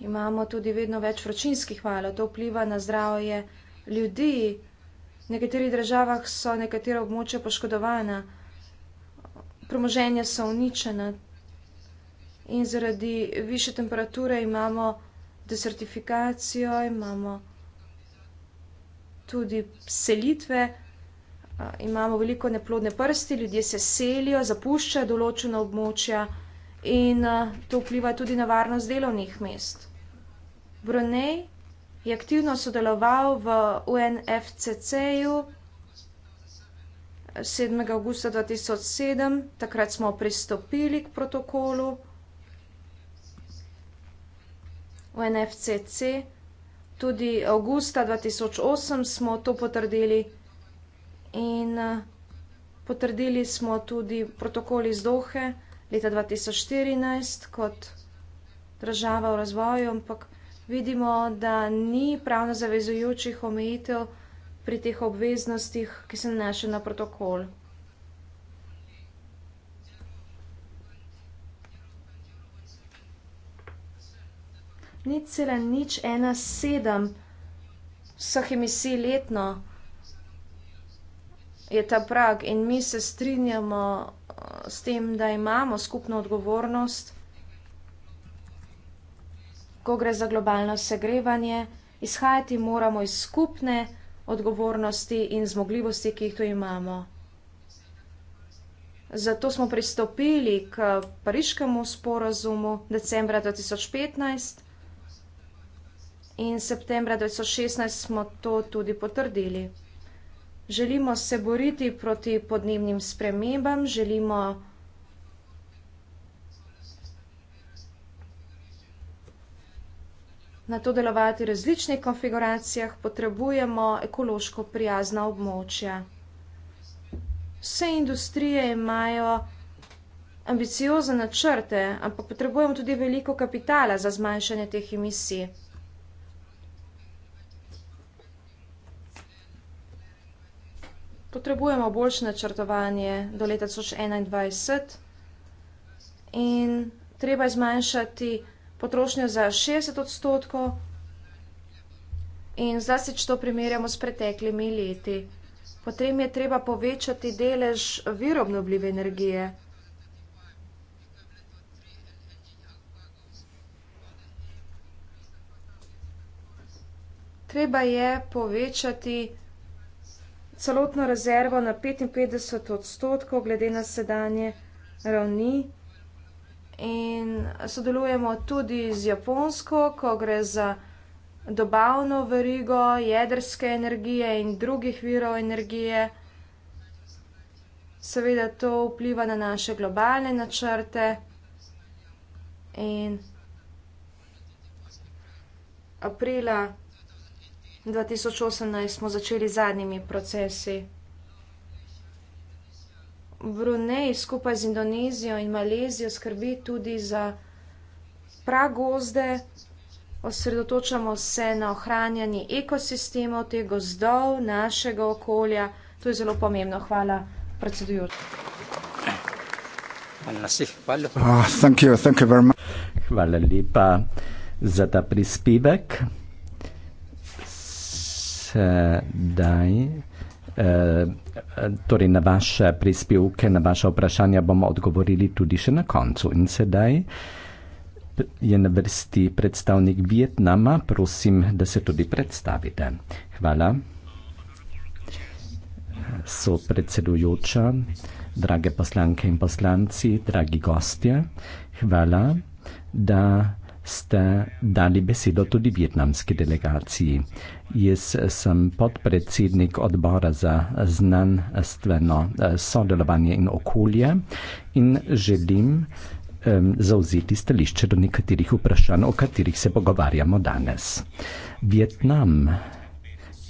Imamo tudi vedno več vročinskih valov, to vpliva na zdravje ljudi. V nekaterih državah so nekatera območja poškodovana, premoženja so uničena in zaradi više temperature imamo desertifikacijo, imamo tudi selitve, imamo veliko neplodne prsti, ljudje se selijo, zapuščajo določena območja in to vpliva tudi na varnost delovnih mest. Brunei je aktivno sodeloval v UNFCC-ju 7. augusta 2007, takrat smo pristopili k protokolu. v NFCC. Tudi avgusta 2008 smo to potrdili in eh, potrdili smo tudi protokol iz Dohe leta 2014 kot država v razvoju, ampak vidimo, da ni pravno zavezujočih omejitev pri teh obveznostih, ki se nanašajo na protokol. 0,017 vseh emisij letno je ta prag in mi se strinjamo eh, s tem, da imamo skupno odgovornost, ko gre za globalno segrevanje, izhajati moramo iz skupne odgovornosti in zmogljivosti, ki jih tu imamo. Zato smo pristopili k Pariškemu sporazumu decembra 2015 in septembra 2016 smo to tudi potrdili. Želimo se boriti proti podnebnim spremembam, želimo na to delovati v različnih konfiguracijah, potrebujemo ekološko prijazna območja. Vse industrije imajo ambiciozne načrte, ampak potrebujemo tudi veliko kapitala za zmanjšanje teh emisij. potrebujemo boljše načrtovanje do leta 2021 in treba je zmanjšati potrošnjo za 60 odstotkov in zase, če to primerjamo s preteklimi leti. Potem je treba povečati delež virobnobljive energije. Treba je povečati energije celotno rezervo na 55 odstotkov glede na sedanje ravni. In sodelujemo tudi z Japonsko, ko gre za dobavno verigo jedrske energije in drugih virov energije. Seveda to vpliva na naše globalne načrte in aprila 2018 smo začeli z zadnjimi procesi. Brunei skupaj z Indonezijo in Malezijo skrbi tudi za pragozde, osredotočamo se na ohranjanje ekosistemov, te gozdov, našega okolja. To je zelo pomembno. Hvala, predsedujoči. Hvala ah, lepa za ta prispevek da eh, torej na vaše prispevke, na vaše vprašanja bomo odgovorili tudi še na koncu. In sedaj je na vrsti predstavnik Vietnama, prosim, da se tudi predstavite. Hvala. So predsedujoča, drage poslanke in poslanci, dragi gostje, hvala, da ste dali besedo tudi vietnamski delegaciji. Jaz sem podpredsednik odbora za znanstveno eh, sodelovanje in okolje in želim um, zauzeti stališče do nekaterih vprašanj, o katerih se pogovarjamo danes. Vietnam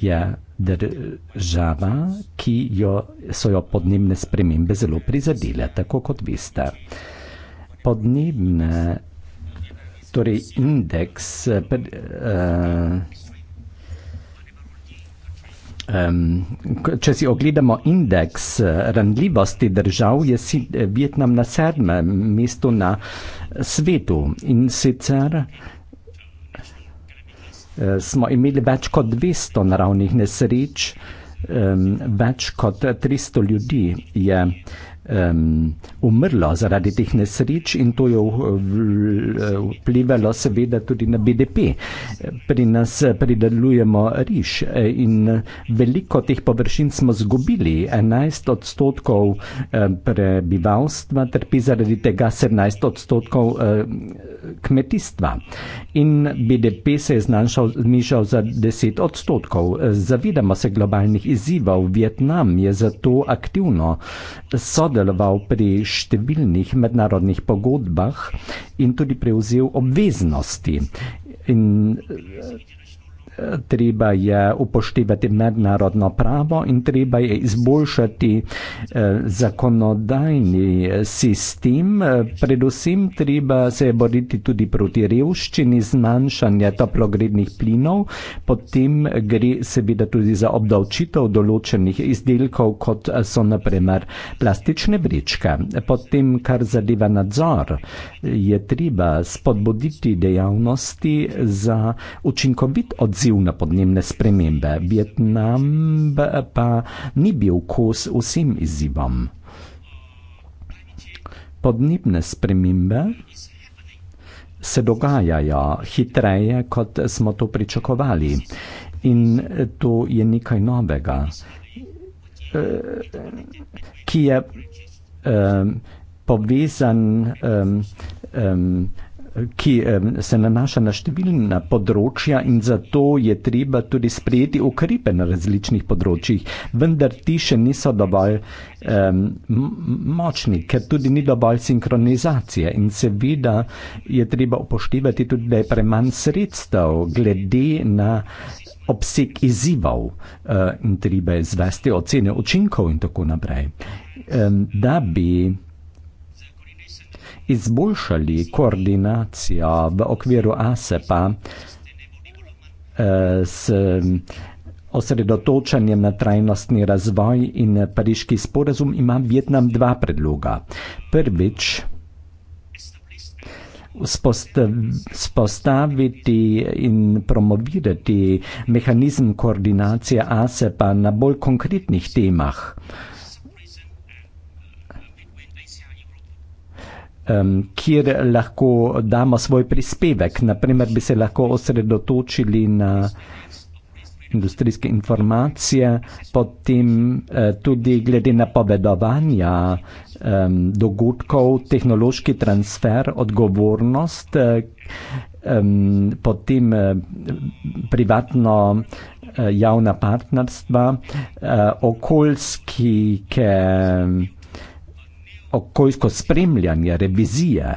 je država, ki jo, so jo podnebne spremembe zelo prizadele, tako kot veste. Podnebne torej indeks, eh, pred, uh, um, če si ogledamo indeks eh, randljivosti držav, je si, Vietnam na sedmem mestu na svetu in sicer uh, smo imeli več kot 200 naravnih nesreč, um, več kot 300 ljudi je um, umrlo zaradi teh nesreč in to je vplivalo seveda tudi na BDP. Pri nas pridelujemo riž e, in veliko teh površin smo zgubili. 11 odstotkov e, prebivalstva trpi zaradi tega 17 odstotkov e, kmetijstva. In BDP se je znanšal, znižal za 10 odstotkov. Zavidamo se globalnih izzivov. Vietnam je zato aktivno sodeloval sodeloval pri številnih mednarodnih pogodbah in tudi prevzel obveznosti. In treba je upoštevati mednarodno pravo in treba je izboljšati eh, zakonodajni eh, sistem. Predvsem treba se boriti tudi proti revščini, zmanjšanje toplogrednih plinov, potem gre seveda tudi za obdavčitev določenih izdelkov, kot eh, so naprimer plastične brečke. Potem, kar zadeva nadzor, je treba spodbuditi dejavnosti za učinkovit odziv odziv na podnebne spremembe. Vietnam pa ni bil kos vsem izzivom. Podnebne spremembe se dogajajo hitreje, kot smo to pričakovali. In eh, to je nekaj novega, eh, ki je eh, povezan ki se nanaša na številna področja in zato je treba tudi sprejeti ukrepe na različnih področjih, vendar ti še niso dovolj um, močni, ker tudi ni dovolj sinkronizacije in seveda je treba upoštevati tudi, da je premanj sredstev glede na obseg izzivov uh, in treba izvesti ocene učinkov in tako naprej. Um, izboljšali koordinacijo v okviru ASEPA s e eh, mm, osredotočanjem na trajnostni razvoj in pariški sporazum, ima Vietnam dva predloga. Prvič, spostaviti in promovirati mehanizem koordinacije ASEPA e na bolj konkretnih temah. um, kjer lahko damo svoj prispevek. Naprimer, bi se lahko osredotočili na industrijske informacije, potem eh, tudi glede napovedovanja eh, dogodkov, tehnološki transfer, odgovornost, eh, eh, potem eh, privatno eh, javna partnerstva, eh, okoljski, ki okoljsko spremljanje, revizije,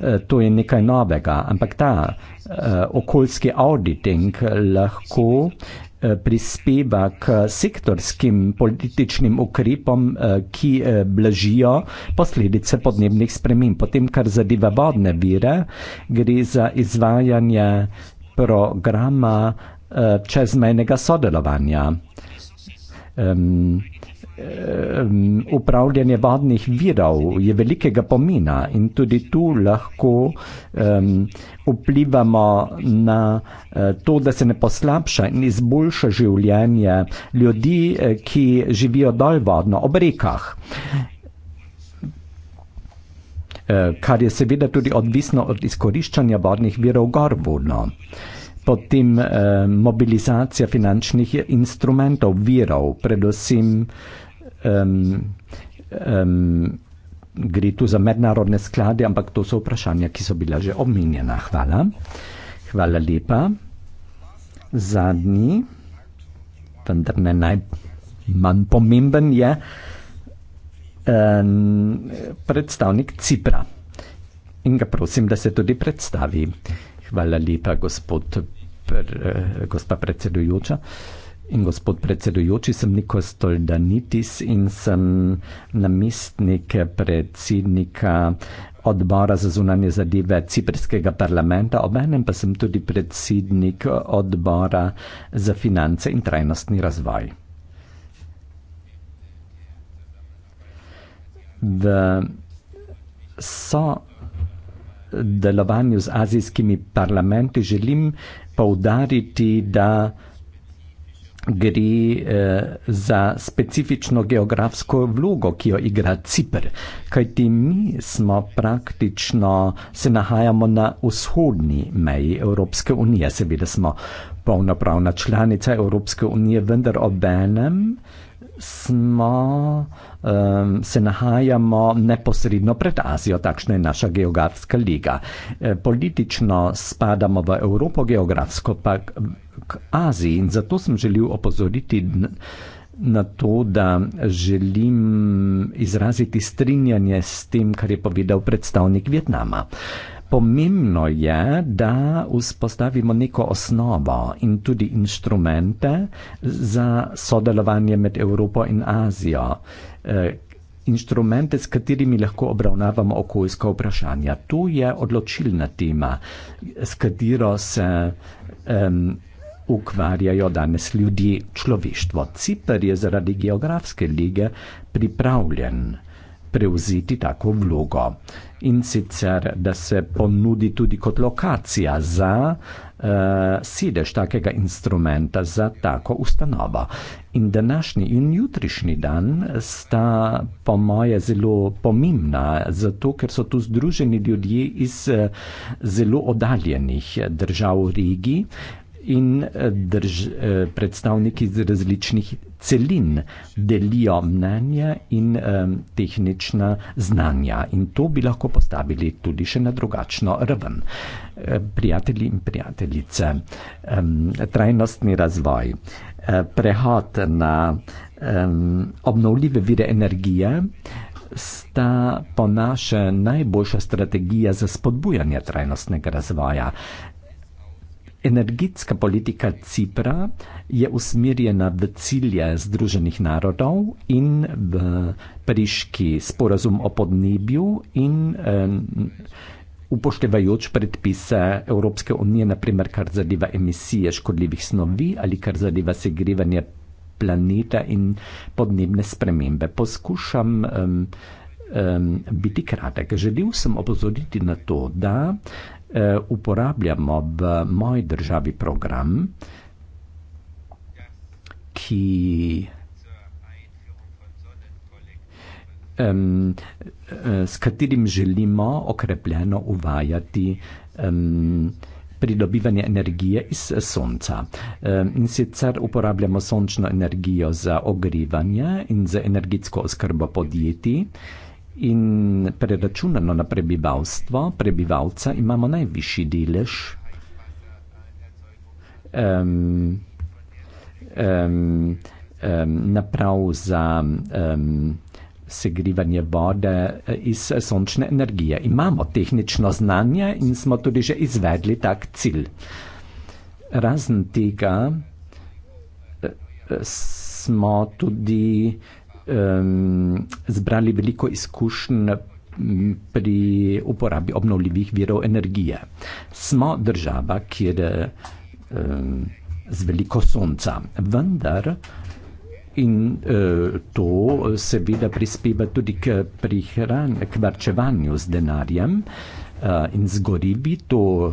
eh, to je nekaj novega, ampak ta eh, okoljski auditing lahko eh, prispeva k sektorskim političnim ukrepom, ki blažijo posledice podnebnih sprememb. Potem, kar zadeva vodne vire, gre za izvajanje programa čezmejnega sodelovanja. Ehm, upravljanje vodnih virov je velikega pomena in tudi tu lahko um, vplivamo na eh, to, da se ne poslabša in izboljša življenje ljudi, eh, ki živijo dolvodno ob rekah. Eh, kar je seveda tudi odvisno od izkoriščanja vodnih virov gorvodno. Potem eh, mobilizacija finančnih instrumentov, virov, predvsem eh, um, um, gre tu za mednarodne sklade, ampak to so vprašanja, ki so bila že omenjena. Hvala. Hvala lepa. Zadnji, vendar ne najmanj pomemben, je um, predstavnik Cipra. In ga prosim, da se tudi predstavi. Hvala lepa, gospod pr, gospa predsedujoča. Uh, In gospod predsedujoči, sem Niko Stoldanitis in sem namestnik predsednika odbora za zunanje zadeve ciprskega parlamenta, obenem pa sem tudi predsednik odbora za finance in trajnostni razvoj. V so delovanju z azijskimi parlamenti želim poudariti, da gre eh, za specifično geografsko vlogo, ki jo igra Cipr. Kajti mi smo praktično, se nahajamo na vzhodni meji Evropske unije, seveda smo polnopravna članica Evropske unije, vendar obenem smo, um, se nahajamo neposredno pred Azijo, takšna je naša geografska liga. E, politično spadamo v Evropo, geografsko pa k Aziji. In zato sem želel opozoriti na to, da želim izraziti strinjanje s tem, kar je povedal predstavnik Vietnama. Pomembno je, da vzpostavimo neko osnovo in tudi inštrumente za sodelovanje med Evropo in Azijo. Eh, inštrumente, s katerimi lahko obravnavamo okoljska vprašanja. To je odločilna tema, s katero se. Um, ukvarjajo danes ljudje, človeštvo. Cipr je zaradi geografske lige pripravljen prevzeti tako vlogo in sicer, da se ponudi tudi kot lokacija za uh, sedež takega instrumenta, za tako ustanovo. In današnji in jutrišnji dan sta po moje zelo pomembna, zato ker so tu združeni ljudje iz eh, zelo oddaljenih držav regij, in eh, drž, eh, predstavniki z različnih celin delijo mnenja in um, tehnična znanja. In to bi lahko postavili tudi še na drugačno raven. Prijatelji in prijateljice, um, trajnostni razvoj, prehod na um, obnovljive vire energije sta po naše najboljša strategija za spodbujanje trajnostnega razvoja. Energetska politika Cipra je usmerjena v cilje Združenih narodov in v Priški sporazum o podnebju in eh, upoštevajoč predpise Evropske unije, naprimer kar zadeva emisije škodljivih snovi ali kar zadeva segrevanje planeta in podnebne spremembe. Poskušam eh, eh, biti kratek. Želel sem opozoriti na to, da eh, Eh, uporabljamo v moji državi program, ki um, s katerim želimo okrepljeno uvajati um, pridobivanje energije iz eh, sonca. In sicer uporabljamo sončno energijo za ogrivanje in za energetsko oskrbo podjetij. In preračunano na prebivalstvo, prebivalca imamo najvišji delež um, um, um, naprav za um, segrivanje vode eh, iz eh, sončne energije. Imamo tehnično znanje in smo tudi že izvedli tak cilj. Razen tega eh, smo tudi um, zbrali veliko izkušenj pri uporabi obnovljivih virov energije. Smo država, kjer je um, z veliko sonca, vendar in uh, to seveda prispeva tudi k prihranju, k varčevanju z denarjem. Eh, in zgoribi, to eh,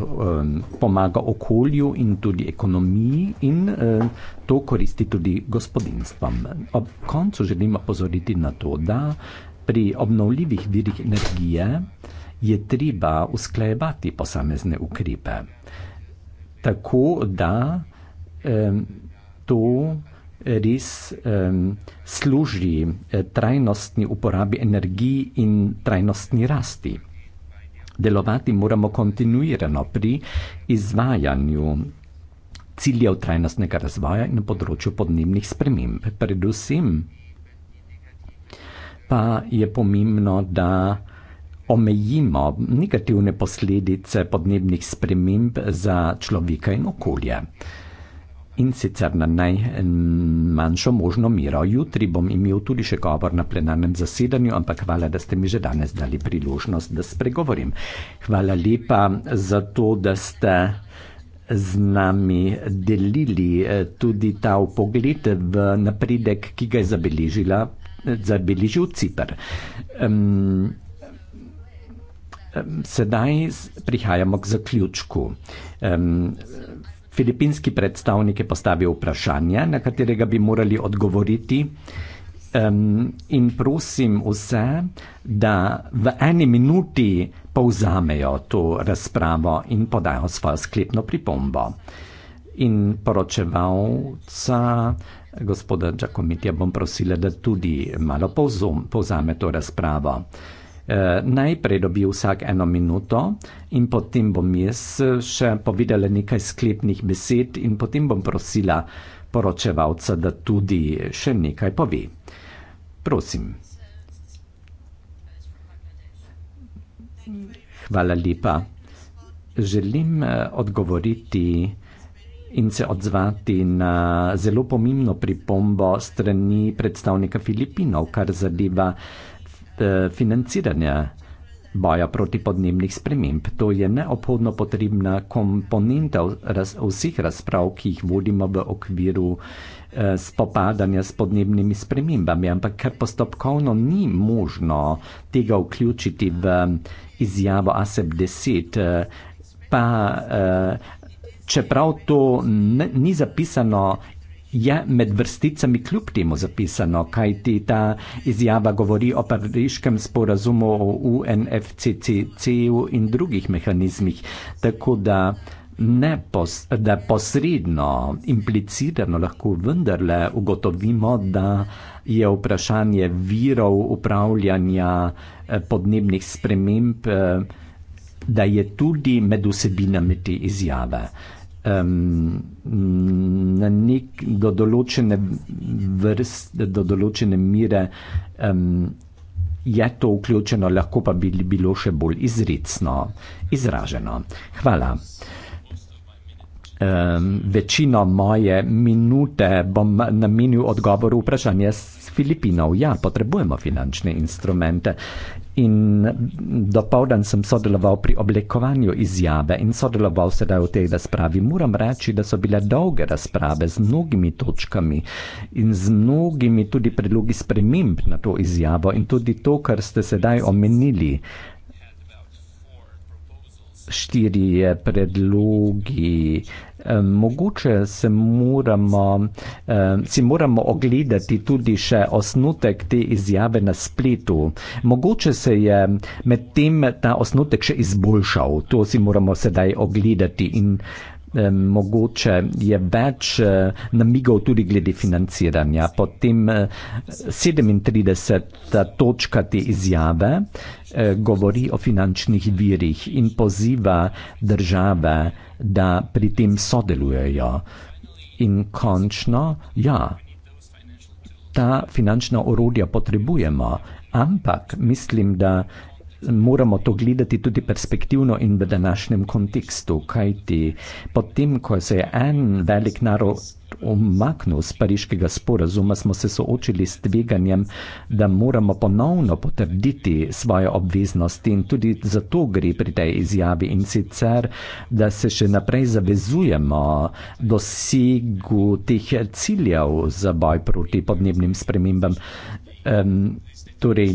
pomaga okolju in tudi ekonomiji in eh, to koristi tudi gospodinstvam. Ob koncu želim opozoriti na to, da pri obnovljivih virih energije je treba usklajevati posamezne ukrepe, tako da to res služi trajnostni uporabi energiji in trajnostni rasti delovati moramo kontinuirano pri izvajanju ciljev trajnostnega razvoja na področju podnebnih sprememb. Predvsem pa je pomembno, da omejimo negativne posledice podnebnih sprememb za človeka in okolje in sicer na najmanjšo možno miro. Jutri bom imel tudi še govor na plenarnem zasedanju, ampak hvala, da ste mi že danes dali priložnost, da spregovorim. Hvala lepa za to, da ste z nami delili eh, tudi ta pogled v napredek, ki ga je zabeležila, eh, zabeležil Cipr. Um, Sedaj prihajamo k zaključku. Um, filipinski predstavnik je postavil vprašanja, na katerega bi morali odgovoriti. Um, in prosim vse, da v eni minuti povzamejo to razpravo in podajo svojo sklepno pripombo. In poročevalca gospoda Giacometija bom prosila, da tudi malo povzame to razpravo. Eh, najprej dobil vsak eno minuto in potem bom jaz eh, še povedala nekaj sklepnih besed in potem bom prosila poročevalca, da tudi še nekaj pove. Prosim. Hvala lepa. Želim eh, odgovoriti in se odzvati na zelo pomembno pripombo strani predstavnika Filipinov, kar zadeva uh, Eh, financiranja boja proti podnebnih sprememb. To je neophodno potrebna komponenta raz, vseh razprav, ki jih vodimo v okviru eh, spopadanja s podnebnimi spremembami, ampak ker postopkovno ni možno tega vključiti v izjavo ASEP 10, eh, pa eh, čeprav to ne, ni zapisano je med vrsticami kljub temu zapisano, kaj ti ta izjava govori o pariškem sporazumu o UNFCCC-ju in drugih mehanizmih. Tako da, pos, da posredno, implicirano lahko vendarle ugotovimo, da je vprašanje virov upravljanja eh, podnebnih sprememb, eh, da je tudi med vsebinami te izjave um, na nek do določene vrste, do določene mire um, je to vključeno, lahko pa bi bilo še bolj izrecno izraženo. Hvala. Um, večino moje minute bom namenil odgovoru vprašanja. Filipinov. Ja, potrebujemo finančne instrumente. In dopoldan sem sodeloval pri oblikovanju izjave in sodeloval sedaj v tej razpravi. Moram reči, da so bile dolge razprave z mnogimi točkami in z mnogimi tudi predlogi sprememb na to izjavo in tudi to, kar ste sedaj omenili, Štiri je predlogi. Mogoče se moramo, si moramo ogledati tudi še osnutek te izjave na spletu. Mogoče se je medtem ta osnutek še izboljšal, to si moramo sedaj ogledati. In, uh, mogoče je več eh, namigov tudi glede financiranja. Potem 37. Eh, eh, točka te izjave govori o finančnih virih in poziva države, da pri tem sodelujejo. In končno, ja, ta finančna orodja potrebujemo, ampak mislim, da moramo to gledati tudi perspektivno in v današnjem kontekstu, kajti potem, ko se je en velik narod omaknil z pariškega sporazuma, smo se soočili s tveganjem, da moramo ponovno potrditi svoje obveznosti in tudi zato gre pri tej izjavi in sicer, da se še naprej zavezujemo dosegu teh ciljev za boj proti podnebnim spremembam. Um, Torej,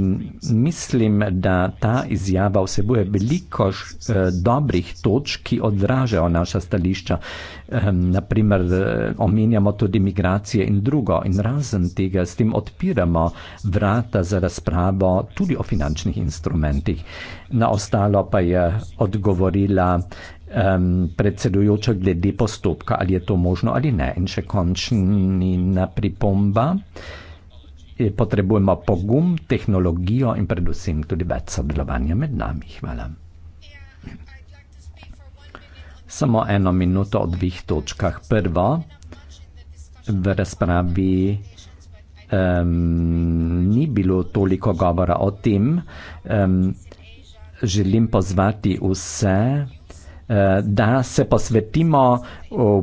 mislim, da ta izjava vsebuje veliko eh, dobrih točk, ki odražajo naša stališča. Eh, naprimer, eh, omenjamo tudi migracije in drugo. In razen tega, s tem odpiramo vrata za razpravo tudi o finančnih instrumentih. Na ostalo pa je odgovorila eh, predsedujoča glede postopka, ali je to možno ali ne. In še končni pripomba. Eh, Eh, potrebujemo pogum, tehnologijo in predvsem tudi več sodelovanja med nami. Hvala. Samo eno minuto o dveh točkah. Prvo, v razpravi um, ni bilo toliko govora o tem. Um, želim pozvati vse Eh, da se posvetimo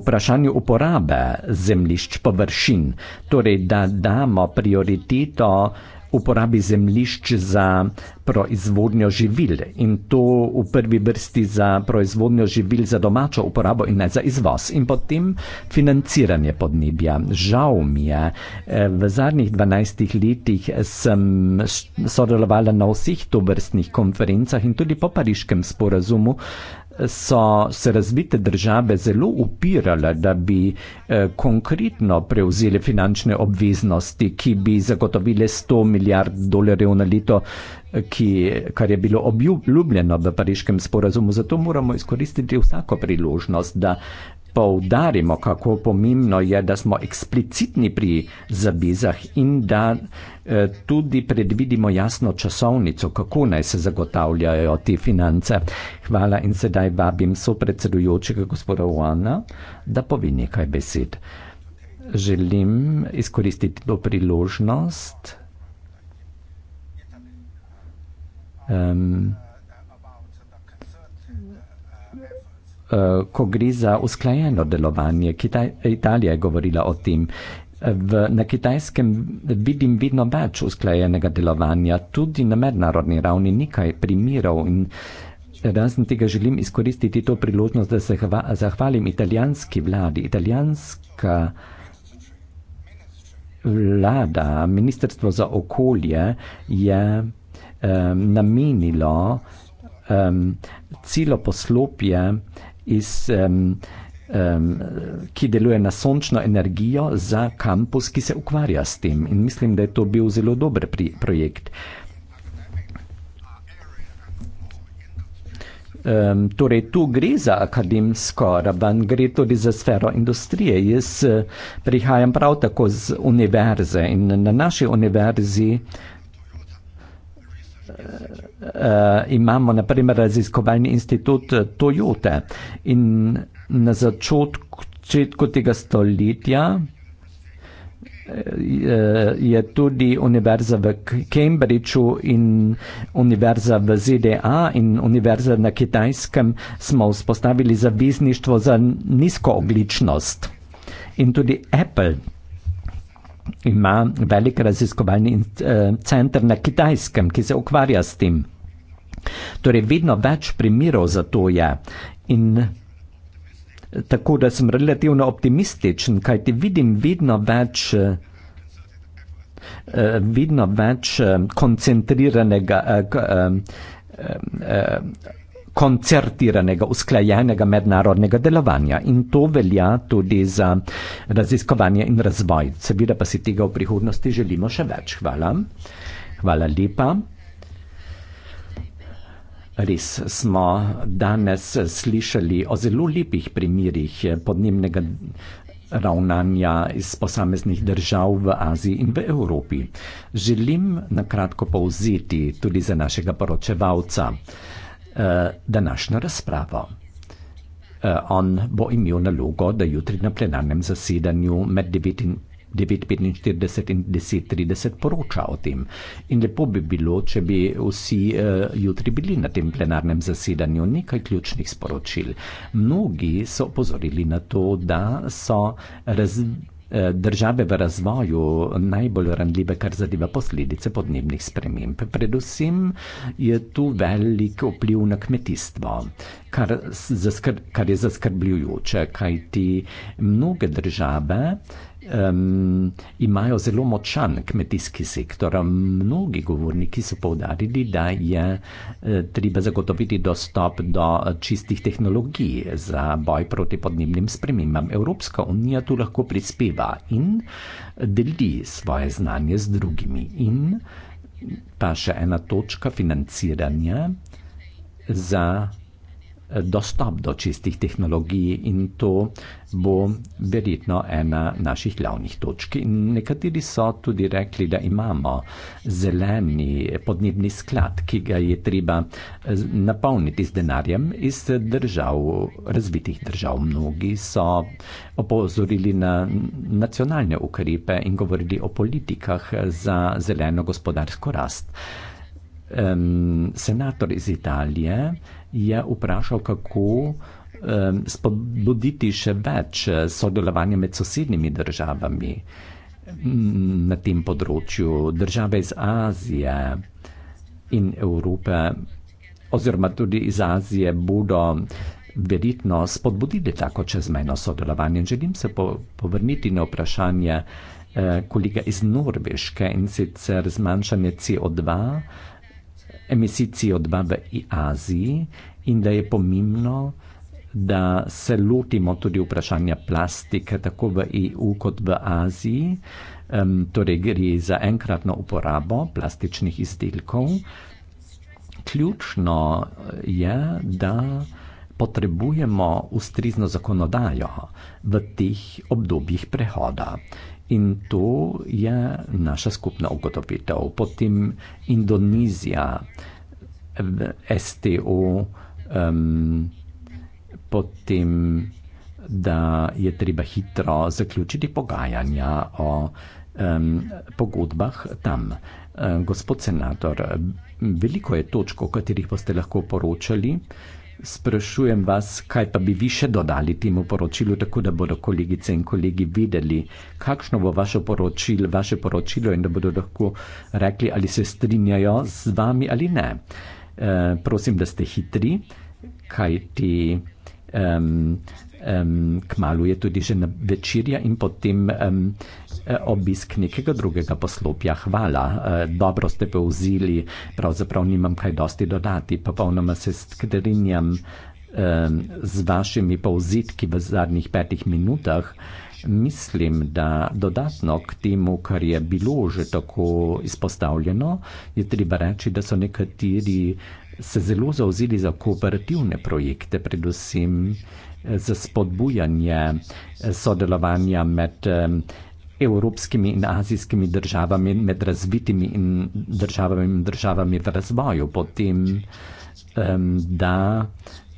vprašanju uporabe zemljišč površin, torej da damo prioriteto uporabi zemljišč za proizvodnjo živil in to v prvi vrsti za proizvodnjo živil za domačo uporabo in ne za izvoz in potem financiranje podnebja. Žal mi je, eh, v zadnjih 12 letih sem sodelovala na vseh tovrstnih konferencah in tudi po pariškem sporazumu, so se razvite države zelo upirale, da bi eh, konkretno prevzeli finančne obveznosti, ki bi zagotovile 100 milijard dolarjev na leto, eh, ki, kar je bilo obljubljeno v pariškem sporazumu. Zato moramo izkoristiti vsako priložnost, da poudarimo, kako pomembno je, da smo eksplicitni pri zavezah in da eh, tudi predvidimo jasno časovnico, kako naj se zagotavljajo te finance. Hvala in sedaj vabim sopredsedujočega gospoda Juana, da pove nekaj besed. Želim izkoristiti to priložnost. Um, Eh, ko gre za usklajeno delovanje. Kitaj, Italija je govorila o tem. V, na kitajskem vidim vedno več usklajenega delovanja, tudi na mednarodni ravni nekaj primirov in razen tega želim izkoristiti to priložnost, da se hva, zahvalim italijanski vladi. Italijanska vlada, Ministrstvo za okolje je um, namenilo um, celo poslopje um, iz, um, um, ki deluje na sončno energijo za kampus, ki se ukvarja s tem. In mislim, da je to bil zelo dober pri, projekt. Um, torej, tu gre za akademsko raven, gre tudi za sfero industrije. Jaz uh, prihajam prav tako z univerze in na naši univerzi uh, uh, imamo naprimer raziskovalni institut eh, Toyote in na začetku tega stoletja eh, je tudi univerza v Cambridgeu in univerza v ZDA in univerza na Kitajskem smo vzpostavili zavezništvo za nizkoogličnost. In tudi Apple ima velik raziskovalni eh, center na kitajskem, ki se ukvarja s tem. Torej, vedno več primerov za to je. In eh, tako da sem relativno optimističen, kajti vidim vedno več, eh, vedno več koncentriranega koncertiranega, usklajenega mednarodnega delovanja in to velja tudi za raziskovanje in razvoj. Seveda pa si tega v prihodnosti želimo še več. Hvala. Hvala lepa. Res smo danes slišali o zelo lepih primerih podnebnega ravnanja iz posameznih držav v Aziji in v Evropi. Želim na kratko povzeti tudi za našega poročevalca. Eh, današnjo razpravo. Eh, on bo imel nalogo, da jutri na plenarnem zasedanju med 9.45 in 10.30 poroča o tem. In lepo bi bilo, če bi vsi eh, jutri bili na tem plenarnem zasedanju nekaj ključnih sporočil. Mnogi so opozorili na to, da so različni. Eh, države v razvoju najbolj ranljive, kar zadeva posledice podnebnih sprememb. Predvsem je tu velik vpliv na kmetijstvo, kar, kar je zaskrbljujoče, kajti mnoge države um, imajo zelo močan kmetijski sektor. Mnogi govorniki so povdarili, da je eh, treba zagotoviti dostop do eh, čistih tehnologij za boj proti podnebnim spremembam. Evropska unija tu lahko prispeva in deli svoje znanje z drugimi. In pa še ena točka financiranja za dostop do čistih tehnologij in to bo verjetno ena naših glavnih točk. Nekateri so tudi rekli, da imamo zeleni podnebni sklad, ki ga je treba eh, napolniti z denarjem iz držav, razvitih držav. Mnogi so opozorili na nacionalne ukrepe in govorili o politikah za zeleno gospodarsko rast. Senator iz Italije je vprašal, kako spodbuditi še več eh, sodelovanja med sosednjimi državami na tem področju. Države iz Azije in Evrope oziroma tudi iz Azije bodo verjetno spodbudili tako čezmejno sodelovanje. Želim se po, povrniti na vprašanje eh, kolega iz Norveške in sicer zmanjšanje CO2 eh, emisicij odba v Aziji in da je pomembno, da se lotimo tudi vprašanja plastike, tako v EU kot v Aziji. Um, torej, gre za enkratno uporabo plastičnih izdelkov. Ključno je, da potrebujemo ustrezno zakonodajo v teh obdobjih prehoda. In to je naša skupna ugotovitev. Potem Indonezija, STO, um, potem, da je treba hitro zaključiti pogajanja o um, pogodbah tam. Gospod senator, veliko je točk, o katerih boste lahko poročali sprašujem vas, kaj pa bi vi še dodali temu poročilu, tako da bodo kolegice in kolegi videli, kakšno bo vaše poročilo, vaše poročilo in da bodo lahko rekli, ali se strinjajo z vami ali ne. E, prosim, da ste hitri, kaj ti. Um, um, kmalo je tudi že večerja in potem um, Eh, obisk nekega drugega poslopja. Hvala, eh, dobro ste povzili, pravzaprav nimam kaj dosti dodati, popolnoma se skrinjam z vašimi povzitki v zadnjih petih minutah. Mislim, da dodatno k temu, kar je bilo že tako izpostavljeno, je treba reči, da so nekateri se zelo zauzeli za kooperativne projekte, predvsem eh, za spodbujanje sodelovanja med eh, evropskimi in azijskimi državami, med razvitimi in državami, državami v razvoju, potem um, da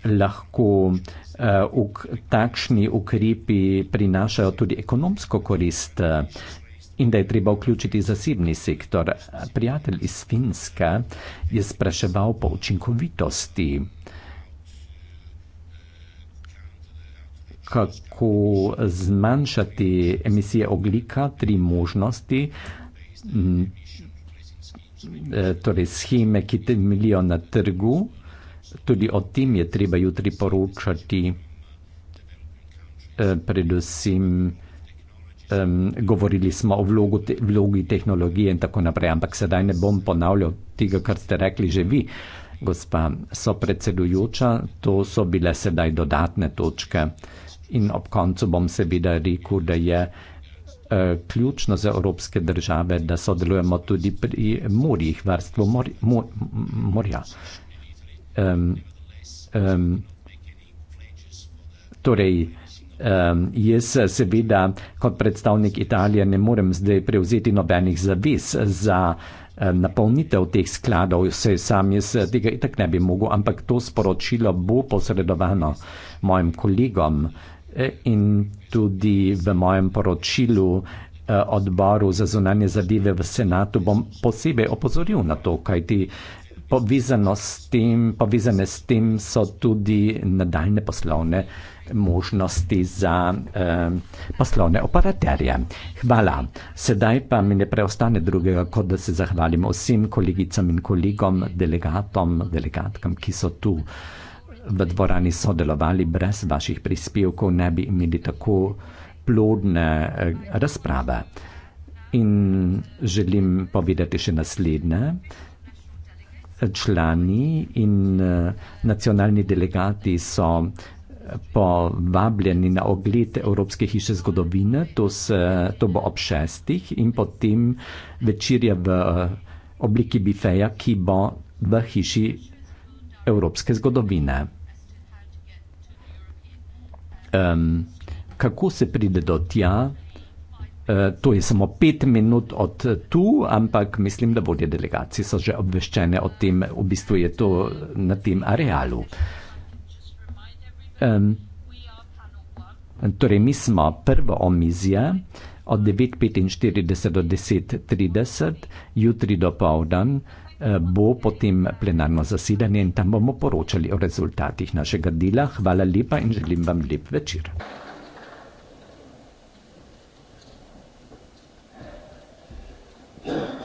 lahko uh, takšni ukrepi prinašajo tudi ekonomsko korist eh, in da je treba vključiti zasebni sektor. Prijatelj iz Finska je spraševal po učinkovitosti kako zmanjšati emisije oglika, tri možnosti, mm, e, torej scheme, ki temeljijo na trgu, tudi o tem je treba jutri poročati, e, predvsem govorili smo o vlogi tehnologije in tako naprej, ampak sedaj ne bom ponavljal tega, kar ste rekli že vi, gospa sopredsedujoča, to so bile sedaj dodatne točke. In ob koncu bom seveda rekel, da je eh, ključno za evropske države, da sodelujemo tudi pri morjih, vrstvu mor, mor, morja. Um, um, torej, um, jaz seveda kot predstavnik Italije ne morem zdaj prevzeti nobenih zavez za um, napolnitev teh skladov, vse sam jaz eh, tega itak ne bi mogel, ampak to sporočilo bo posredovano mojim kolegom in tudi v mojem poročilu eh, odboru za zunanje zadeve v senatu bom posebej opozoril na to, kajti povezane s tem so tudi nadaljne poslovne možnosti za eh, poslovne operaterje. Hvala. Sedaj pa mi ne preostane drugega, kot da se zahvalim vsem kolegicam in kolegom, delegatom, delegatkam, ki so tu v dvorani sodelovali, brez vaših prispevkov ne bi imeli tako plodne eh, razprave. In želim povedati še naslednje. Člani in eh, nacionalni delegati so eh, povabljeni na ogled Evropske hiše zgodovine, to, se, to bo ob šestih in potem večerja v obliki bifeja, ki bo v hiši evropske zgodovine. Um, kako se pride do tja? Uh, to je samo pet minut od tu, ampak mislim, da vodje delegacije so že obveščene o tem, v bistvu je to na tem arealu. Um, torej, mi smo prvo omizje od 9.45 do 10.30, jutri do povdan bo potem plenarno zasedanje in tam bomo poročali o rezultatih našega dela. Hvala lepa in želim vam lep večer. Yeah.